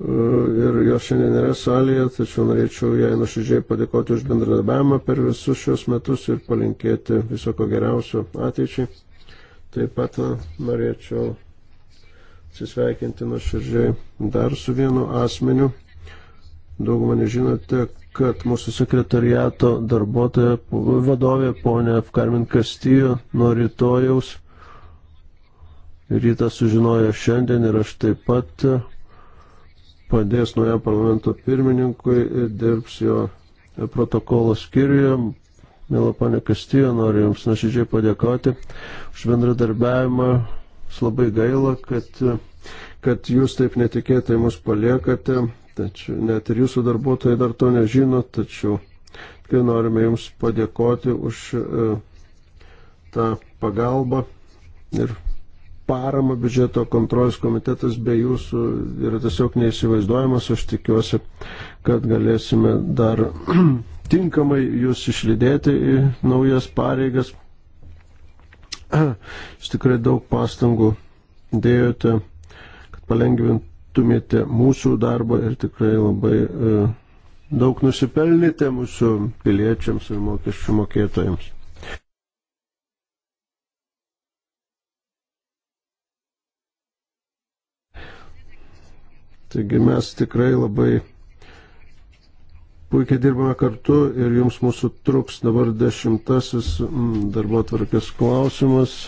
ir jo šiandien yra salėje, tačiau norėčiau jai nuoširdžiai padėkoti už bendradarbiavimą per visus šios metus ir palinkėti viso ko geriausio ateičiai. Taip pat norėčiau atsisveikinti nuoširdžiai dar su vienu asmeniu. Daugumą nežinote, kad mūsų sekretariato darbuotoja, vadovė ponė Afkarmin Kastijo nuo rytojaus. Rytą sužinojo šiandien ir aš taip pat padės nuojo parlamento pirmininkui ir dirbs jo protokolo skyriuje. Mėla ponė Kastijo, noriu Jums nuoširdžiai padėkoti už bendradarbiavimą. Labai gaila, kad, kad Jūs taip netikėtai mus paliekate. Tačiau net ir jūsų darbuotojai dar to nežino, tačiau tikrai norime jums padėkoti už e, tą pagalbą ir paramą biudžeto kontrolės komitetas be jūsų yra tiesiog neįsivaizduojamas. Aš tikiuosi, kad galėsime dar tinkamai jūs išlydėti į naujas pareigas. Jūs tikrai daug pastangų dėjote, kad palengvint vertintumėte mūsų darbą ir tikrai labai e, daug nusipelnėte mūsų piliečiams ir mokesčių mokėtojams. Taigi mes tikrai labai puikiai dirbame kartu ir jums mūsų truks dabar dešimtasis mm, darbo tvarkės klausimas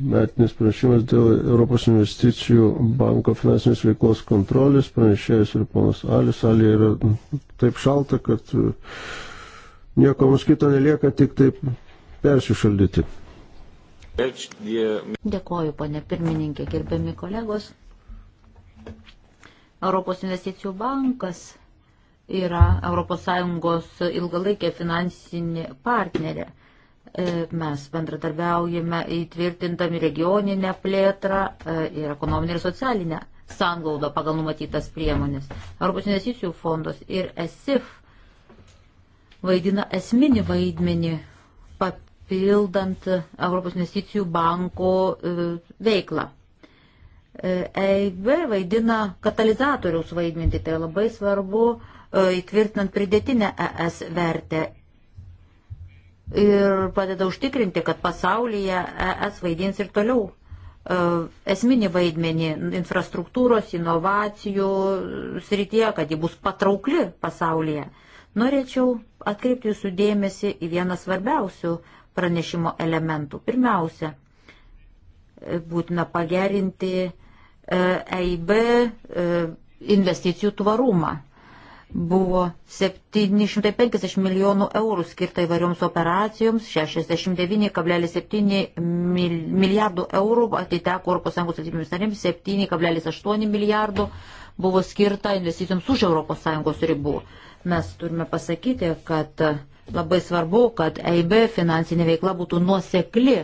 metinis prašymas dėl Europos investicijų banko finansinės veiklos kontrolės, pranešėjas ir ponas Alis. Alė yra taip šalta, kad e, nieko mums kito nelieka, tik taip persišaldyti. Dėkoju, ponė pirmininkė, gerbiami kolegos. Europos investicijų bankas yra ES ilgalaikė finansinė partnerė E, mes bendradarbiaujame įtvirtindami regioninę plėtrą e, ir ekonominę ir socialinę sanglaudą pagal numatytas priemonės. Europos investicijų fondos ir ESIF vaidina esminį vaidmenį papildant Europos investicijų banko e, veiklą. EIB vaidina katalizatoriaus vaidmenį, tai labai svarbu įtvirtinant pridėtinę ES vertę ir padeda užtikrinti, kad pasaulyje ES vaidins ir toliau e, esminį vaidmenį infrastruktūros, inovacijų srityje, kad ji bus patraukli pasaulyje. Norėčiau atkreipti jūsų dėmesį į vieną svarbiausių pranešimo elementų. Pirmiausia, e, būtina pagerinti EIB e investicijų tvarumą buvo 750 milijonų eurų skirta įvairioms operacijoms, 69,7 milijardų eurų atiteko ES valstybėms narėms, 7,8 milijardų buvo skirta investicijoms už ES ribų. Mes turime pasakyti, kad labai svarbu, kad EIB finansinė veikla būtų nuosekli.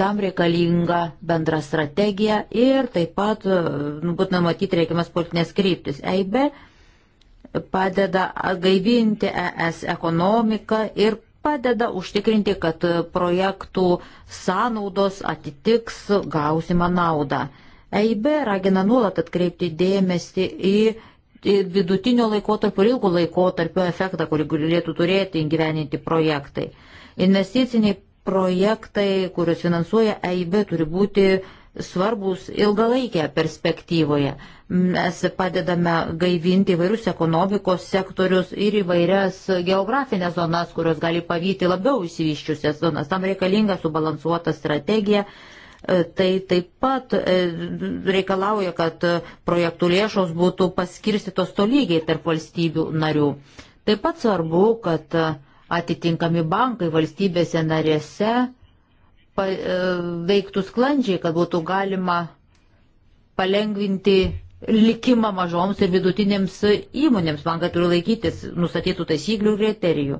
Tam reikalinga bendra strategija ir taip pat nu, būtina matyti reikiamas politinės kryptis. EIB padeda gaivinti ES ekonomiką ir padeda užtikrinti, kad projektų sąnaudos atitiks gausimą naudą. EIB ragina nuolat atkreipti dėmesį į vidutinio laikotarpio ir ilgų laikotarpio efektą, kurį galėtų turėti įgyveninti projektai. Investiciniai projektai, kuriuos finansuoja EIB, turi būti svarbus ilgalaikėje perspektyvoje. Mes padedame gaivinti įvairius ekonomikos sektorius ir įvairias geografinės zonas, kurios gali pavyti labiau įsivyščiusias zonas. Tam reikalinga subalansuota strategija. E, tai taip pat e, reikalauja, kad projektų lėšos būtų paskirstytos tolygiai tarp valstybių narių. Taip pat svarbu, kad atitinkami bankai valstybėse narėse E, veiktų sklandžiai, kad būtų galima palengvinti likimą mažoms ir vidutinėms įmonėms. Bankai turi laikytis nustatytų taisyklių ir kriterijų.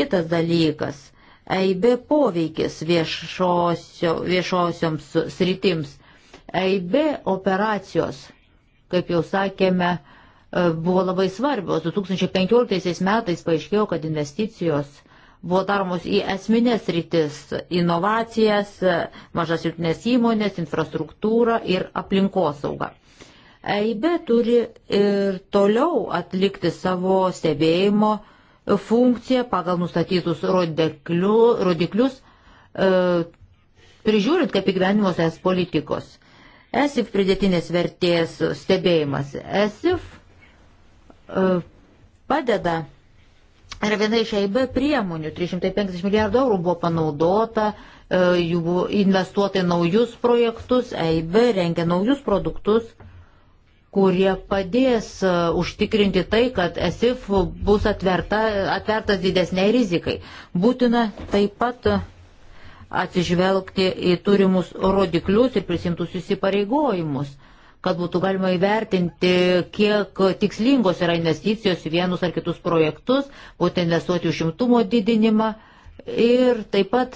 Kitas dalykas - EIB poveikis viešosio, viešosioms sritims. EIB operacijos, kaip jau sakėme, e, buvo labai svarbios. 2015 metais paaiškėjo, kad investicijos buvo daromos į esminės rytis - inovacijas, mažas jungtinės įmonės, infrastruktūrą ir aplinkosaugą. EIB turi ir toliau atlikti savo stebėjimo funkciją pagal nustatytus rodikliu, rodiklius, e, prižiūrint kaip įgyvenimos es politikos. ESIF pridėtinės vertės stebėjimas. ESIF e, padeda yra viena iš EIB priemonių. 350 milijardų eurų buvo panaudota, e, jų buvo investuota į naujus projektus, EIB rengia naujus produktus kurie padės e, užtikrinti tai, kad ESIF bus atverta, atvertas didesniai rizikai. Būtina taip pat atsižvelgti į turimus rodiklius ir prisimtus įsipareigojimus kad būtų galima įvertinti, kiek tikslingos yra investicijos į vienus ar kitus projektus, būtent investuoti užimtumo didinimą ir taip pat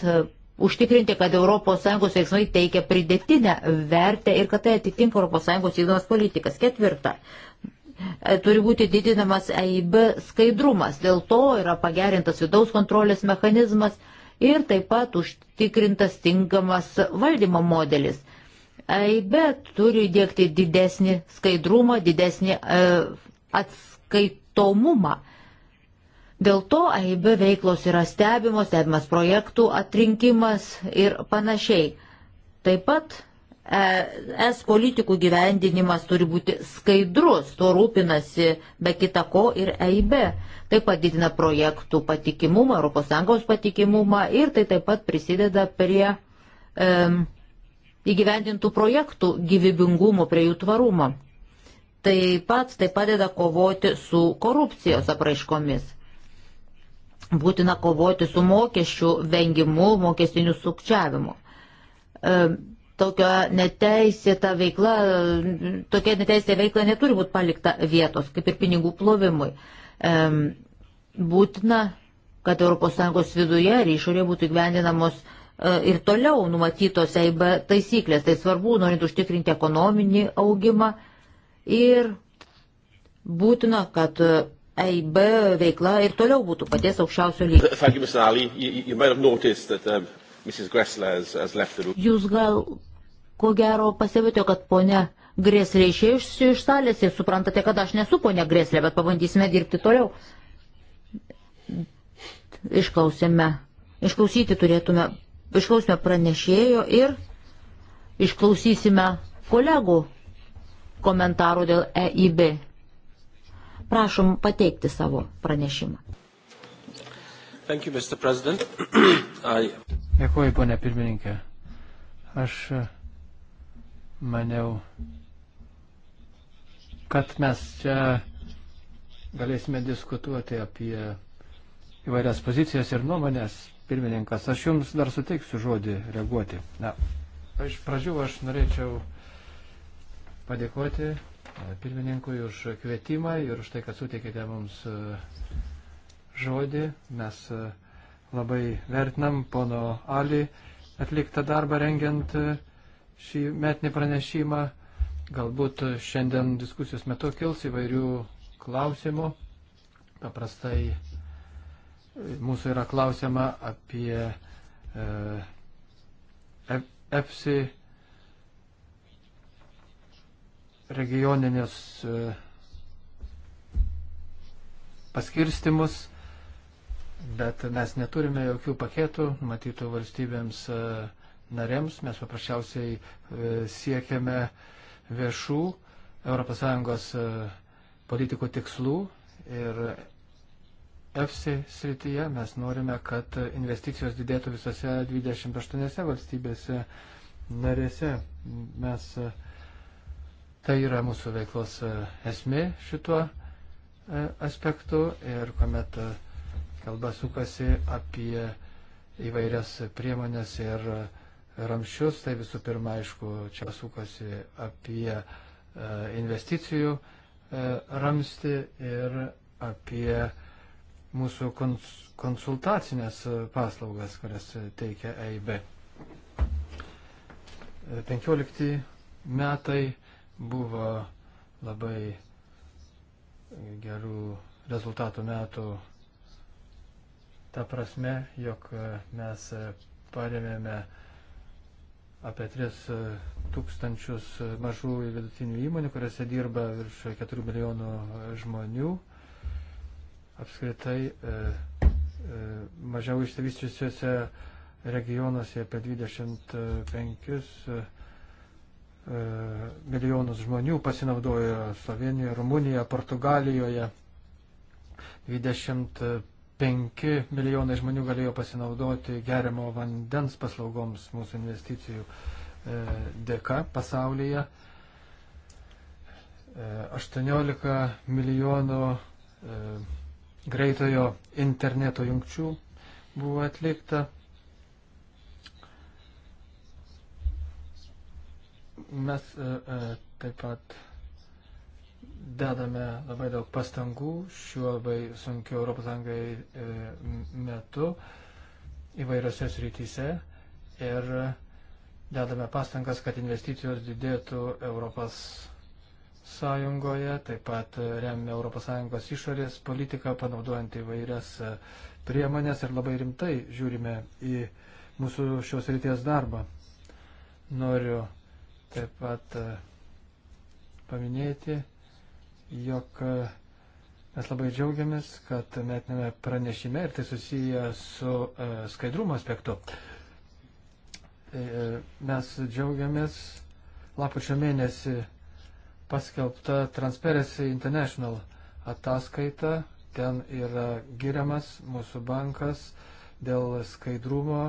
užtikrinti, kad ES veiksmai teikia pridėtinę vertę ir kad tai atitinka ES vykdomas politikas. Ketvirta. E, turi būti didinamas EIB skaidrumas, dėl to yra pagerintas vidaus kontrolės mechanizmas ir taip pat užtikrintas tinkamas valdymo modelis. EIB turi dėkti didesnį skaidrumą, didesnį e, atskaitomumą. Dėl to EIB veiklos yra stebimos, stebimas projektų atrinkimas ir panašiai. Taip pat e, es politikų gyvendinimas turi būti skaidrus, tuo rūpinasi be kita ko ir EIB. Tai padidina projektų patikimumą, ES patikimumą ir tai taip pat prisideda prie um, e, įgyvendintų projektų gyvybingumo, prie jų tvarumo. Taip pat tai padeda kovoti su korupcijos apraiškomis. Būtina kovoti su mokesčių vengimu, mokestiniu sukčiavimu. E, tokia neteisėta veikla, tokia neteisėta veikla neturi būti palikta vietos, kaip ir pinigų plovimui. E, būtina, kad ES viduje ir išorėje būtų gyvendinamos E, ir toliau numatytos EIB taisyklės. Tai svarbu, norint užtikrinti ekonominį augimą ir būtina, kad EIB veikla ir toliau būtų paties aukščiausio lygio. Um, Jūs gal ko gero pasivėtėte, kad ponia Greslė išėjo iš, iš salės ir suprantate, kad aš nesu ponia Greslė, bet pabandysime dirbti toliau. Išklausėme. Išklausyti turėtume išklausime pranešėjo ir išklausysime kolegų komentarų dėl EIB. Prašom pateikti savo pranešimą. Thank you, Mr. President. I... Dėkuoju, ponė pirmininkė. Aš e, maniau, kad mes čia galėsime diskutuoti apie įvairias pozicijas ir nuomonės Pirmininkas, aš jums dar suteiksiu žodį reaguoti. Na, iš pradžių aš norėčiau padėkoti e, pirmininkui už kvietimą ir už tai, kad suteikėte mums e, žodį. Mes e, labai vertinam pono Ali atliktą darbą rengiant šį metinį pranešimą. Galbūt šiandien diskusijos metu kils įvairių klausimų. Paprastai Mūsų yra klausima apie EFSI regioninės e, paskirstimus, bet mes neturime jokių paketų, matytų valstybėms e, narėms, mes paprasčiausiai e, siekiame viešų ES politikų tikslų ir EFSI srityje mes norime, kad investicijos didėtų visose 28 valstybėse narėse. Mes, tai yra mūsų veiklos e, esmė šituo e, aspektu ir kuomet e, kalba sukasi apie įvairias priemonės ir ramščius, tai visų pirma, aišku, čia sukasi apie investicijų ramsti ir apie mūsų konsultacinės paslaugas, kurias teikia EIB. 15 metai buvo labai gerų rezultatų metų. Ta prasme, jog mes paremėme apie 3 tūkstančius mažų ir vidutinių įmonių, kuriuose dirba virš 4 milijonų žmonių apskritai e, e, mažiau išsivyščiusiuose regionuose apie 25 e, e, milijonus žmonių pasinaudojo Slovenijoje, Rumunijoje, Portugalijoje. 25 milijonai žmonių galėjo pasinaudoti geriamo vandens paslaugoms mūsų investicijų e, dėka pasaulyje. 18 e, milijonų greitojo interneto jungčių buvo atlikta. Mes e, e, taip pat dedame labai daug pastangų šiuo labai sunkiu ES e, metu įvairiose srityse ir dedame pastangas, kad investicijos didėtų Europos sąjungoje, taip pat remia ES išorės politiką, panaudojant įvairias e, priemonės ir labai rimtai žiūrime į mūsų šios ryties darbą. Noriu taip pat e, paminėti, jog e, mes labai džiaugiamės, kad metiname pranešime ir tai susiję su skaidrumo aspektu. Mes džiaugiamės lapučio mėnesį paskelbta Transparency International ataskaita. Ten yra giriamas mūsų bankas dėl skaidrumo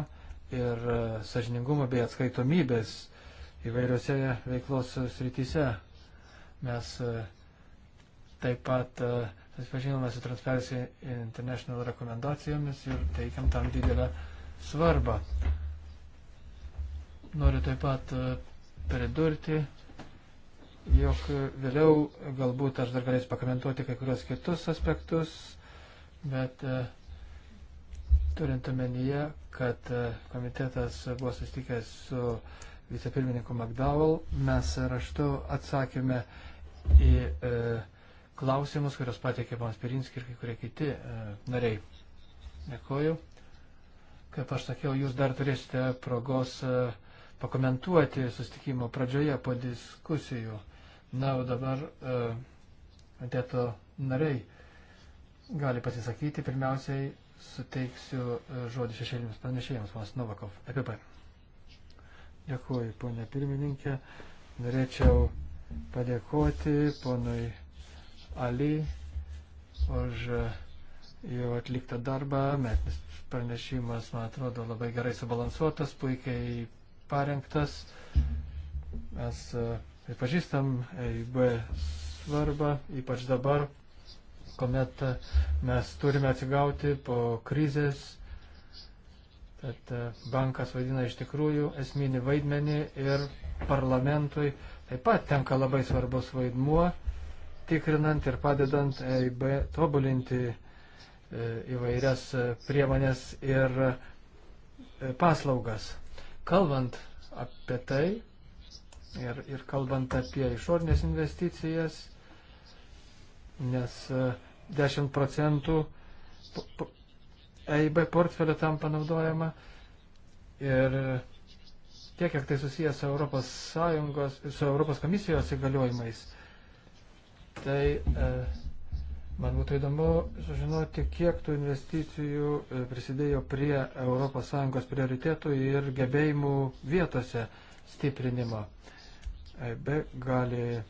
ir e, sažiningumo bei atskaitomybės įvairiose veiklos srityse. Mes e, taip pat e, susipažinome su Transparency International rekomendacijomis ir teikiam tam didelę svarbą. Noriu taip pat pridurti, jog vėliau galbūt aš dar galėsiu pakomentuoti kai kurios kitus aspektus, bet e, turint omenyje, kad e, komitetas buvo susitikęs su vicepirmininku McDowell, mes raštu atsakėme į e, klausimus, kurios pateikė Pons Pirinski ir kai kurie kiti e, nariai. Dėkoju. Kaip aš sakiau, jūs dar turėsite progos e, pakomentuoti sustikimo pradžioje po diskusijų. Na, o dabar komiteto e, nariai gali pasisakyti. Pirmiausiai suteiksiu e, žodį šešėlinius pranešėjams, Vas Novakov, EPP. Dėkuoju, ponė pirmininkė. Norėčiau padėkoti ponui Ali už e, jo atliktą darbą. Metinis pranešimas, man atrodo, labai gerai subalansuotas, puikiai parengtas. Mes uh, Pripažįstam tai EIB svarbą, ypač dabar, kuomet mes turime atsigauti po krizės. Tad e, bankas vaidina iš tikrųjų esminį vaidmenį ir parlamentui taip pat tenka labai svarbus vaidmuo, tikrinant ir padedant EIB tobulinti e, įvairias e, priemonės ir paslaugas. Kalbant apie tai, ir, ir kalbant apie išorinės investicijas, nes 10 e, procentų EIB portfelio tam panaudojama ir tiek, kiek tai susijęs su Europos, Sąjungos, su Europos komisijos įgaliojimais. Tai e, man būtų įdomu sužinoti, kiek tų investicijų e, prisidėjo prie ES prioritėtų ir gebėjimų vietose stiprinimo. EIB gali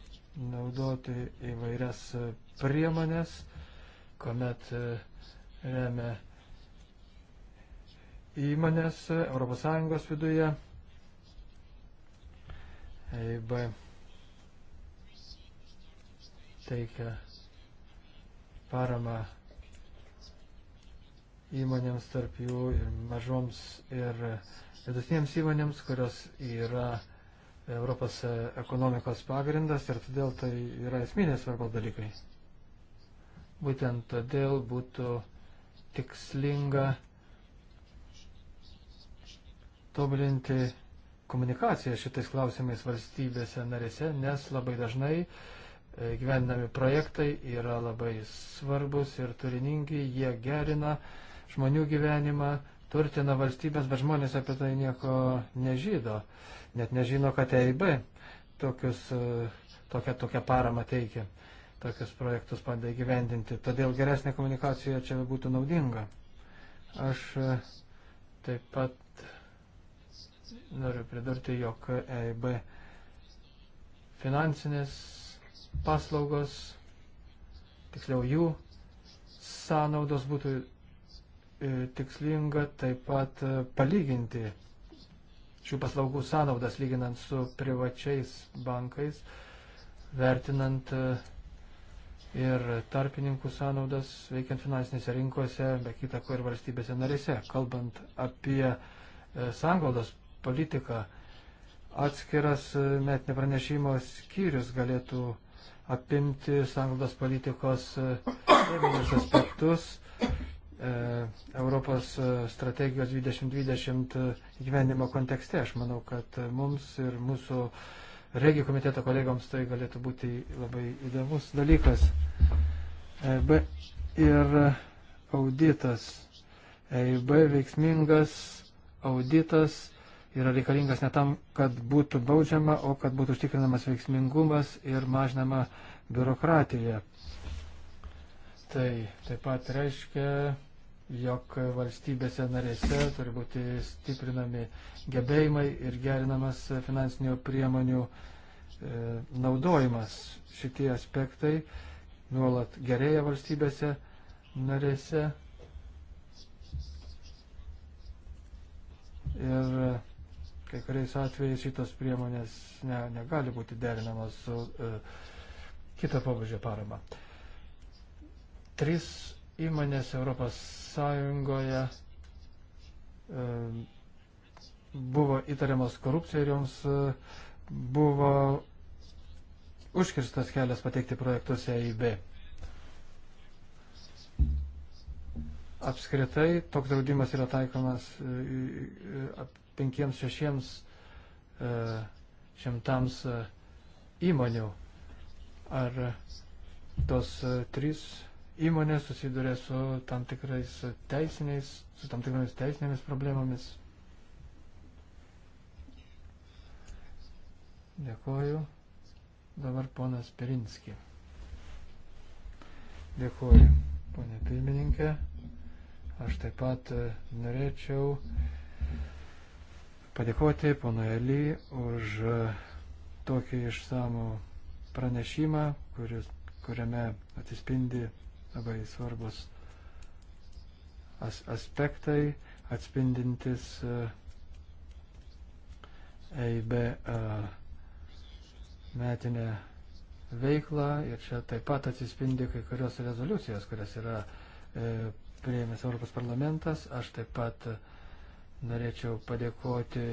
naudoti įvairias priemonės, kuomet e, remia įmonės ES viduje. EIB teikia paramą įmonėms tarp jų ir mažoms ir vidutinėms įmonėms, kurios yra Europos e, ekonomikos pagrindas ir todėl tai yra esminės svarbos dalykai. Būtent todėl būtų tikslinga tobulinti komunikaciją šitais klausimais valstybėse narėse, nes labai dažnai e, gyvenami projektai yra labai svarbus ir turiningi, jie gerina žmonių gyvenimą, turtina valstybės, bet žmonės apie tai nieko nežydo. E, net nežino, kad EIB tokius, e, tokią, tokią paramą teikia, tokius projektus padeda įgyvendinti. Todėl geresnė komunikacija čia būtų naudinga. Aš e, taip pat noriu pridurti, jog EIB finansinės paslaugos, tiksliau jų sąnaudos būtų e, tikslinga taip pat palyginti šių paslaugų sąnaudas lyginant su privačiais bankais, vertinant e, ir tarpininkų sąnaudas veikiant finansinėse rinkose, be kita ko ir valstybėse narėse. Kalbant apie e, sąnaudos politiką, atskiras net e, nepranešimo skyrius galėtų apimti sąnaudos politikos aspektus E, Europos e, strategijos 2020 e, gyvenimo kontekste. Aš manau, kad mums ir mūsų regijų komiteto kolegoms tai galėtų būti labai įdomus dalykas. EIB ir auditas. EIB veiksmingas auditas yra reikalingas ne tam, kad būtų baudžiama, o kad būtų užtikrinamas veiksmingumas ir mažinama biurokratija. Tai taip pat reiškia jog valstybėse narėse turi būti stiprinami gebėjimai ir gerinamas finansinių priemonių e, naudojimas. Šitie aspektai nuolat gerėja valstybėse narėse. Ir kai kuriais atvejais šitos priemonės ne, negali būti derinamos su e, kita pabudžio parama. Trys įmonės Europos Sąjungoje e, buvo įtariamos korupcija ir joms e, buvo užkirstas kelias pateikti projektus EIB. Apskritai toks draudimas yra taikomas e, 5-6 e, e, e, šimtams įmonių. Ar tos trys įmonė susiduria su tam tikrais teisiniais, su tam tikromis teisinėmis problemomis. Dėkoju. Dabar ponas Pirinski. Dėkoju, ponė pirmininkė. Aš taip pat e, norėčiau padėkoti ponui Eli už e, tokį išsamų pranešimą, kuris, kuriame atsispindi labai svarbus as aspektai atspindintis EIB e, metinę veiklą ir čia taip pat atsispindi kai kurios rezoliucijos, kurias yra e, prieėmęs Europos parlamentas. Aš taip pat norėčiau padėkoti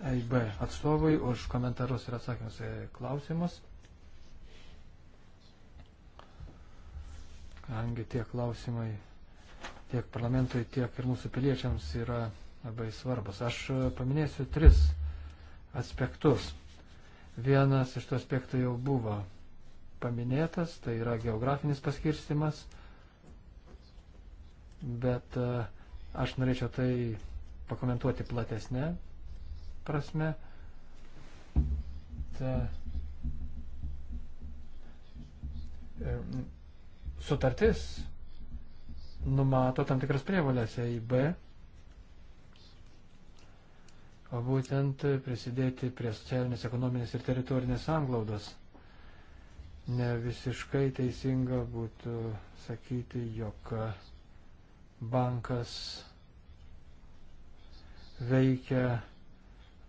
EIB atstovui už komentarus ir atsakymus į klausimus. Kadangi tie klausimai tiek parlamentui, tiek ir mūsų piliečiams yra labai svarbus. Aš paminėsiu tris aspektus. Vienas iš tų aspektų jau buvo paminėtas, tai yra geografinis paskirstimas, bet e, aš norėčiau tai pakomentuoti platesnė prasme. Ta, sutartis numato tam tikras prievalės EIB, o būtent prisidėti prie socialinės, ekonominės ir teritorinės sanglaudos. Ne visiškai teisinga būtų sakyti, jog bankas veikia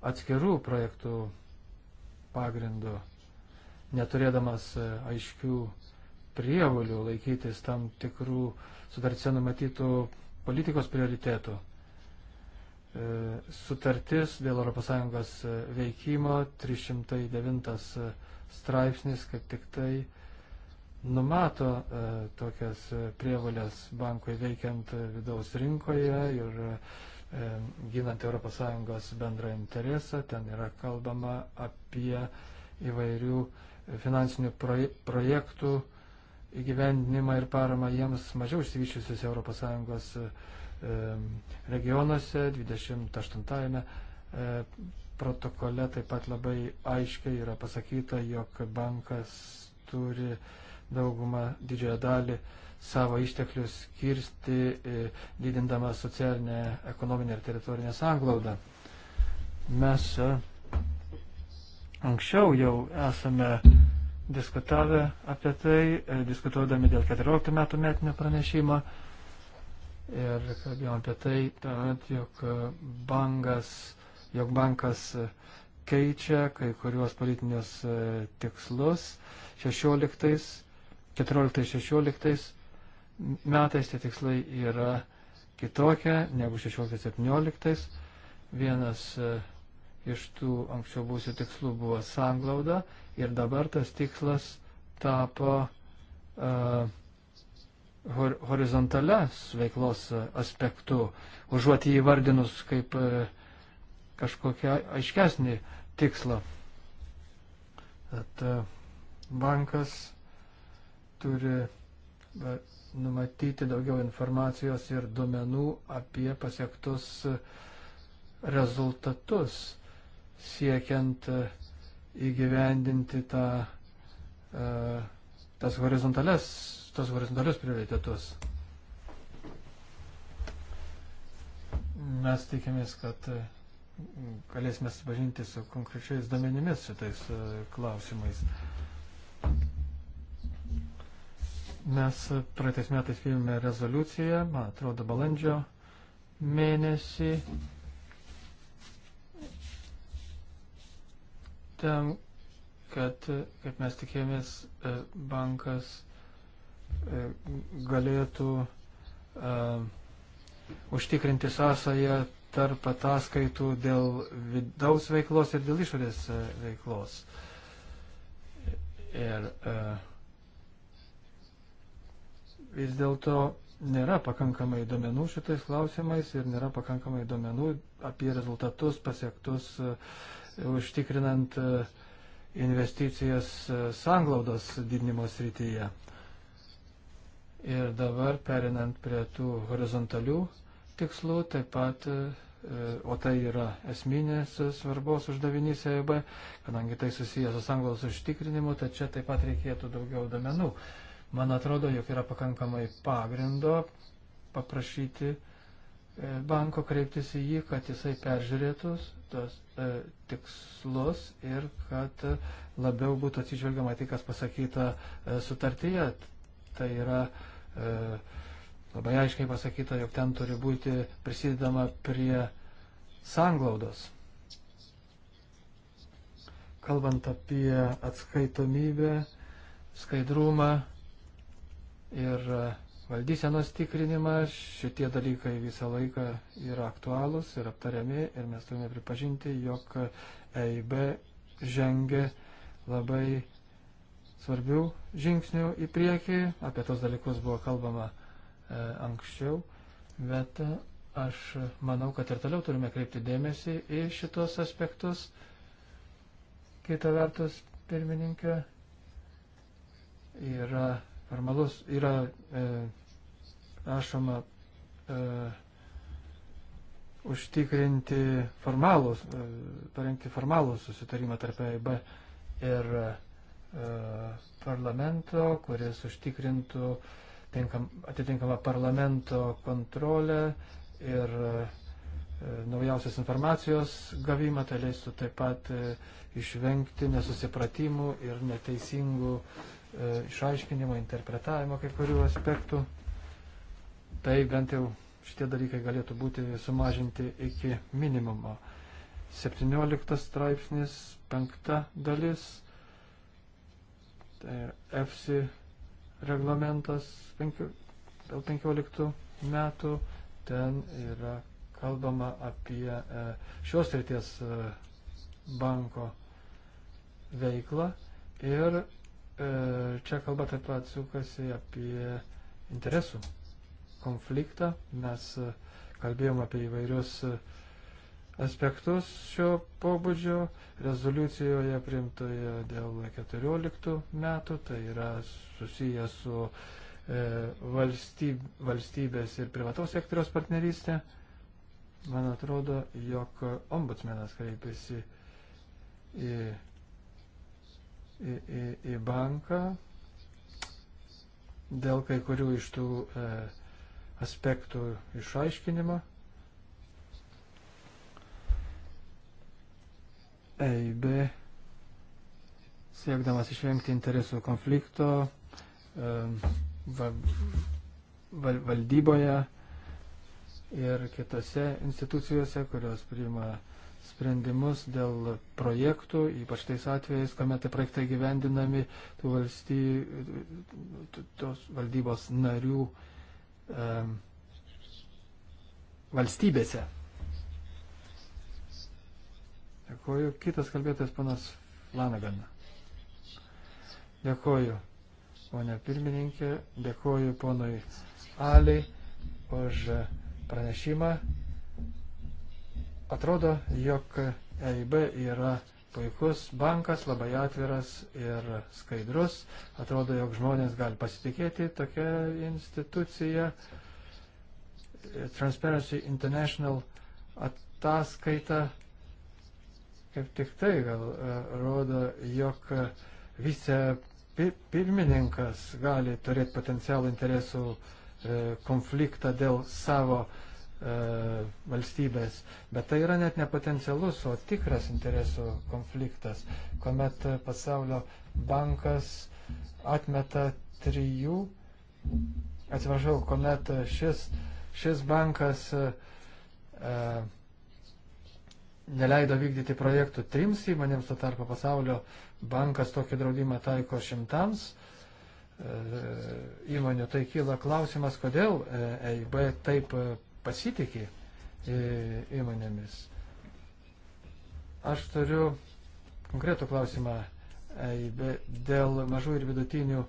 atskirų projektų pagrindu, neturėdamas e, aiškių prievalių laikytis tam tikrų sutartise numatytų politikos prioritėtų. E, sutartis dėl ES e, veikimo 309 straipsnis, kad tik tai numato tokias prievalės bankui veikiant vidaus rinkoje ir E, ginant ES bendrą interesą, ten yra kalbama apie įvairių finansinių projektų įgyvendinimą ir paramą jiems mažiau išsivyščiusios ES regionuose, 28 e, protokole taip pat labai aiškiai yra pasakyta, jog bankas turi daugumą didžiąją dalį uh, savo išteklius kirsti, e, didindama socialinę, ekonominę ir teritorinę sanglaudą. Mes e, anksčiau jau esame diskutavę apie tai, e, diskutuodami dėl 14 metų metinio pranešimo ir kalbėjom apie tai, tad, jog, bankas, jog bankas keičia kai kuriuos politinius tikslus 16, 14, 16 metais tie tikslai yra kitokie negu 16-17. Vienas e, iš tų anksčiau būsių tikslų buvo sanglauda ir dabar tas tikslas tapo uh, hor horizontalias veiklos aspektu, užuot jį vardinus kaip uh, kažkokią aiškesnį tikslą. At, uh, bankas turi uh, numatyti daugiau informacijos ir duomenų apie pasiektus rezultatus, siekiant e, įgyvendinti tą, e, tas horizontales, tas horizontalius prioritetus. Mes tikimės, kad e, galėsime susipažinti su konkrečiais domenimis šitais klausimais. Uh, Mes praeitais metais priėmėme rezoliuciją, man atrodo, balandžio mėnesį. Ten, kad, kaip mes tikėjomės, e, bankas e, galėtų uh, užtikrinti sąsąją tarp ataskaitų dėl vidaus veiklos ir dėl išorės veiklos. Ir uh, vis dėlto nėra pakankamai duomenų šitais klausimais ir nėra pakankamai duomenų apie rezultatus pasiektus e, užtikrinant e, investicijas e, sanglaudos didinimo srityje. Ir dabar perinant prie tų horizontalių tikslų, taip pat, o tai yra esminės svarbos uždavinys EIB, kadangi tai susijęs su sanglaudos užtikrinimu, tai čia taip pat reikėtų daugiau duomenų. Man atrodo, jog yra pakankamai pagrindo paprašyti e, banko kreiptis į jį, kad jisai peržiūrėtų tos e, tikslus ir kad labiau būtų atsižvelgiama tai, kas pasakyta e, sutartyje. Tai yra e, labai aiškiai pasakyta, jog ten turi būti prisidedama prie sanglaudos. Kalbant apie atskaitomybę, skaidrumą, ir e, valdysenos tikrinimas, šitie dalykai visą laiką yra aktualūs ir aptariami ir mes turime pripažinti, jog EIB žengia labai svarbių žingsnių į priekį, apie tos dalykus buvo kalbama e, anksčiau, bet e, aš manau, kad ir toliau turime kreipti dėmesį į šitos aspektus. Kita vertus, pirmininkė, yra normalus yra e, prašoma e, užtikrinti formalus, e, parengti formalų susitarimą tarp EIB ir e, parlamento, kuris užtikrintų tinkam, atitinkamą parlamento kontrolę ir e, naujausios informacijos gavimą, tai leistų taip pat e, išvengti nesusipratimų ir neteisingų E, išaiškinimo, interpretavimo kai kurių aspektų, tai bent jau šitie dalykai galėtų būti sumažinti iki minimumo. 17 straipsnis, 5 dalis, tai EFSI reglamentas 15 metų, ten yra kalbama apie e, šios ryties e, banko veiklą ir E, čia kalba taip pat sukasi apie interesų konfliktą. Mes e, kalbėjom apie įvairius e, aspektus šio pobūdžio rezoliucijoje priimtoje dėl 14 metų. Tai yra susiję su valstyb, valstybės ir privataus sektoriaus partnerystė. Man atrodo, jog ombudsmenas kreipėsi į į, į, į banką dėl kai kurių iš tų e, aspektų išaiškinimo. EIB siekdamas išvengti interesų konflikto e, va, val, valdyboje ir kitose institucijose, kurios priima e, sprendimus dėl projektų, ypač tais atvejais, kuomet tie projektai gyvendinami tų valstybių, tos valdybos narių e, valstybėse. Dėkuoju. Kitas kalbėtojas panas Lanagana. Dėkuoju, ponė pirmininkė, dėkuoju ponui Aliai už pranešimą Atrodo, jog EIB yra puikus bankas, labai atviras ir skaidrus. Atrodo, jog žmonės gali pasitikėti tokią instituciją. Transparency International ataskaita kaip tik tai gal e, rodo, jog vice pirmininkas gali turėti potencialų interesų e, konfliktą dėl savo uh, E, valstybės, bet tai yra net ne potencialus, o tikras interesų konfliktas, kuomet pasaulio bankas atmeta trijų, atsiprašau, kuomet šis, šis bankas e, neleido vykdyti projektų trims įmonėms, to tarpo pasaulio bankas tokį draudimą taiko šimtams e, įmonių. Tai kyla klausimas, kodėl EIB e taip pasitikė e, įmonėmis. Aš turiu konkretų klausimą e, dėl mažų ir vidutinių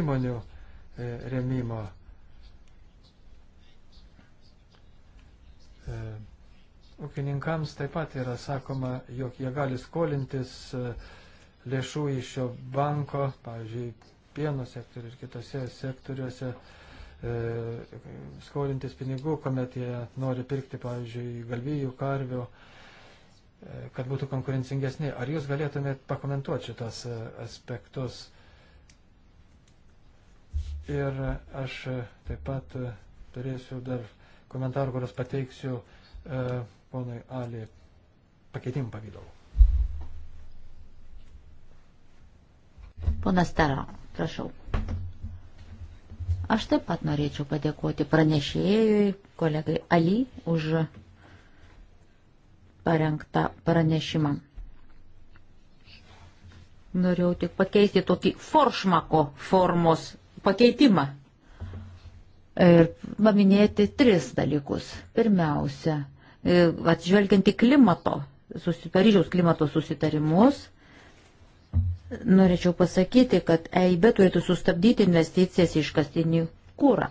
įmonių e, remimo. Ūkininkams taip pat yra sakoma, jog jie gali skolintis lėšų iš šio banko, pavyzdžiui, pieno sektoriu ir kitose sektoriuose. E, E, skolintis pinigų, kuomet jie nori pirkti, pavyzdžiui, galvijų, karvių, e, kad būtų konkurencingesni. Ar jūs galėtumėt pakomentuoti šitas e, aspektus? Ir aš taip pat turėsiu dar komentarų, kuriuos pateiksiu e, ponui Ali pakeitimų pavydalu. Ponas Tara, prašau. Aš taip pat norėčiau padėkoti pranešėjui, kolegai Ali, už parengtą pranešimą. Norėjau tik pakeisti tokį foršmako formos pakeitimą ir paminėti tris dalykus. Pirmiausia, e, atžvelgiant į klimato, Paryžiaus klimato susitarimus, norėčiau pasakyti, kad EIB turėtų sustabdyti investicijas į iškastinį kūrą.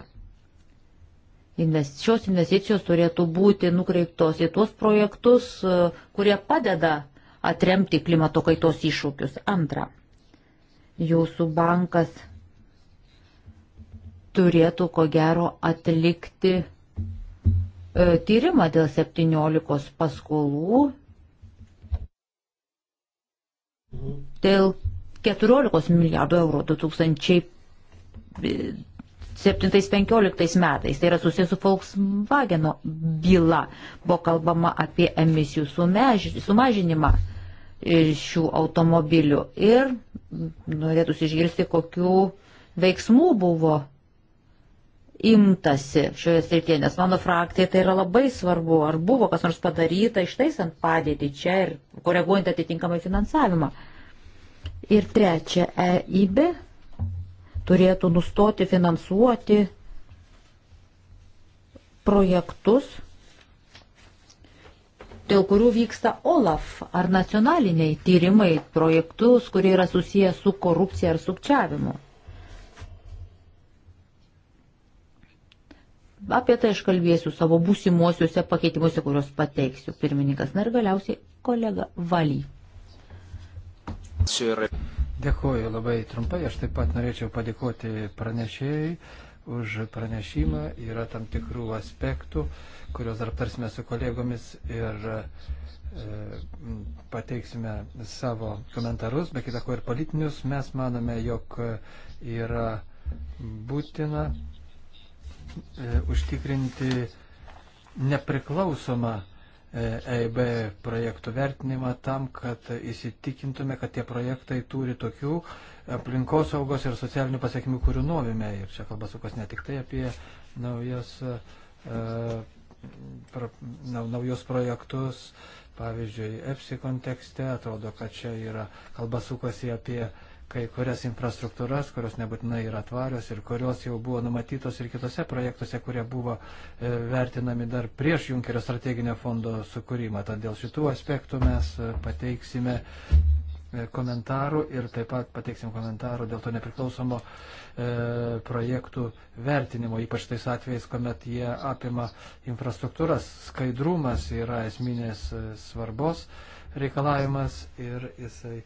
Invest, šios investicijos turėtų būti nukreiptos į tuos projektus, e, kurie padeda atremti klimato kaitos iššūkius. Antra, jūsų bankas turėtų ko gero atlikti e, tyrimą dėl 17 paskolų, mhm. dėl 14 milijardų eurų 2007-2015 metais. Tai yra susijęs su Volkswageno byla. Buvo kalbama apie emisijų sumažinimą e, šių automobilių. Ir norėtųsi išgirsti, kokiu veiksmų buvo imtasi šioje srityje, nes mano frakcija tai yra labai svarbu, ar buvo kas nors padaryta ištaisant padėtį čia ir koreguojant atitinkamai finansavimą. Uh, Ir trečia, EIB turėtų nustoti finansuoti projektus, dėl kurių vyksta OLAF ar nacionaliniai tyrimai, projektus, kurie yra susiję su korupcija ar sukčiavimu. Apie tai aš kalbėsiu savo būsimuosiuose pakeitimuose, kuriuos pateiksiu pirmininkas. Na ir galiausiai kolega Valy. Dėkuoju labai trumpai. Aš taip pat norėčiau padėkoti pranešėjai už pranešimą. Yra tam tikrų aspektų, kuriuos dar aptarsime su kolegomis ir e, pateiksime savo komentarus, be kita ko ir politinius. Mes manome, jog yra būtina e, užtikrinti nepriklausomą EIB e projektų vertinimą tam, kad įsitikintume, kad tie projektai turi tokių aplinkosaugos ir socialinių pasiekmių, kurių norime. Ir čia kalba sukas ne tik tai apie naujas, e, pra, naujus projektus, pavyzdžiui, EPSI kontekste, atrodo, kad čia yra kalba sukasi apie uh, kai kurias infrastruktūras, kurios nebūtinai yra tvarios ir kurios jau buvo numatytos ir kitose projektuose, kurie buvo e, vertinami dar prieš Junkerio strateginio fondo sukūrimą. Tad dėl šitų aspektų mes e, pateiksime e, komentarų ir taip pat pateiksim komentarų dėl to nepriklausomo e, projektų vertinimo, ypač tais atvejais, kuomet jie apima infrastruktūras. Skaidrumas yra esminės svarbos reikalavimas ir jisai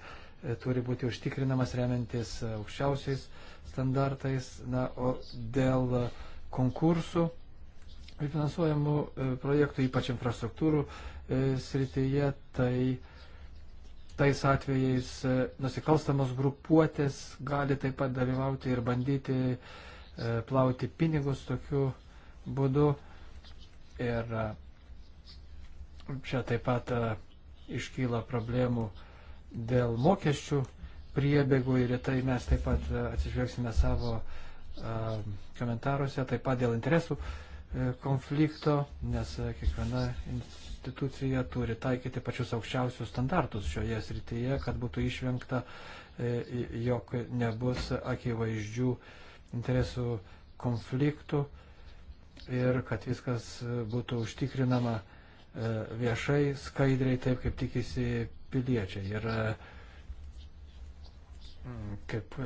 E, turi būti užtikrinamas remiantis e, aukščiausiais standartais. Na, o dėl konkursų ir finansuojamų e, projektų, ypač infrastruktūrų srityje, tai tais atvejais nusikalstamos grupuotės gali taip pat dalyvauti ir bandyti plauti pinigus tokiu būdu. Ir čia taip pat iškyla problemų uh, dėl mokesčių priebėgų ir tai mes taip pat e, atsižvelgsime savo e, komentaruose, taip pat dėl interesų e, konflikto, nes kiekviena institucija turi taikyti pačius aukščiausius standartus šioje srityje, kad būtų išvengta, jog nebus akivaizdžių interesų konfliktų ir kad viskas būtų užtikrinama viešai, skaidriai, taip kaip tikisi piliečiai. Ir mm, kaip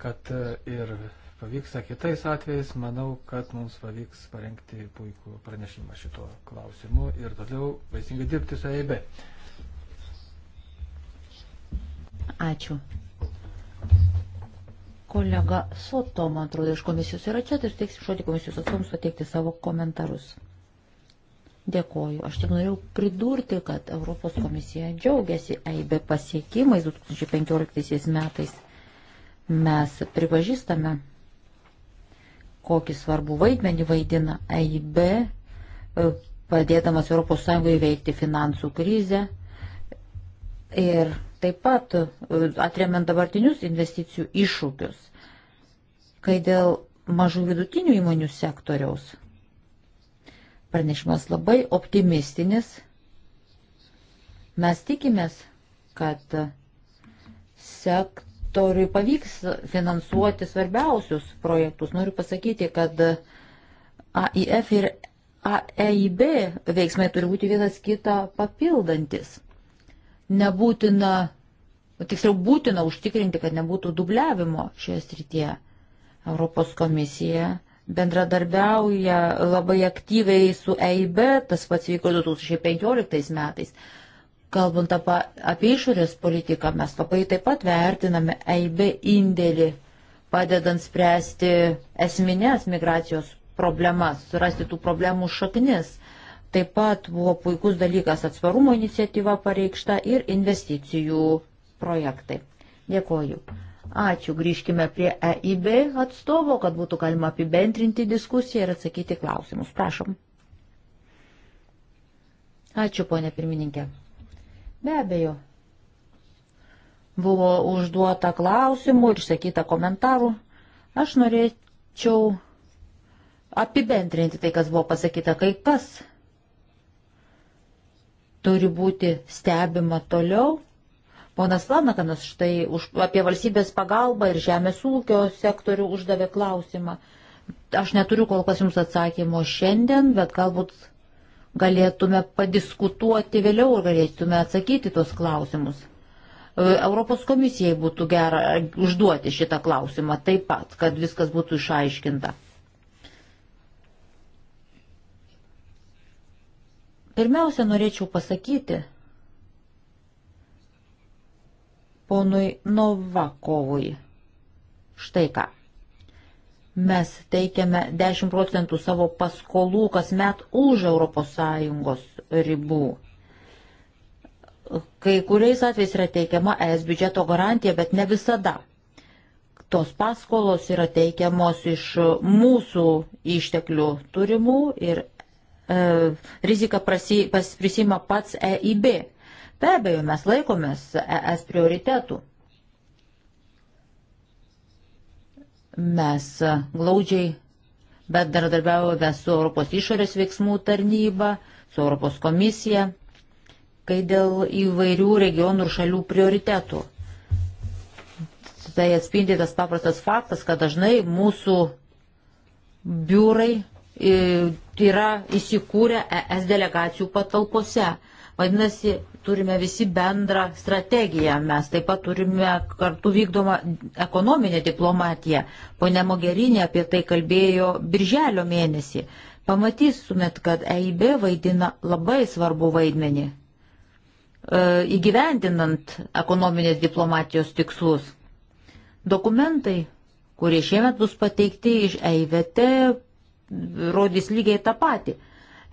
kad ir pavyksta kitais atvejais, manau, kad mums pavyks parengti puikų pranešimą šituo klausimu ir toliau vaisingai dirbti su EIB. Ačiū. Kolega Soto, man atrodo, iš komisijos yra čia, tai teiksiu žodį komisijos atsoms pateikti savo komentarus. Dėkoju. Aš tik norėjau pridurti, kad Europos komisija džiaugiasi AIB pasiekimais 2015 metais. Mes pripažįstame, kokį svarbų vaidmenį vaidina AIB, e, padėdamas ES įveikti finansų krizę ir taip pat e, atremiant dabartinius investicijų iššūkius, kai dėl mažų vidutinių įmonių sektoriaus Pranešimas labai optimistinis. Mes tikimės, kad sektoriui pavyks finansuoti svarbiausius projektus. Noriu pasakyti, kad AIF ir AEIB veiksmai turi būti vienas kitą papildantis. Nebūtina, tiksliau būtina užtikrinti, kad nebūtų dubliavimo šioje srityje. Europos komisija bendradarbiauja labai aktyviai su EIB, tas pats vyko 2015 metais. Kalbant apie, apie išorės politiką, mes labai taip pat vertiname EIB indėlį, padedant spręsti esminės migracijos problemas, surasti tų problemų šaknis. Taip pat buvo puikus dalykas atsvarumo iniciatyva pareikšta ir investicijų projektai. Dėkoju. Ačiū, grįžkime prie EIB atstovo, kad būtų galima apibendrinti diskusiją ir atsakyti klausimus. Prašom. Ačiū, ponė pirmininkė. Be abejo, buvo užduota klausimų ir sakyta komentarų. Aš norėčiau apibendrinti tai, kas buvo pasakyta, kai kas turi būti stebima toliau Ponas Lanakanas štai už, apie valstybės pagalbą ir žemės ūkio sektorių uždavė klausimą. Aš neturiu kol kas jums atsakymo šiandien, bet galbūt galėtume padiskutuoti vėliau ir galėtume atsakyti tuos klausimus. E, Europos komisijai būtų gera užduoti šitą klausimą taip pat, kad viskas būtų išaiškinta. Pirmiausia, norėčiau pasakyti, ponui Novakovui. Štai ką. Mes teikiame 10 procentų savo paskolų kasmet už ES ribų. Kai kuriais atvejais yra teikiama ES biudžeto garantija, bet ne visada. Tos paskolos yra teikiamos iš mūsų išteklių turimų ir e, rizika prasi, pas, prisima pats EIB Be abejo, mes laikomės ES prioritetų. Mes glaudžiai bendradarbiavome su Europos išorės veiksmų tarnyba, su Europos komisija, kai dėl įvairių regionų ir šalių prioritetų. Tai atspindi tas paprastas faktas, kad dažnai mūsų biurai e, yra įsikūrę ES delegacijų patalpose. Vadinasi, turime visi bendrą strategiją, mes taip pat turime kartu vykdomą ekonominę diplomatiją. Pone Mogerinė apie tai kalbėjo birželio mėnesį. Pamatytumėt, kad EIB vaidina labai svarbu vaidmenį e, įgyvendinant ekonominės diplomatijos tikslus. Dokumentai, kurie šiemet bus pateikti iš EIVT, rodys lygiai tą patį.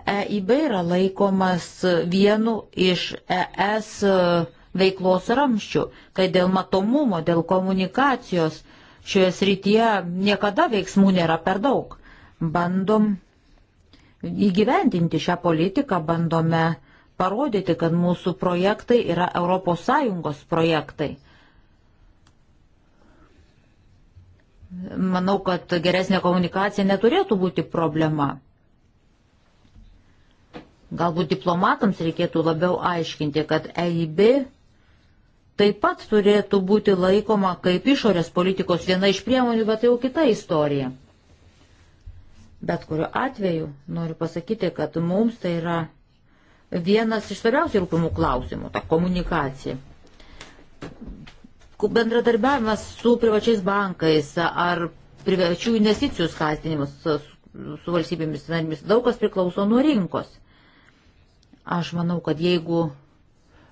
EIB yra laikomas vienu iš ES veiklos ramščių, kai dėl matomumo, dėl komunikacijos šioje srityje niekada veiksmų nėra per daug. Bandom įgyvendinti šią politiką, bandome parodyti, kad mūsų projektai yra ES projektai. Manau, kad geresnė komunikacija neturėtų būti problema. Galbūt diplomatams reikėtų labiau aiškinti, kad EIB taip pat turėtų būti laikoma kaip išorės politikos viena iš priemonių, bet tai jau kita istorija. Bet kuriu atveju noriu pasakyti, kad mums tai yra vienas iš svarbiausių rūpimų klausimų - ta komunikacija. Bendradarbiavimas su privačiais bankais ar privačių investicijų skatinimas su valstybėmis narėmis daug kas priklauso nuo rinkos. Aš manau, kad jeigu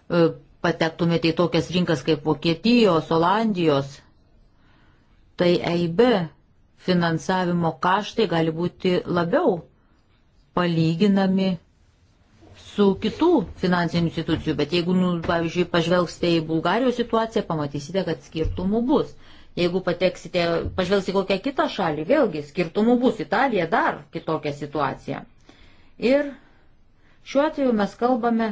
e, patektumėte į tokias rinkas kaip Vokietijos, Olandijos, tai EIB finansavimo kaštai gali būti labiau palyginami su kitų finansinių institucijų. Bet jeigu, nu, pavyzdžiui, pažvelgsite į Bulgarijos situaciją, pamatysite, kad skirtumų bus. Jeigu pateksite, pažvelgsite kokią kitą šalį, vėlgi skirtumų bus. Italija dar kitokia situacija. Ir Šiuo atveju mes kalbame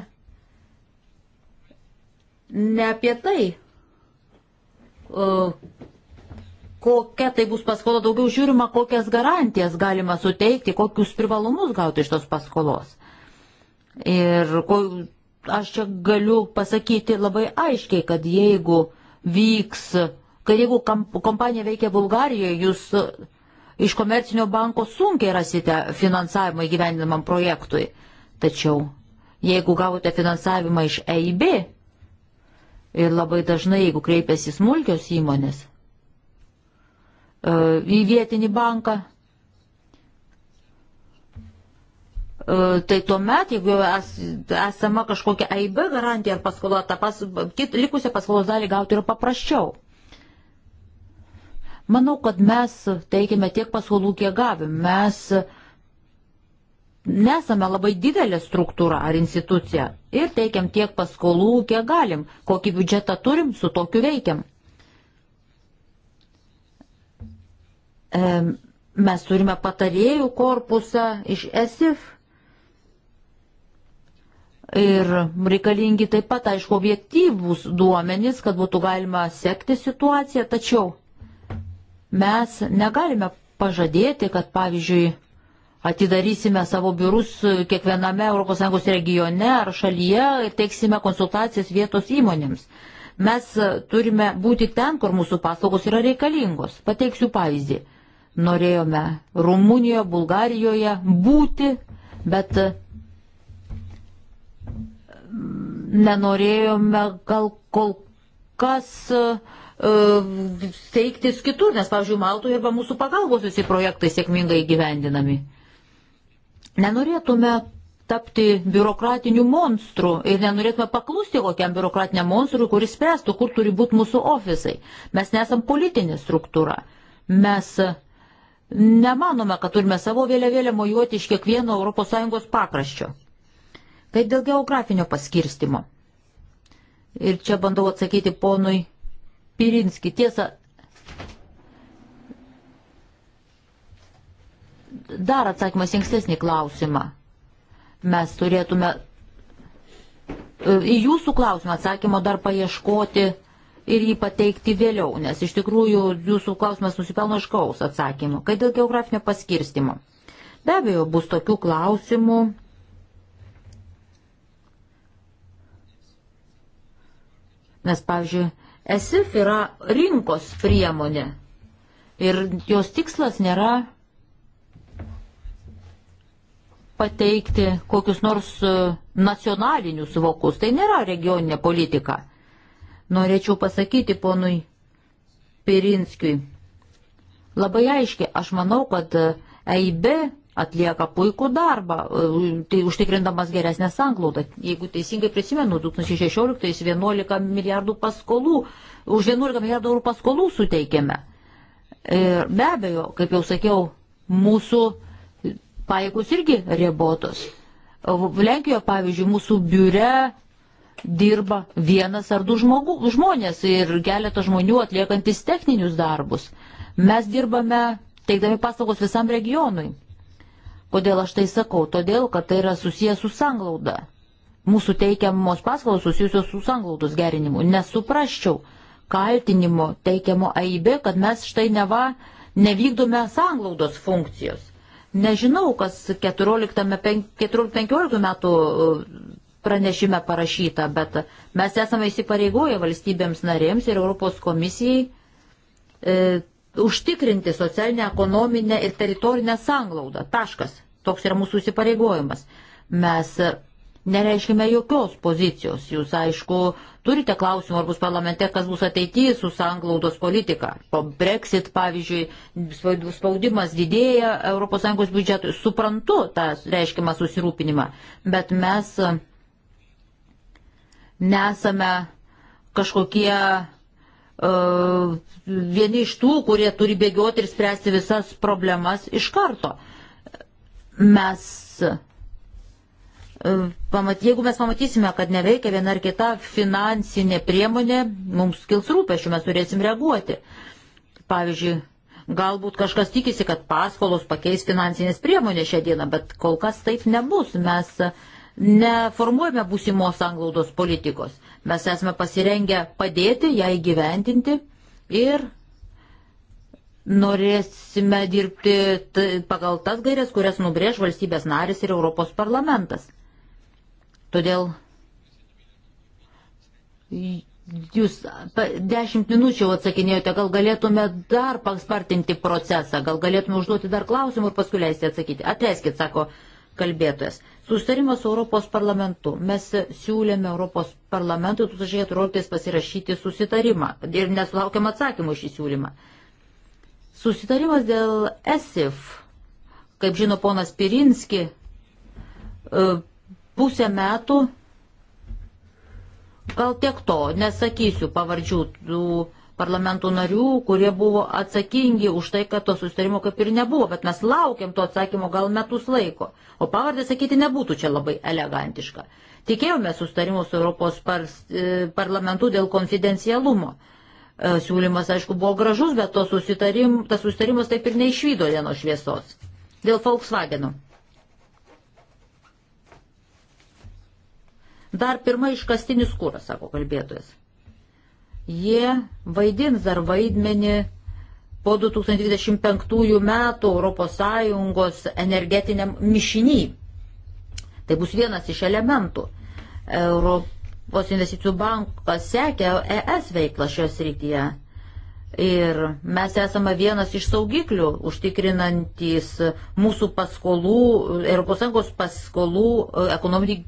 ne apie tai, kokia tai bus paskola, daugiau žiūrima, kokias garantijas galima suteikti, kokius privalumus gauti iš tos paskolos. Ir ko, aš čia galiu pasakyti labai aiškiai, kad jeigu vyks, kad jeigu kompanija veikia Bulgarijoje, jūs iš komercinio banko sunkiai rasite finansavimą įgyvendinamam projektui. Tačiau jeigu gavote finansavimą iš EIB ir labai dažnai, jeigu kreipiasi smulkios įmonės e, į vietinį banką, e, tai tuomet, jeigu esama kažkokia AIB garantija ar paskola, tą pas, kit, likusią paskolos dalį gauti yra paprasčiau. Manau, kad mes teikime tiek paskolų, kiek gavim. Mes uh, Nesame labai didelė struktūra ar institucija ir teikiam tiek paskolų, kiek galim. Kokį biudžetą turim, su tokiu veikiam. Mes turime patarėjų korpusą iš ESIF ir reikalingi taip pat, aišku, objektyvūs duomenys, kad būtų galima sekti situaciją, tačiau mes negalime pažadėti, kad pavyzdžiui, atidarysime savo biurus kiekviename ES regione ar šalyje ir teiksime konsultacijas vietos įmonėms. Mes turime būti ten, kur mūsų paslaugos yra reikalingos. Pateiksiu pavyzdį. Norėjome Rumunijoje, Bulgarijoje būti, bet mm, nenorėjome gal kol kas e, steigtis kitur, nes, pavyzdžiui, Maltoje arba mūsų pagalbos visi projektai sėkmingai gyvendinami. Nenorėtume tapti biurokratiniu monstru ir nenorėtume paklusti kokiam biurokratiniam monstrui, kuris spręstų, kur turi būti mūsų ofisai. Mes nesam politinė struktūra. Mes e, nemanome, kad turime savo vėliavėlę mojuoti iš kiekvieno ES pakraščio. Kai dėl geografinio paskirstimo. Ir čia bandau atsakyti ponui Pirinski. Tiesa, dar atsakymas į ankstesnį klausimą. Mes turėtume e, į jūsų klausimą atsakymo dar paieškoti ir jį pateikti vėliau, nes iš tikrųjų jūsų klausimas nusipelno iškaus atsakymo, kai dėl geografinio paskirstimo. Be abejo, bus tokių klausimų. Nes, pavyzdžiui, ESIF yra rinkos priemonė ir jos tikslas nėra pateikti kokius nors e, nacionalinius vokus. Tai nėra regioninė politika. Norėčiau pasakyti ponui Pirinskijui. Labai aiškiai, aš manau, kad EIB atlieka puikų darbą, e, tai užtikrindamas geresnę sanglaudą. Jeigu teisingai prisimenu, 2016 11 milijardų paskolų, už 11 milijardų eurų paskolų suteikėme. Ir be abejo, kaip jau sakiau, mūsų paėgos irgi ribotos. Lenkijoje, pavyzdžiui, mūsų biure dirba vienas ar du žmogu, žmonės ir keletą žmonių atliekantis techninius darbus. Mes dirbame teikdami paslaugos visam regionui. Kodėl aš tai sakau? Todėl, kad tai yra susijęs su sanglauda. Mūsų teikiamos paslaugos susijusios su sanglaudos gerinimu. Nesuprasčiau kaltinimo teikiamo AIB, kad mes štai neva nevykdome sanglaudos funkcijos. Nežinau, kas 14-15 metų uh, pranešime parašyta, bet mes esame įsipareigoję valstybėms narėms ir Europos komisijai e, užtikrinti socialinę, ekonominę ir teritorinę sanglaudą. Taškas. Toks yra mūsų įsipareigojimas. Mes uh, nereiškime jokios pozicijos. Jūs, aišku, turite klausimų, ar bus parlamente, kas bus ateityje su sanglaudos politika. Po Brexit, pavyzdžiui, spaudimas didėja ES biudžetui. Suprantu tą reiškimą susirūpinimą, bet mes e, nesame kažkokie uh, vieni iš tų, kurie turi bėgioti ir spręsti visas problemas iš karto. Mes E, pamat, jeigu mes pamatysime, kad neveikia viena ar kita finansinė priemonė, mums kils rūpešių, mes turėsim reaguoti. Pavyzdžiui, galbūt kažkas tikisi, kad paskolos pakeis finansinės priemonės šią dieną, bet kol kas taip nebus. Mes neformuojame būsimos anglaudos politikos. Mes esame pasirengę padėti ją įgyventinti ir norėsime dirbti pagal tas gairias, kurias nubrėž valstybės narės ir Europos parlamentas. Todėl jūs dešimt minučių atsakinėjote, gal galėtume dar paspartinti procesą, gal galėtume užduoti dar klausimų ir paskui leisti atsakyti. Atleiskit, sako kalbėtojas. Sustarimas su Europos parlamentu. Mes siūlėme Europos parlamentui 2014 pasirašyti susitarimą ir nesulaukėm atsakymų šį siūlymą. Susitarimas dėl ESIF, kaip žino ponas Pirinski, e, pusę metų gal tiek to, nesakysiu pavardžių tų parlamentų narių, kurie buvo atsakingi už tai, kad to sustarimo kaip ir nebuvo, bet mes laukiam to atsakymo gal metus laiko. O pavardė sakyti nebūtų čia labai elegantiška. Tikėjome sustarimo su Europos par, e, parlamentu dėl konfidencialumo. E, siūlymas, aišku, buvo gražus, bet susitarim, tas sustarimas taip ir neišvydo dienos šviesos. Dėl Volkswagenų. Dar pirma iškastinis kūras, sako kalbėtojas. Jie vaidins dar vaidmenį po 2025 metų ES energetiniam mišiny. Tai bus vienas iš elementų. Europos investicijų bankas sekė ES veiklą šios rytyje. Ir mes esame vienas iš saugiklių užtikrinantis mūsų paskolų, ES paskolų e, ekonominį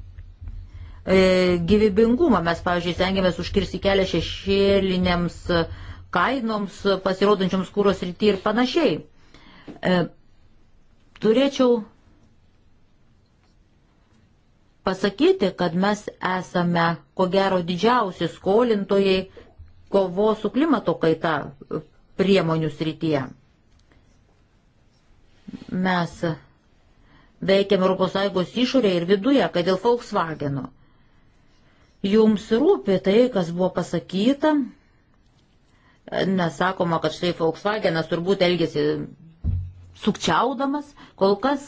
E, gyvybingumą. Mes, pavyzdžiui, stengiamės užkirsti kelią šešėlinėms kainoms, pasirodančioms kūros rytį ir panašiai. E, turėčiau pasakyti, kad mes esame, ko gero, didžiausi skolintojai kovo su klimato kaita priemonių srityje. Mes veikiam ES išorėje ir viduje, kad dėl Volkswageno jums rūpi tai, kas buvo pasakyta. Nesakoma, kad štai Volkswagenas turbūt elgėsi sukčiaudamas, kol kas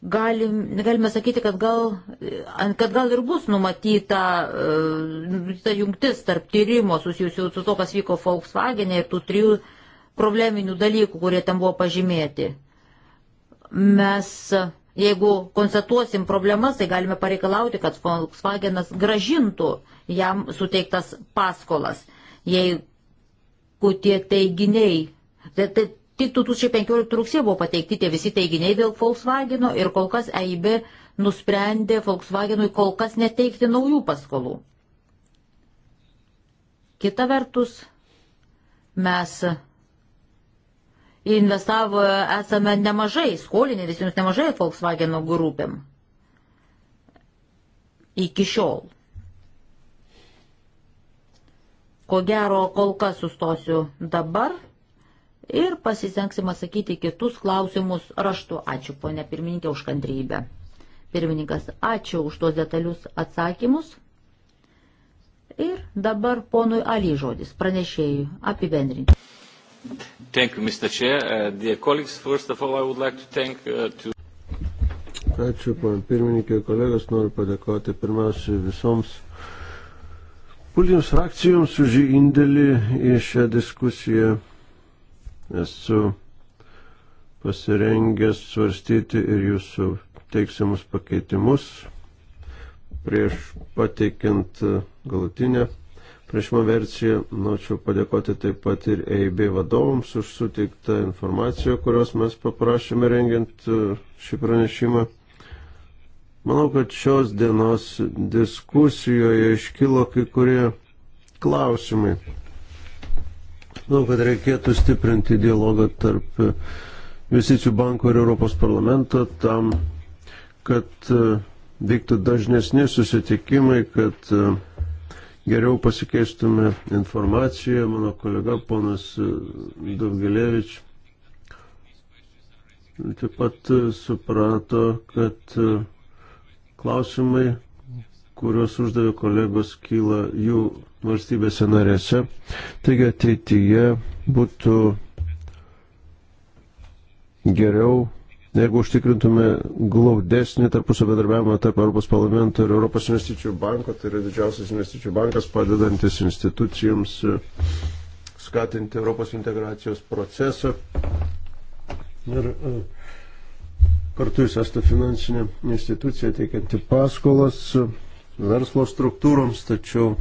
galim, galime sakyti, kad gal, kad gal ir bus numatyta e, ta jungtis tarp tyrimo susijusių su to, kas vyko Volkswagen e ir tų trijų probleminių dalykų, kurie ten buvo pažymėti. Mes Jeigu konstatuosim problemas, tai galime pareikalauti, kad Volkswagenas gražintų jam suteiktas paskolas. Jeigu tie teiginiai, tai, tai tik 2015 rugsėje buvo pateikti tie visi teiginiai dėl Volkswageno ir kol kas EIB nusprendė Volkswagenui kol kas neteikti naujų paskolų. Kita vertus, mes investavo esame nemažai, skolinė visiems nemažai Volkswagen grupėm. Iki šiol. Ko gero, kol kas sustosiu dabar ir pasisengsim atsakyti kitus klausimus raštu. Ačiū, ponė pirmininkė, už kantrybę. Pirmininkas, ačiū už tos detalius atsakymus. Ir dabar ponui Ali žodis, pranešėjui, apibendrinti. Thank you, Mr. Chair. Uh, dear colleagues, first of all, I would like to thank uh, to... Ačiū, pan pirmininkė, kolegos, noriu padėkoti pirmiausia visoms politinėms frakcijoms už indėlį į šią diskusiją. Esu pasirengęs svarstyti ir jūsų teiksiamus pakeitimus prieš pateikiant galutinę pranešimo versiją. Norėčiau padėkoti taip pat ir EIB vadovams už suteiktą informaciją, kurios mes paprašėme rengiant e, šį pranešimą. Manau, kad šios dienos diskusijoje iškilo kai kurie klausimai. Manau, kad reikėtų stiprinti dialogą tarp investicijų banko ir Europos parlamento tam, kad e, vyktų dažnesni susitikimai, kad e, geriau pasikeistume informaciją. Mano kolega ponas Davgelevič taip pat suprato, kad klausimai, kuriuos uždavė kolegos, kyla jų valstybėse narėse. Taigi ateityje būtų geriau Jeigu užtikrintume glaudesnį tarpusio bedarbiavimą tarp Europos parlamento ir Europos investicijų banko, tai yra didžiausias investicijų bankas padedantis institucijoms e, skatinti Europos integracijos procesą. Ir e, kartu jūs esate finansinė institucija teikianti paskolas e, verslo struktūroms, tačiau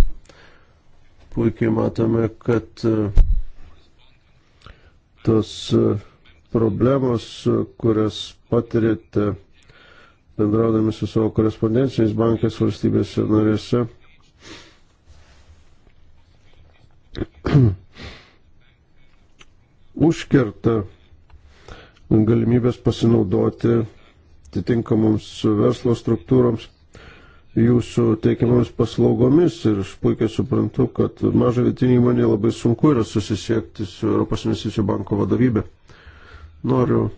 puikiai matome, kad tos problemos, kurias patirėte bendraudami su savo korespondencijais bankės valstybėse narėse. Užkerta galimybės pasinaudoti atitinkamoms verslo struktūroms jūsų teikiamomis paslaugomis ir aš puikiai suprantu, kad mažo vietinį įmonį labai sunku yra susisiekti su Europos investicijų banko vadovybė. Noriu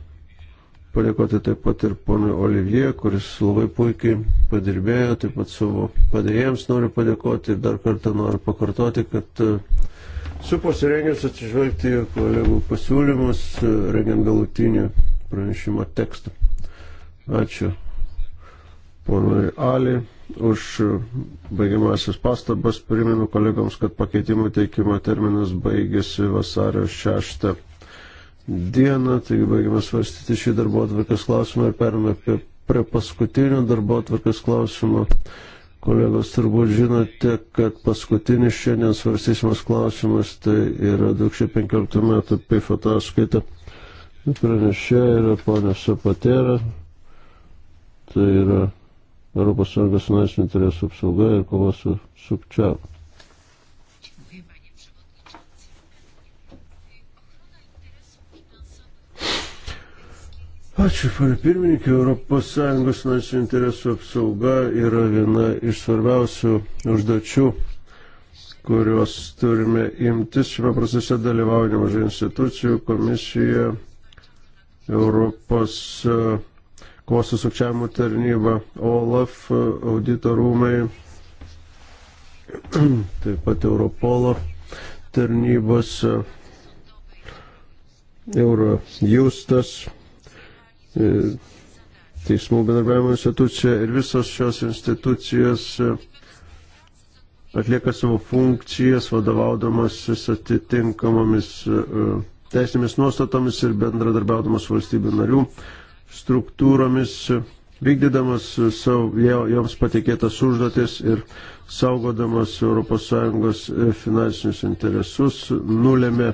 padėkoti taip pat ir ponui Olivier, kuris labai puikiai padirbėjo, taip pat savo padėjėjams noriu padėkoti ir dar kartą noriu pakartoti, kad e, su pasirengęs atsižvelgti kolegų pasiūlymus, e, rengiant galutinį pranešimo tekstą. Ačiū ponui Ali už e, baigiamasis pastabas. Primenu kolegoms, kad pakeitimo teikimo terminas baigėsi vasario 6 dieną, taigi baigiame svarstyti šį darbo atvarkės klausimą ir perėmė prie, prie paskutinio darbo atvarkės klausimo. Kolegos turbūt žinote, kad paskutinis šiandien svarstysimas klausimas tai yra 2015 metų PIF ataskaita. Pranešė yra ponė Sapatera, tai yra ES nacionalinės interesų apsauga ir kova su sukčiavimu. Ačiū, pane pirmininkė. ES finansinių interesų apsauga yra viena iš svarbiausių užduočių kurios turime imtis. Šiame procese dalyvauja nemažai institucijų, komisija, Europos e, kovos su sukčiavimu tarnyba, OLAF, e, audito rūmai, taip pat Europolo tarnybos, e, Eurojustas. E, teismų bendarbiavimo institucija ir visos šios institucijos e, atlieka savo funkcijas vadovaudamasis atitinkamomis e, teisinėmis nuostatomis ir bendradarbiaudamas valstybių narių struktūromis, vykdydamas savo, joms patikėtas užduotis ir saugodamas ES finansinius interesus, nulėmė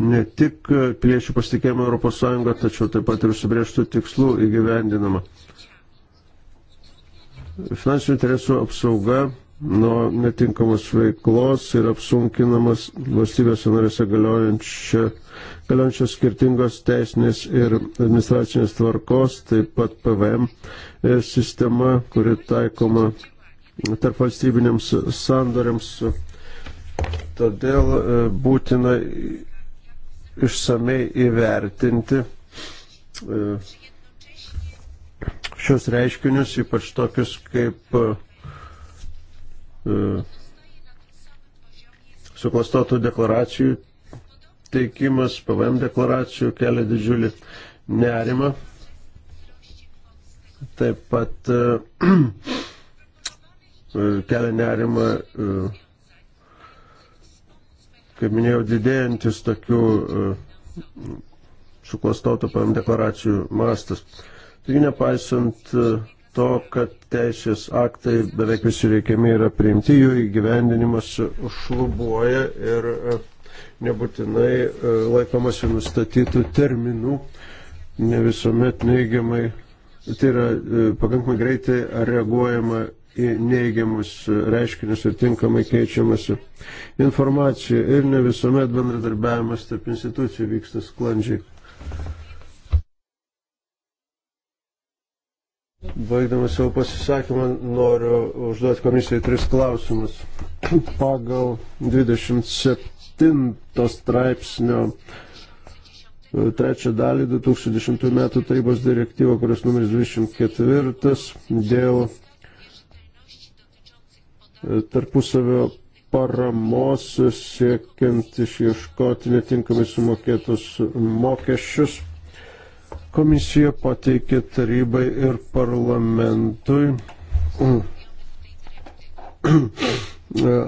ne tik piliečių pasitikėjimą ES, tačiau taip pat ir subrėžtų tikslų įgyvendinama. Finansinių interesų apsauga nuo netinkamos veiklos ir apsunkinamas valstybės narėse galiojančios skirtingos teisinės ir administracinės tvarkos, taip pat PVM sistema, kuri taikoma tarp valstybinėms sandoriams. Todėl e, būtina išsamei įvertinti e, šios reiškinius, ypač tokius kaip e, e, suklastotų deklaracijų teikimas, PVM deklaracijų kelia didžiulį nerimą. Taip pat kelia nerima kaip minėjau, didėjantis tokių e, suklastotų PM deklaracijų mastas. Taigi nepaisant e, to, kad teisės aktai beveik visi reikiami yra priimti, jų įgyvendinimas šlubuoja ir e, nebūtinai laikomasi nustatytų terminų, ne visuomet neigiamai, tai yra pakankamai greitai reaguojama į neigiamus reiškinius ir tinkamai keičiamasi informacija ir ne visuomet bendradarbiavimas tarp institucijų vyksta sklandžiai. Baigdamas savo pasisakymą noriu užduoti komisijai tris klausimus. Pagal 27 straipsnio e, trečią dalį 2010 metų tarybos direktyvo, kuris numeris 24 dėl tarpusavio paramos siekiant išieškoti netinkamai sumokėtus mokesčius. Komisija pateikė tarybai ir parlamentui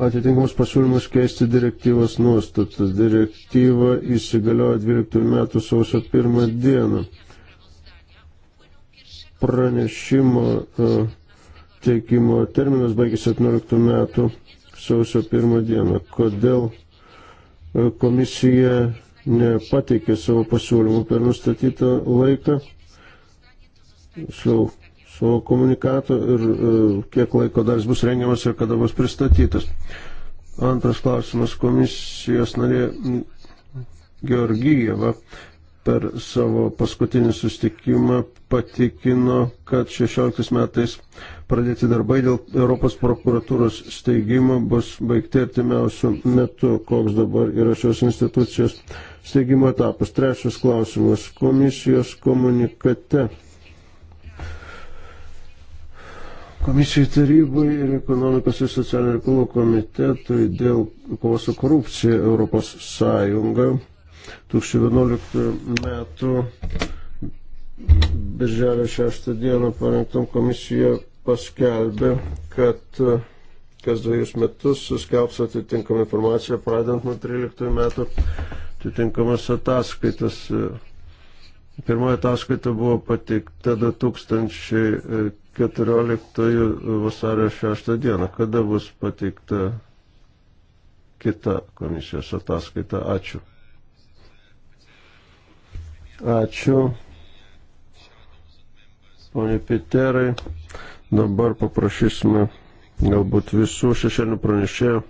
atitinkamus pasiūlymus keisti direktyvos nuostatas. Direktyva įsigalioja 12 metų sausio 1 dieną. Pranešimo uh, teikimo terminas baigėsi 17 metų sausio 1 dieną. Kodėl e, komisija nepateikė savo pasiūlymų per nustatytą laiką, šliau, savo komunikato ir e, kiek laiko dar jis bus rengiamas ir kada bus pristatytas. Antras klausimas komisijos narė Georgijeva per savo paskutinį sustikimą patikino, kad 16 metais pradėti darbai dėl Europos prokuratūros steigimo bus baigti artimiausių metų, koks dabar yra šios institucijos steigimo etapas. Trečias klausimas - komisijos komunikate. Komisijai tarybai ir ekonomikos ir socialinių reikalų komitetui dėl kovos su korupcija Europos Sąjunga 2011 metų Birželio 6 dieną parengtam komisijoje paskelbė, kad e, kas dviejus metus suskelbs atitinkamą informaciją, pradant nuo 13 metų atitinkamas ataskaitas. E, pirmoji ataskaita buvo pateikta 2014 vasario 6 dieną. Kada bus pateikta kita komisijos ataskaita? Ačiū. Ačiū. Pone Piterai, Dabar paprašysime galbūt visų šešėlių pranešėjų,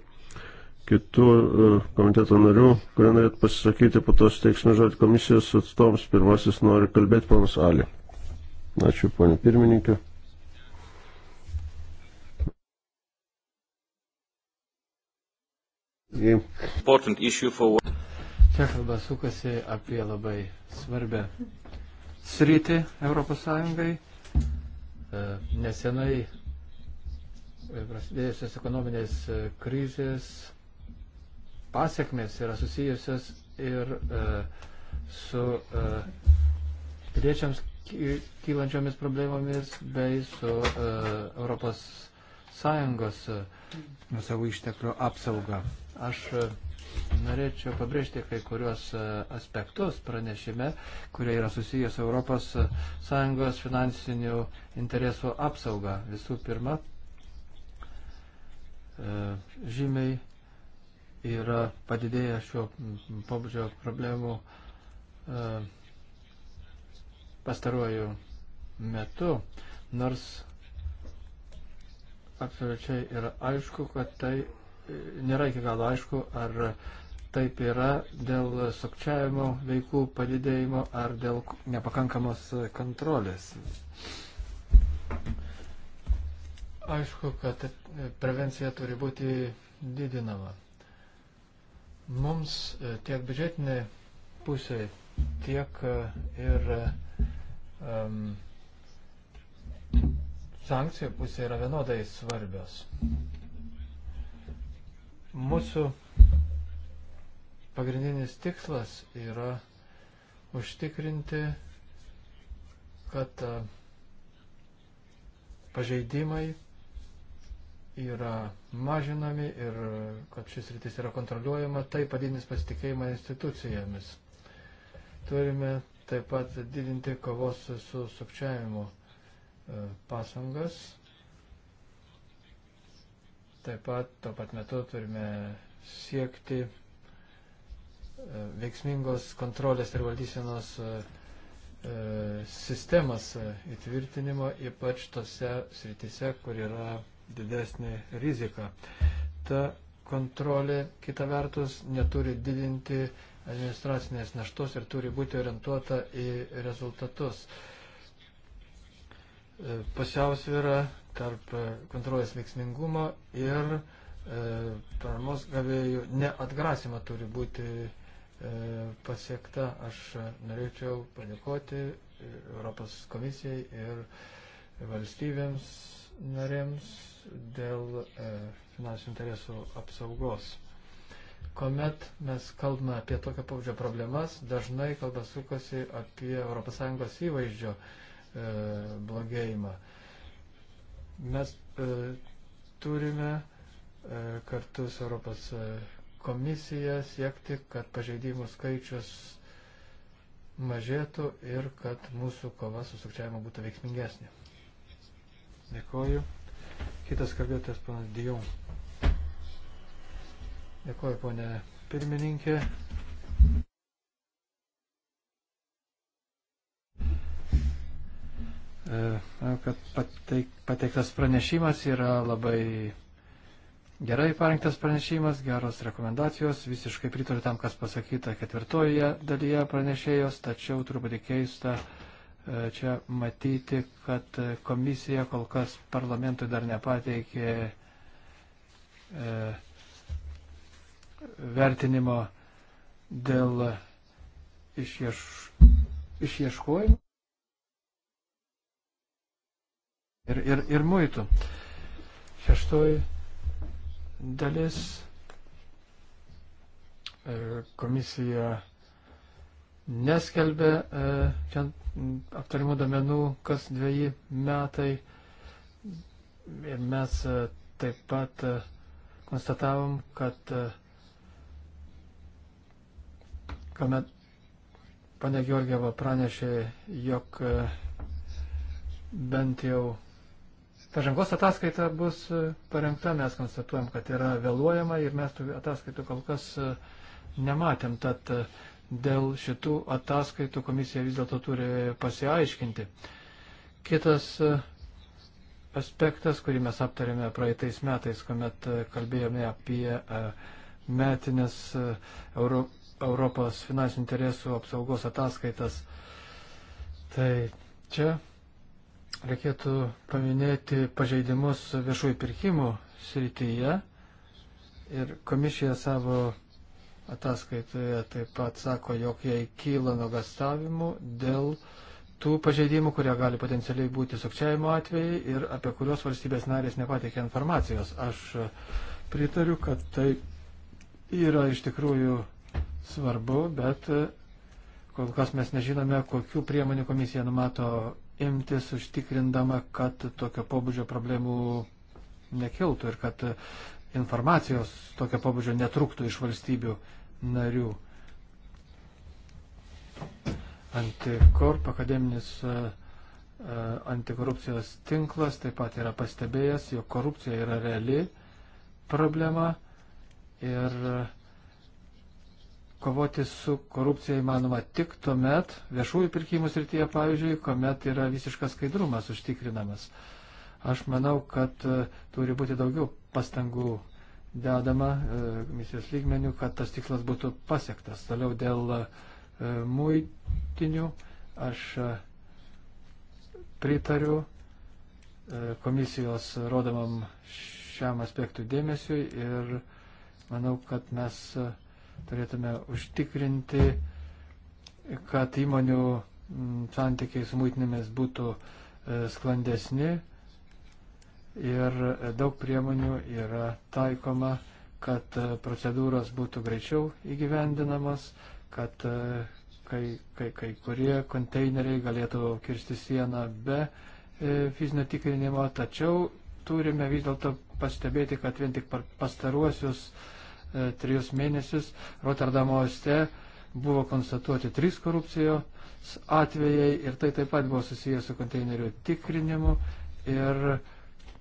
kitų e, komiteto narių, kurie norėtų pasisakyti, po to steiksime žodį komisijos atstovams. Pirmasis nori kalbėti ponas Ali. Ačiū, ponė pirmininkė. Čia kalba sukasi apie labai svarbę sritį Europos Sąjungai E, nesenai prasidėjusios ekonominės krizės pasiekmes yra susijusios ir e, su e, piliečiams kylančiomis problemomis bei su Europos Sąjungos savo išteklių apsauga. Aš Norėčiau pabrėžti kai kuriuos e, aspektus pranešime, kurie yra susijęs Europos e, Sąjungos finansinių interesų apsauga. Visų pirma, e, žymiai yra padidėję šio pobūdžio problemų pastaruoju metu, nors absoliučiai yra aišku, kad tai nėra iki galo aišku, ar taip yra dėl sukčiavimo veikų padidėjimo ar dėl nepakankamos kontrolės. Aišku, kad prevencija turi būti didinama. Mums e, tiek biudžetinė pusė, tiek e, ir um, sankcijų pusė yra vienodai svarbios. Mūsų pagrindinis tikslas yra užtikrinti, kad e, pažeidimai yra mažinami ir e, kad šis rytis yra kontroliuojama, tai padidins pasitikėjimą institucijomis. Turime taip pat didinti kovos su sukčiavimu e, pasangas Taip pat tuo pat metu turime siekti e, veiksmingos kontrolės ir valdysenos e, e, sistemas įtvirtinimo, ypač tose sritise, kur yra didesnė rizika. Ta kontrolė, kita vertus, neturi didinti administracinės naštos ir turi būti orientuota į rezultatus. Pusiausvėra tarp e, kontrolės veiksmingumo ir e, paramos gavėjų neatgrasimo turi būti e, pasiekta. Aš norėčiau padėkoti Europos komisijai ir valstybėms narėms dėl e, finansinių interesų apsaugos. Komet mes kalbame apie tokią pavyzdžio problemas, dažnai kalba sukasi apie ES įvaizdžio e, blogėjimą. E, Mes e, turime e, kartu su Europos e, komisija siekti, kad pažeidimų skaičius mažėtų ir kad mūsų kova su sukčiavimu būtų veiksmingesnė. Dėkoju. Kitas kalbėtojas, panas Dijon. Dėkoju, ponė pirmininkė. E, manau, kad pateiktas pranešimas yra labai gerai parengtas pranešimas, geros rekomendacijos, visiškai pritariu tam, kas pasakyta ketvirtoje dalyje pranešėjos, tačiau truputį keista e, čia matyti, kad komisija kol kas parlamentui dar nepateikė e, vertinimo dėl išieš... išieškojimo. ir, ir, ir muitų. Šeštoji dalis e, komisija neskelbė e, čia aptarimų domenų kas dviejį metai ir mes e, taip pat konstatavom, kad kuomet pane Georgieva pranešė, jog bent jau Ta žangos ataskaita bus e, parengta, mes konstatuojam, kad yra vėluojama ir mes tų ataskaitų kol kas e, nematėm, tad e, dėl šitų ataskaitų komisija vis dėlto turi pasiaiškinti. Kitas aspektas, kurį mes aptarėme praeitais metais, kuomet kalbėjome apie metinės Euro, Europos finansinių interesų apsaugos ataskaitas, tai čia reikėtų paminėti pažeidimus viešųjų pirkimų srityje. Ir komisija savo ataskaitoje taip pat sako, jog jai kyla nuogastavimų dėl tų pažeidimų, kurie gali potencialiai būti sukčiavimo atvejai ir apie kuriuos valstybės narės nepateikė informacijos. Aš pritariu, kad tai yra iš tikrųjų svarbu, bet kol kas mes nežinome, kokių priemonių komisija numato imtis užtikrindama, kad tokio pobūdžio problemų nekiltų ir kad informacijos tokio pobūdžio netruktų iš valstybių narių. Antikorp akademinis e, e, antikorupcijos tinklas taip pat yra pastebėjęs, jog korupcija yra reali problema ir e, kovoti su korupcija įmanoma tik tuomet, viešųjų pirkimų srityje, pavyzdžiui, kuomet yra visiškas skaidrumas užtikrinamas. Aš manau, kad e, turi būti daugiau pastangų dedama e, misijos lygmenių, kad tas tikslas būtų pasiektas. Toliau dėl e, muitinių aš pritariu komisijos rodomam šiam aspektui dėmesiu ir manau, kad mes turėtume užtikrinti, kad įmonių mm, santykiai su mūtinėmis būtų e, sklandesni ir e, daug priemonių yra taikoma, kad e, procedūros būtų greičiau įgyvendinamos, kad kai, kai, kai kurie konteineriai galėtų kirsti sieną be fizinio tikrinimo, tačiau turime vis dėlto pastebėti, kad vien tik pastaruosius E, trijus mėnesius Rotterdamo uoste buvo konstatuoti trys korupcijos atvejai ir tai taip pat buvo susijęs su konteinerių tikrinimu ir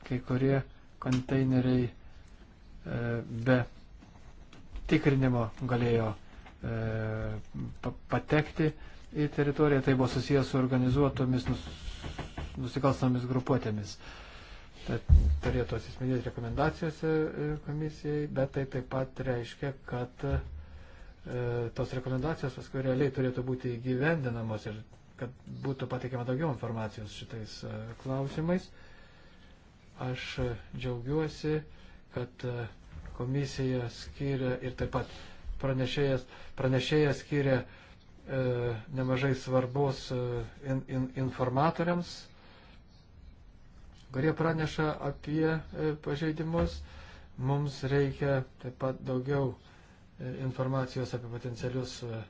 kai kurie konteineriai e, be tikrinimo galėjo e, patekti į teritoriją, tai buvo susijęs su organizuotomis nusikalstamomis grupuotėmis. E, turėtų atsispindėti rekomendacijose e, komisijai, bet tai taip pat reiškia, kad e, tos rekomendacijos paskui realiai turėtų būti įgyvendinamos ir kad būtų pateikiama daugiau informacijos šitais e, klausimais. Aš e, džiaugiuosi, kad e, komisija skiria ir taip pat pranešėjas, pranešėjas skiria e, nemažai svarbos e, in, in, informatoriams kurie praneša apie e, pažeidimus. Mums reikia taip pat daugiau e, informacijos apie potencialius e,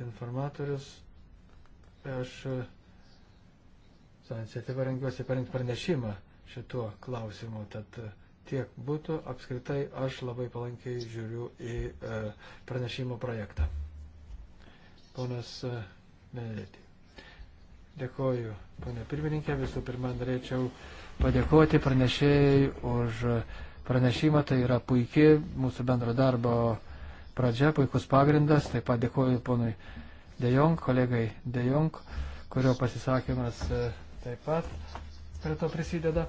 informatorius. Aš savo iniciatyvą rengiuosi parengti pranešimą šituo klausimu, tad tiek būtų. Apskritai aš labai palankiai žiūriu į pranešimo projektą. Ponas Benedetį. Dėkoju, ponė pirmininkė. Visų pirma, norėčiau padėkoti pranešėjai už pranešimą. Tai yra puikiai mūsų bendro darbo pradžia, puikus pagrindas. Taip pat dėkoju ponui Dejong, kolegai Dejong, kurio pasisakymas e, taip pat prie to prisideda.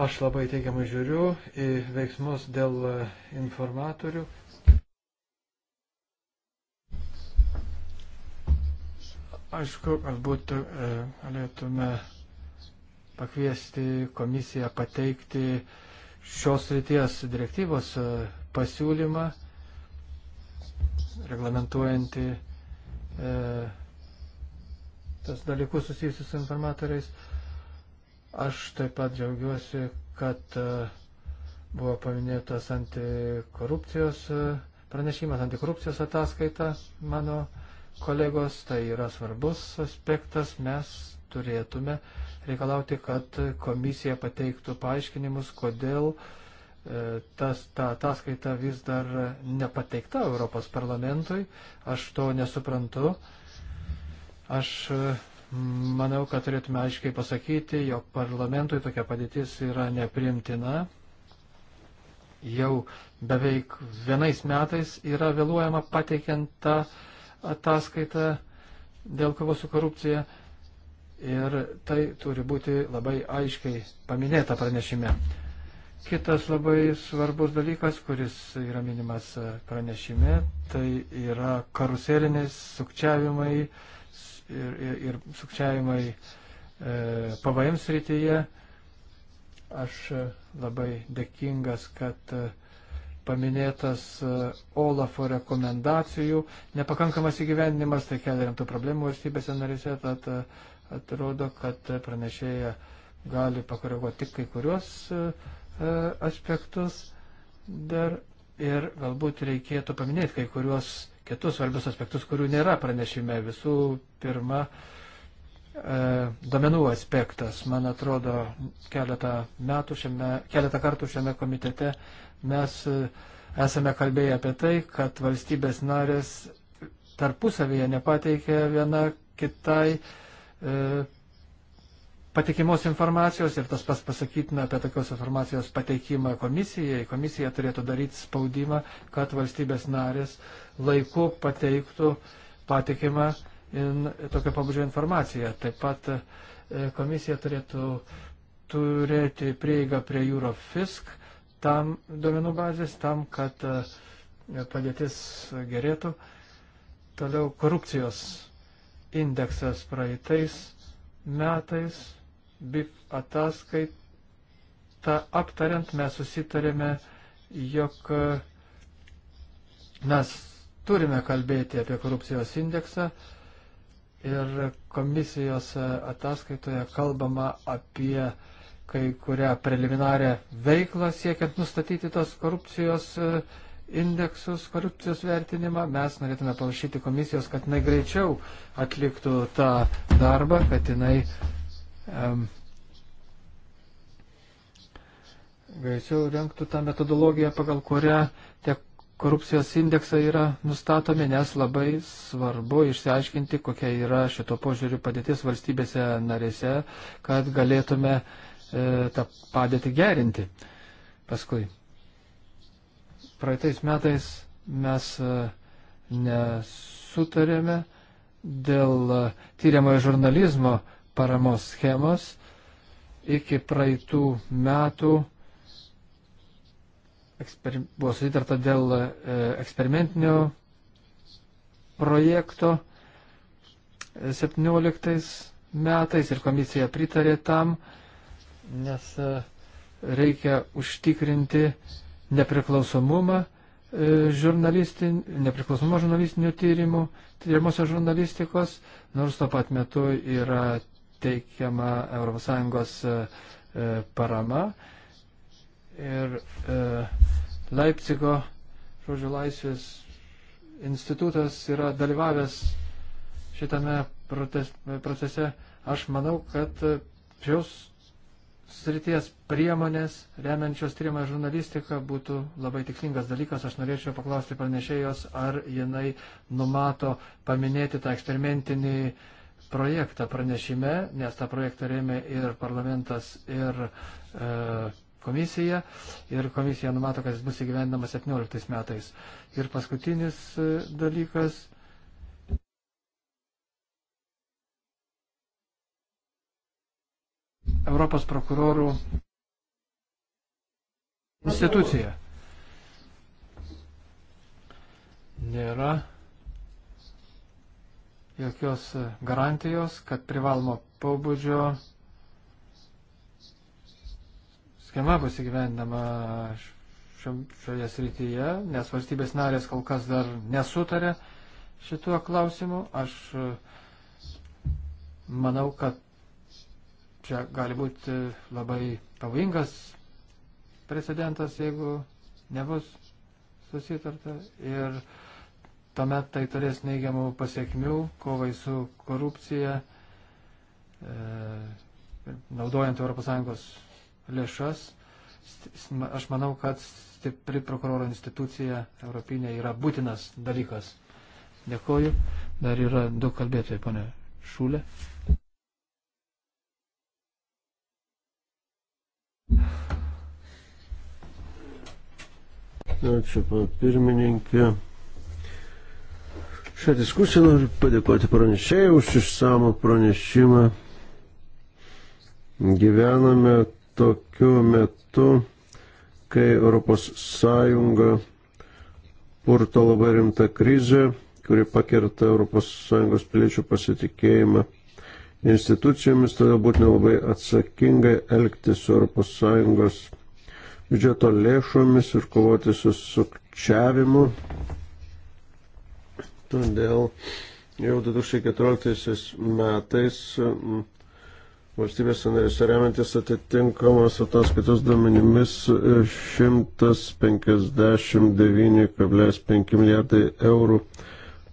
Aš labai teigiamai žiūriu į veiksmus dėl e, informatorių. Aišku, galbūt e, galėtume. E, pakviesti komisiją pateikti šios ryties direktyvos e, pasiūlymą, reglamentuojantį e, tas dalykus susijusius su informatoriais. Aš taip pat džiaugiuosi, kad e, buvo paminėtas antikorupcijos e, pranešimas, antikorupcijos ataskaita mano kolegos, tai yra svarbus aspektas, mes turėtume e, reikalauti, kad komisija pateiktų paaiškinimus, kodėl e, tas, ta ataskaita vis dar nepateikta Europos parlamentui. Aš to nesuprantu. Aš e, manau, kad turėtume aiškiai pasakyti, jog parlamentui tokia padėtis yra neprimtina. Jau beveik vienais metais yra vėluojama pateikiant tą ataskaitą dėl kovos su korupcija ir tai turi būti labai aiškiai paminėta pranešime. Kitas labai svarbus dalykas, kuris yra minimas pranešime, tai yra karuseliniai sukčiavimai ir, ir, ir sukčiavimai e, PVM srityje. Aš labai dėkingas, kad e, paminėtas e, Olafo rekomendacijų, nepakankamas įgyvendinimas, tai kelia rimtų problemų valstybėse narėse, tad e, atrodo, kad pranešėja gali pakoreguoti tik kai kuriuos e, e, aspektus dar ir galbūt reikėtų paminėti kai kuriuos kitus svarbius aspektus, kurių nėra pranešime. Visų pirma, e, domenų aspektas, man atrodo, keletą, metų šiame, keletą kartų šiame komitete mes esame kalbėję apie tai, kad valstybės narės tarpusavėje nepateikia viena kitai E, patikimos informacijos ir tas pas pasakytina apie tokios informacijos pateikimą komisijai. Komisija turėtų daryti spaudimą, kad valstybės narės laiku pateiktų patikimą in, tokio pabudžio informaciją. Taip pat e, komisija turėtų turėti prieigą prie Eurofisk tam duomenų bazės, tam, kad e, padėtis gerėtų. Toliau korupcijos indeksas praeitais metais, BIP ataskaitą aptariant mes susitarėme, jog mes turime kalbėti apie korupcijos indeksą ir komisijos ataskaitoje kalbama apie kai kurią preliminarę veiklą siekiant nustatyti tos korupcijos indeksą indeksus, korupcijos vertinimą. Mes norėtume palašyti komisijos, kad jinai greičiau atliktų tą darbą, kad jinai um, greičiau renktų tą metodologiją, pagal kurią tie korupcijos indeksai yra nustatomi, nes labai svarbu išsiaiškinti, kokia yra šito požiūrių padėtis valstybėse narėse, kad galėtume e, tą padėtį gerinti paskui. Praeitais metais mes e, nesutarėme dėl e, tyriamojo žurnalizmo paramos schemos. Iki praeitų metų eksper, buvo sutarta dėl e, eksperimentinio projekto 17 metais ir komisija pritarė tam, nes e, reikia užtikrinti nepriklausomumą e, žurnalistin, nepriklausomą žurnalistinių tyrimų, tyrimuose žurnalistikos, nors tuo pat metu yra teikiama ES e, e, parama. Ir e, Leipcigo žodžio laisvės institutas yra dalyvavęs šitame procese. Aš manau, kad šios srities priemonės, remiančios tyrimą žurnalistiką, būtų labai tikslingas dalykas. Aš norėčiau paklausti pranešėjos, ar jinai numato paminėti tą eksperimentinį projektą pranešime, nes tą projektą rėmė ir parlamentas, ir e, komisija. Ir komisija numato, kad jis bus įgyvendinamas 17 metais. Ir paskutinis e, dalykas Europos prokurorų institucija. Nėra jokios garantijos, kad privalomo pobūdžio schema bus įgyvendama šioje srityje, nes valstybės narės kol kas dar nesutarė šituo klausimu. Aš e, manau, kad čia gali būti e, labai pavojingas precedentas, jeigu nebus susitarta ir tuomet tai turės neigiamų pasiekmių kovai su korupcija, e, naudojant ES lėšas. Aš manau, kad stipri prokuroro institucija Europinė yra būtinas dalykas. Dėkoju. Dar yra du kalbėtojai, ponė Šūlė. Ačiū, pirmininkė. Šią diskusiją noriu padėkoti pranešėjai už išsamų pranešimą. Gyvename tokiu metu, kai ES purto labai rimta krizė, kuri pakerta ES piliečių pasitikėjimą institucijomis, todėl būtina labai atsakingai elgtis su ES biudžeto lėšomis ir kovoti su sukčiavimu. Todėl jau 2014 metais valstybės narėse remiantis atitinkamos ataskaitos duomenimis 159,5 milijardai eurų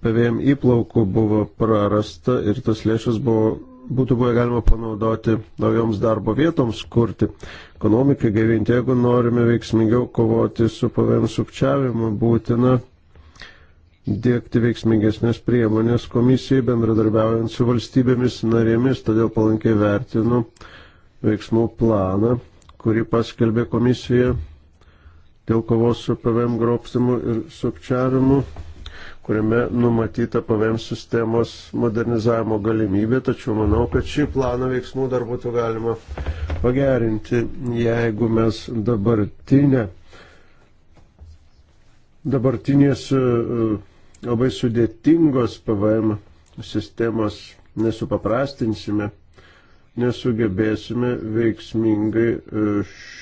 PVM įplaukų buvo prarasta ir tas lėšas buvo būtų buvę galima panaudoti naujoms darbo vietoms kurti, ekonomikai gaivinti. Jeigu norime veiksmingiau kovoti su pavėm sukčiavimu, būtina dėkti veiksmingesnės priemonės komisijai bendradarbiaujant su valstybėmis narėmis, todėl palankiai vertinu veiksmų planą, kurį paskelbė komisija dėl kovos su pavėm grobstimu ir sukčiavimu kuriame numatyta PVM sistemos modernizavimo galimybė, tačiau manau, kad šį planą veiksmų dar būtų galima pagerinti, jeigu mes dabartinę, dabartinės e, labai sudėtingos PVM sistemos nesupaprastinsime, nesugebėsime veiksmingai e,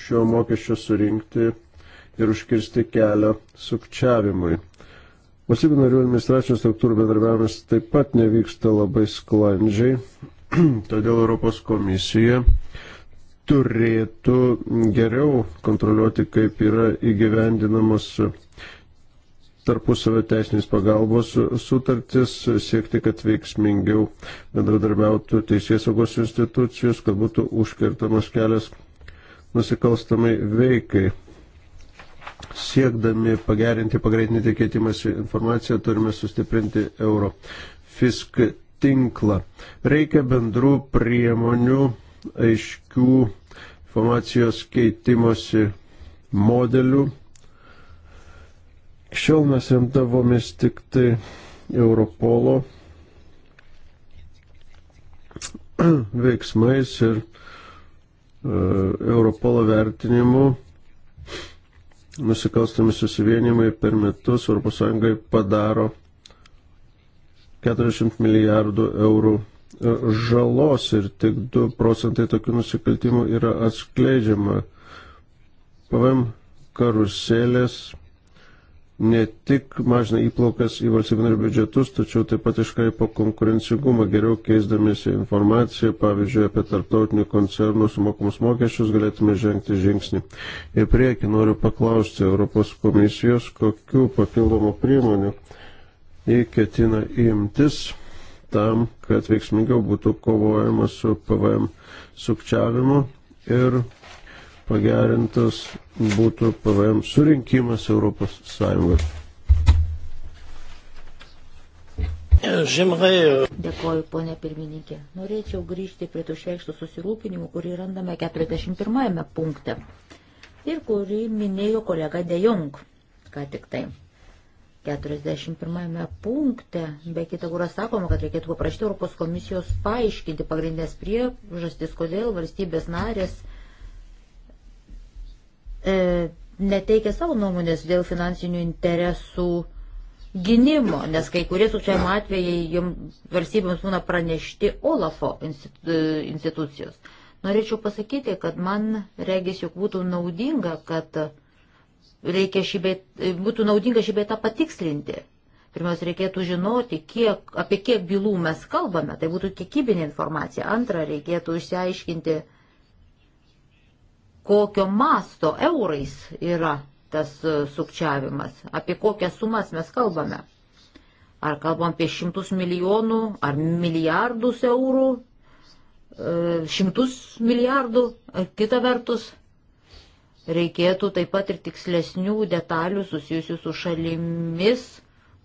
šio mokesčio surinkti ir užkirsti kelią sukčiavimui. Valstybių narių administracinių struktūrų bendradarbiavimas taip pat nevyksta labai sklandžiai, todėl Europos komisija turėtų geriau kontroliuoti, kaip yra įgyvendinamos tarpusavio teisinės pagalbos sutartis, siekti, kad veiksmingiau bendradarbiautų teisėsaugos institucijos, kad būtų užkirtamas kelias nusikalstamai veikai siekdami pagerinti, pagreitinti keitimąsi informaciją, turime sustiprinti euro fisk tinklą. Reikia bendrų priemonių, aiškių informacijos keitimosi modelių. Šiol mes remdavomės tik tai Europolo veiksmais ir e, Europolo vertinimu nusikalstami susivienimai per metus Europos Sąjungai padaro 40 milijardų eurų e, žalos ir tik 2 procentai tokių nusikaltimų yra atskleidžiama. PVM karuselės ne tik mažina įplaukas į valstybinių biudžetus, tačiau taip pat iškaipo konkurencingumą, geriau keisdamėsi informaciją, pavyzdžiui, apie tarptautinių koncernų sumokamus mokesčius galėtume žengti žingsnį. Į priekį noriu paklausti Europos komisijos, kokiu papildomu priemoniu jie ketina imtis tam, kad veiksmingiau būtų kovojama su PVM sukčiavimu ir pagerintas būtų PVM surinkimas Europos Sąjungos. E, Dėkoju, ponė pirmininkė. Norėčiau grįžti prie tų šveikštų susirūpinimų, kurį randame 41 punkte ir kurį minėjo kolega Dejong, ką tik tai. 41 punkte, be kita kūra sakoma, kad reikėtų paprašyti Europos komisijos paaiškinti pagrindinės priežastis, kodėl valstybės narės e, neteikia savo nuomonės dėl finansinių interesų gynimo, nes kai kurie sukčiavimo atvejai valstybėms būna pranešti Olafo institucijos. Norėčiau pasakyti, kad man regis, jog būtų naudinga, kad reikia šį bet, būtų naudinga šį beitą patikslinti. Pirmiausia, reikėtų žinoti, kiek, apie kiek bylų mes kalbame, tai būtų kiekybinė informacija. Antra, reikėtų išsiaiškinti, kokio masto eurais yra tas e, sukčiavimas, apie kokias sumas mes kalbame. Ar kalbam apie šimtus milijonų, ar milijardus eurų, e, šimtus milijardų, e, kita vertus. Reikėtų taip pat ir tikslesnių detalių susijusių su šalimis,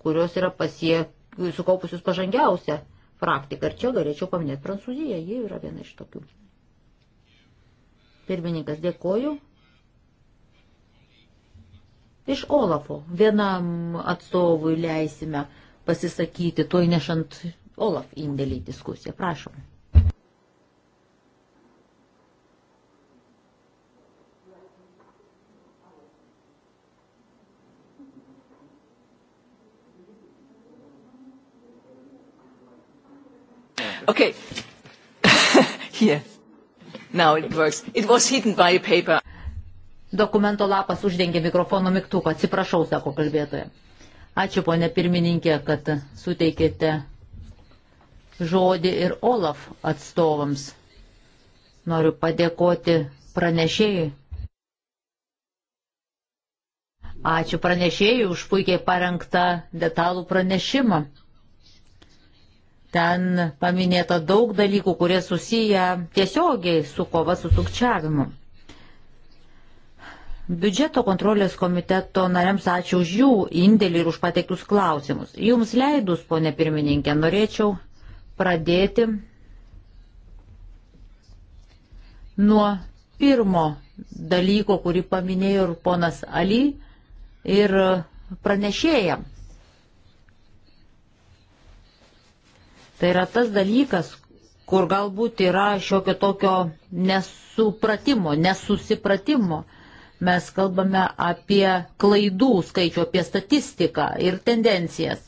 kurios yra pasiek, sukaupusius pažangiausią praktiką. Ir čia galėčiau paminėti Prancūziją, ji yra viena iš tokių. Pirmininkas, dėkoju. Iš Olafo vienam atstovui leisime pasisakyti, tuo įnešant Olaf indėlį į diskusiją. Prašom. Okay. Here. Now it works. It was hidden by a paper. Dokumento lapas uždengė mikrofono mygtuką. Atsiprašau, sako kalbėtoja. Ačiū, ponė pirmininkė, kad suteikėte žodį ir Olaf atstovams. Noriu padėkoti pranešėjai. Ačiū pranešėjai už puikiai parengtą detalų pranešimą. Ten paminėta daug dalykų, kurie susiję tiesiogiai su kova su sukčiavimu. Biudžeto kontrolės komiteto nariams ačiū už jų indėlį ir už pateiktus klausimus. Jums leidus, ponė pirmininkė, norėčiau pradėti nuo pirmo dalyko, kurį paminėjo ir ponas Ali ir pranešėjams. Tai yra tas dalykas, kur galbūt yra šiokio tokio nesupratimo, nesusipratimo. Mes kalbame apie klaidų skaičių, apie statistiką ir tendencijas.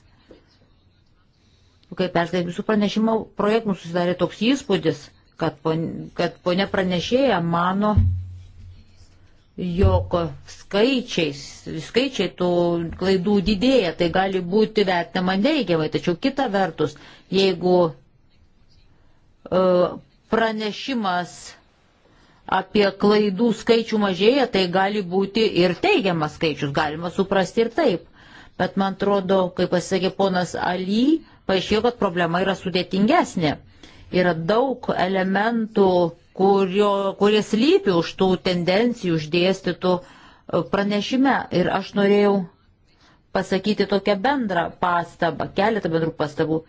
Kai perskaitai visų pranešimų projektų susidarė toks įspūdis, kad, pon, kad ponia pranešėja mano, jog skaičiais, skaičiai tų klaidų didėja, tai gali būti vertinama neigiamai. Tačiau kita vertus, jeigu uh, pranešimas apie klaidų skaičių mažėja, tai gali būti ir teigiamas skaičius, galima suprasti ir taip. Bet man atrodo, kaip pasakė ponas Ali, paaiškėjo, kad problema yra sudėtingesnė. Yra daug elementų, kurio, kuris lypi už tų tendencijų uždėstytų e, pranešime. Ir aš norėjau pasakyti tokią bendrą pastabą, keletą bendrų pastabų.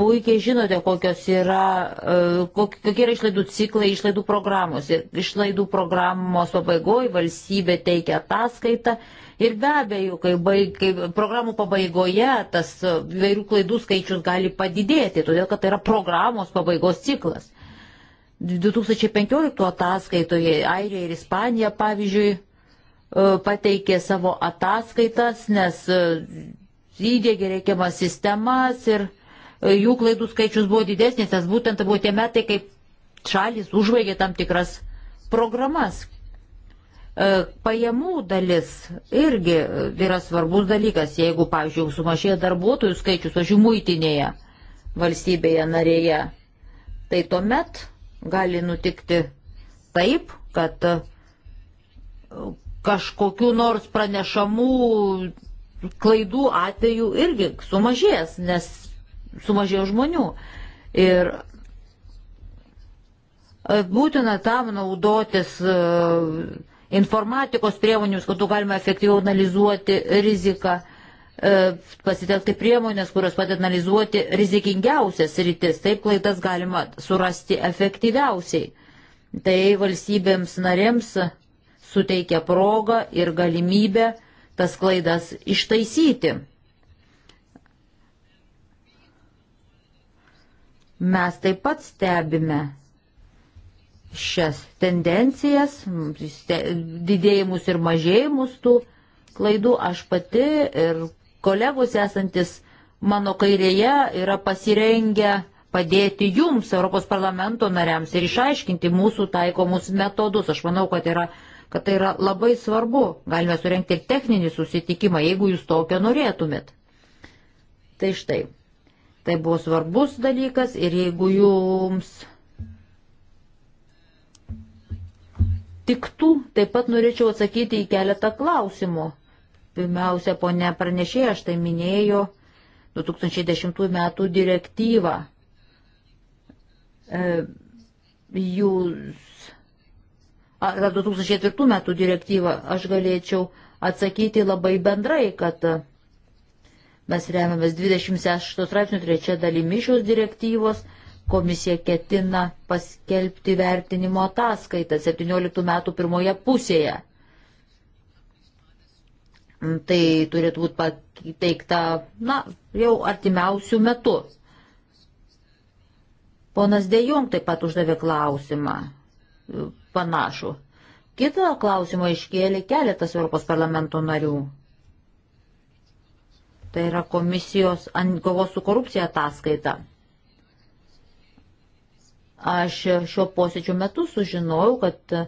Puikiai žinote, kokios yra, e, kokie yra išlaidų ciklai, išlaidų programos. Ir išlaidų programos pabaigoje valstybė teikia ataskaitą. Ir be abejo, kai, baig, kai programų pabaigoje tas e, vairių klaidų skaičius gali padidėti, todėl kad tai yra programos pabaigos ciklas. 2015 ataskaitoje Airija ir Ispanija, pavyzdžiui, e, pateikė savo ataskaitas, nes e, įdėgė reikiamas sistemas ir e, jų klaidų skaičius buvo didesnis, nes būtent tai buvo tie metai, kai šalis užvaigė tam tikras programas. Pajamų dalis irgi yra svarbus dalykas, jeigu, pavyzdžiui, sumažėja darbuotojų skaičius, aš jų muitinėje valstybėje narėje, tai tuomet gali nutikti taip, kad e, kažkokiu nors pranešamų klaidų atveju irgi sumažės, nes sumažėjo žmonių. Ir e, būtina tam naudotis e, informatikos priemonius, kad tu galima efektyviau analizuoti riziką E, pasitelkti priemonės, kurios pat analizuoti rizikingiausias rytis. Taip klaidas galima surasti efektyviausiai. Tai valstybėms narėms suteikia progą ir galimybę tas klaidas ištaisyti. Mes taip pat stebime šias tendencijas, didėjimus ir mažėjimus tų klaidų. Aš pati ir kolegos esantis mano kairėje yra pasirengę padėti jums, Europos parlamento nariams, ir išaiškinti mūsų taikomus metodus. Aš manau, kad, yra, kad tai yra labai svarbu. Galime surenkti ir techninį susitikimą, jeigu jūs tokio norėtumėt. Tai štai. Tai buvo svarbus dalykas ir jeigu jums tiktų, taip pat norėčiau atsakyti į keletą klausimų Pirmiausia, ponė pranešėja, aš tai minėjau 2010 metų direktyvą. E, jūs, a, 2004 metų direktyvą aš galėčiau atsakyti labai bendrai, kad mes remiamės 26 straipsnių trečia dalimi šios direktyvos. Komisija ketina paskelbti vertinimo ataskaitą 17 metų pirmoje pusėje. Tai turėtų būti pateikta, na, jau artimiausių metų. Ponas Dejong taip pat uždavė klausimą panašų. Kitą klausimą iškėlė keletas Europos parlamento narių. Tai yra komisijos kovos su korupcija ataskaita. Aš šio posėdžio metu sužinojau, kad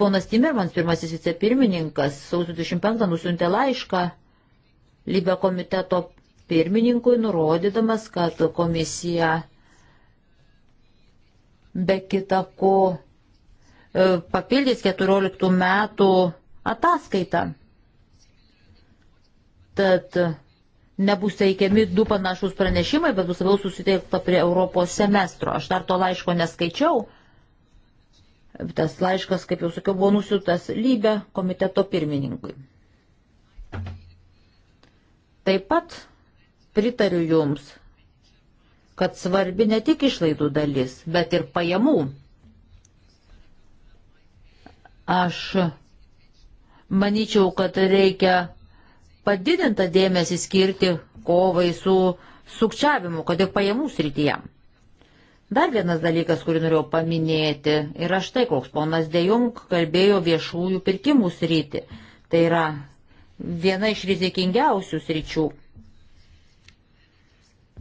Ponas Timermans, pirmasis vicepirmininkas, sausio 25 nusintė laišką Libe komiteto pirmininkui, nurodydamas, kad komisija be kita ko e, papildys 14 metų ataskaitą. Tad nebus teikiami du panašus pranešimai, bet bus labiau susitelkta prie Europos semestro. Aš dar to laiško neskaičiau Tas laiškas, kaip jau sakiau, buvo nusiūtas lybę komiteto pirmininkui. Taip pat pritariu Jums, kad svarbi ne tik išlaidų dalis, bet ir pajamų. Aš manyčiau, kad reikia padidintą dėmesį skirti kovai su sukčiavimu, kad ir pajamų srityje. Dar vienas dalykas, kurį norėjau paminėti, yra štai koks ponas Dejung kalbėjo viešųjų pirkimų sritį. Tai yra viena iš rizikingiausių sričių,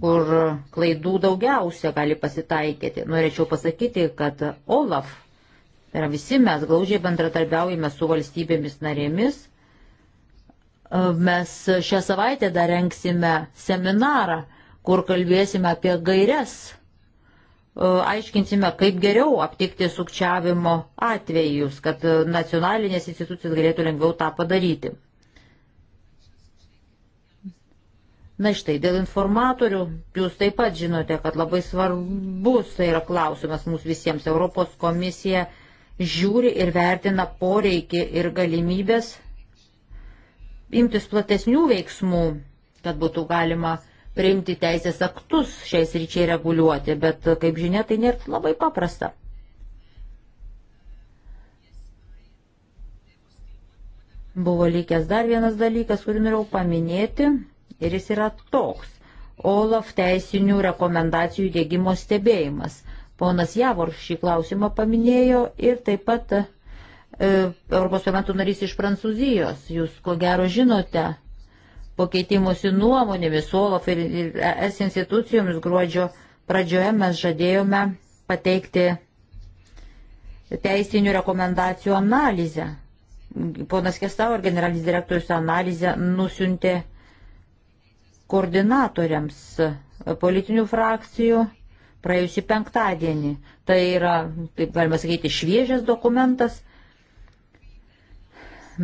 kur klaidų daugiausia gali pasitaikyti. Norėčiau pasakyti, kad Olaf, tai yra visi mes glaudžiai bendratarbiaujame su valstybėmis narėmis. Mes šią savaitę dar renksime seminarą, kur kalbėsime apie gairias E, aiškinsime, kaip geriau aptikti sukčiavimo atvejus, kad e, nacionalinės institucijos galėtų lengviau tą padaryti. Na štai, dėl informatorių, jūs taip pat žinote, kad labai svarbus tai yra klausimas mūsų visiems. Europos komisija žiūri ir vertina poreikį ir galimybės imtis platesnių veiksmų, kad būtų galima uh, priimti teisės aktus šiais ryčiai reguliuoti, bet, kaip žinia, tai nėra labai paprasta. Buvo lygęs dar vienas dalykas, kurį norėjau paminėti, ir jis yra toks. OLAF teisinių rekomendacijų dėgymo stebėjimas. Ponas Javor šį klausimą paminėjo ir taip pat e, Europos parlamento narys iš Prancūzijos. Jūs ko gero žinote, po keitimusi nuomonėmis OLAF ir ES institucijomis gruodžio pradžioje mes žadėjome pateikti teisinių rekomendacijų analizę. Ponas Kestau ir generalinis direktorius analizę nusiuntė koordinatoriams politinių frakcijų praėjusį penktadienį. Tai yra, taip galima sakyti, šviežias dokumentas,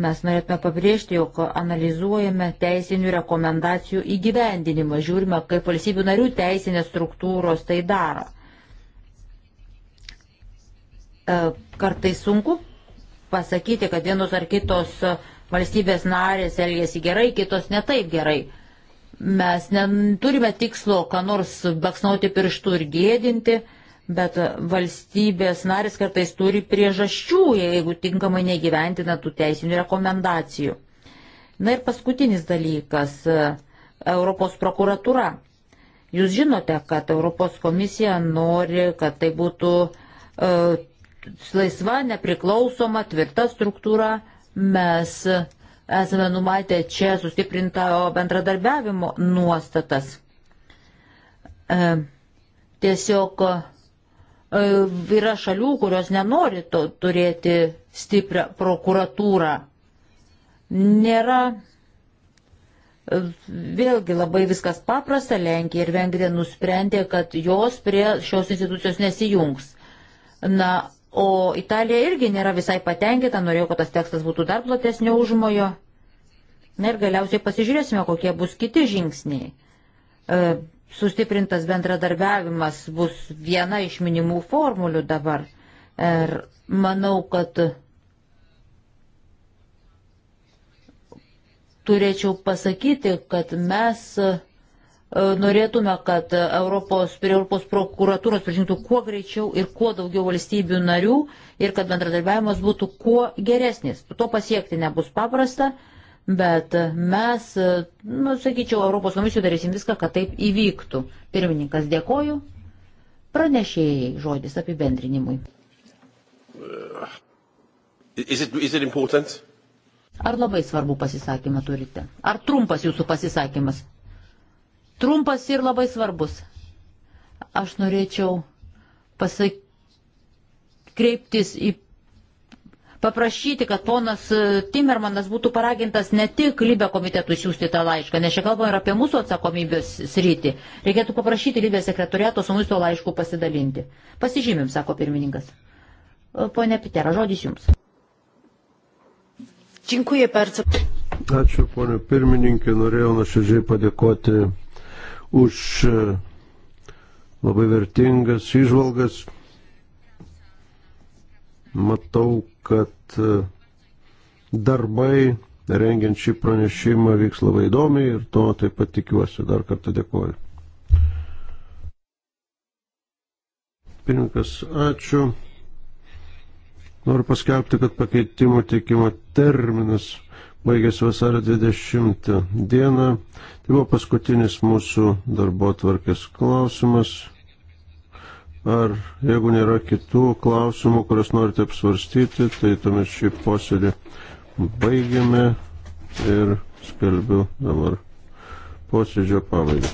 mes norėtume pabrėžti, jog analizuojame teisinių rekomendacijų įgyvendinimą, žiūrime, kaip valstybių narių teisinės struktūros tai daro. E, kartais sunku pasakyti, kad vienos ar kitos valstybės narės elgėsi gerai, kitos netaip gerai. Mes neturime tikslo, ką nors baksnauti pirštų ir gėdinti bet valstybės narės kartais turi priežasčių, jeigu tinkamai negyventina tų teisinių rekomendacijų. Na ir paskutinis dalykas - Europos prokuratura. Jūs žinote, kad Europos komisija nori, kad tai būtų uh, laisva, nepriklausoma, tvirta struktūra. Mes esame numatę čia sustiprintą bendradarbiavimo nuostatas. Uh, tiesiog uh, E, yra šalių, kurios nenori to, turėti stiprią prokuratūrą. Nėra e, Vėlgi labai viskas paprasta, Lenkija ir Vengrija nusprendė, kad jos prie šios institucijos nesijungs. Na, o Italija irgi nėra visai patenkinta, norėjau, kad tas tekstas būtų dar platesnio užmojo. Na ir galiausiai pasižiūrėsime, kokie bus kiti žingsniai. E, sustiprintas bendradarbiavimas bus viena iš minimų formulių dabar. Ir manau, kad turėčiau pasakyti, kad mes e, norėtume, kad Europos, prie Europos prokuratūros prižimtų kuo greičiau ir kuo daugiau valstybių narių ir kad bendradarbiavimas būtų kuo geresnis. To pasiekti nebus paprasta Bet mes, nu, sakyčiau, Europos komisijų darysim viską, kad taip įvyktų. Pirmininkas dėkoju. Pranešėjai žodis apibendrinimui. Is it, is it Ar labai svarbu pasisakymą turite? Ar trumpas jūsų pasisakymas? Trumpas ir labai svarbus. Aš norėčiau pasak... kreiptis į paprašyti, kad ponas e, Timermanas būtų paragintas ne tik Libė komitetui siūsti tą laišką, nes čia kalbame ir apie mūsų atsakomybės sritį. Reikėtų paprašyti Libė sekretoriato su mūsų laišku pasidalinti. Pasižymim, sako pirmininkas. E, pone Pitera, žodis jums. Dziękuję bardzo. Ačiū, ponė pirmininkė, norėjau nuoširdžiai padėkoti už e, labai vertingas išvalgas. Matau, kad kad e, darbai rengiant šį pranešimą vyks labai įdomiai ir to taip pat tikiuosi. Dar kartą dėkuoju. Pirmininkas, ačiū. Noriu paskelbti, kad pakeitimo teikimo terminas baigėsi vasario 20 dieną. Tai buvo paskutinis mūsų darbo tvarkės klausimas. Ar jeigu nėra kitų klausimų, kurias norite apsvarstyti, tai tuomet šį posėdį baigiame ir skelbiu dabar posėdžio pabaigą.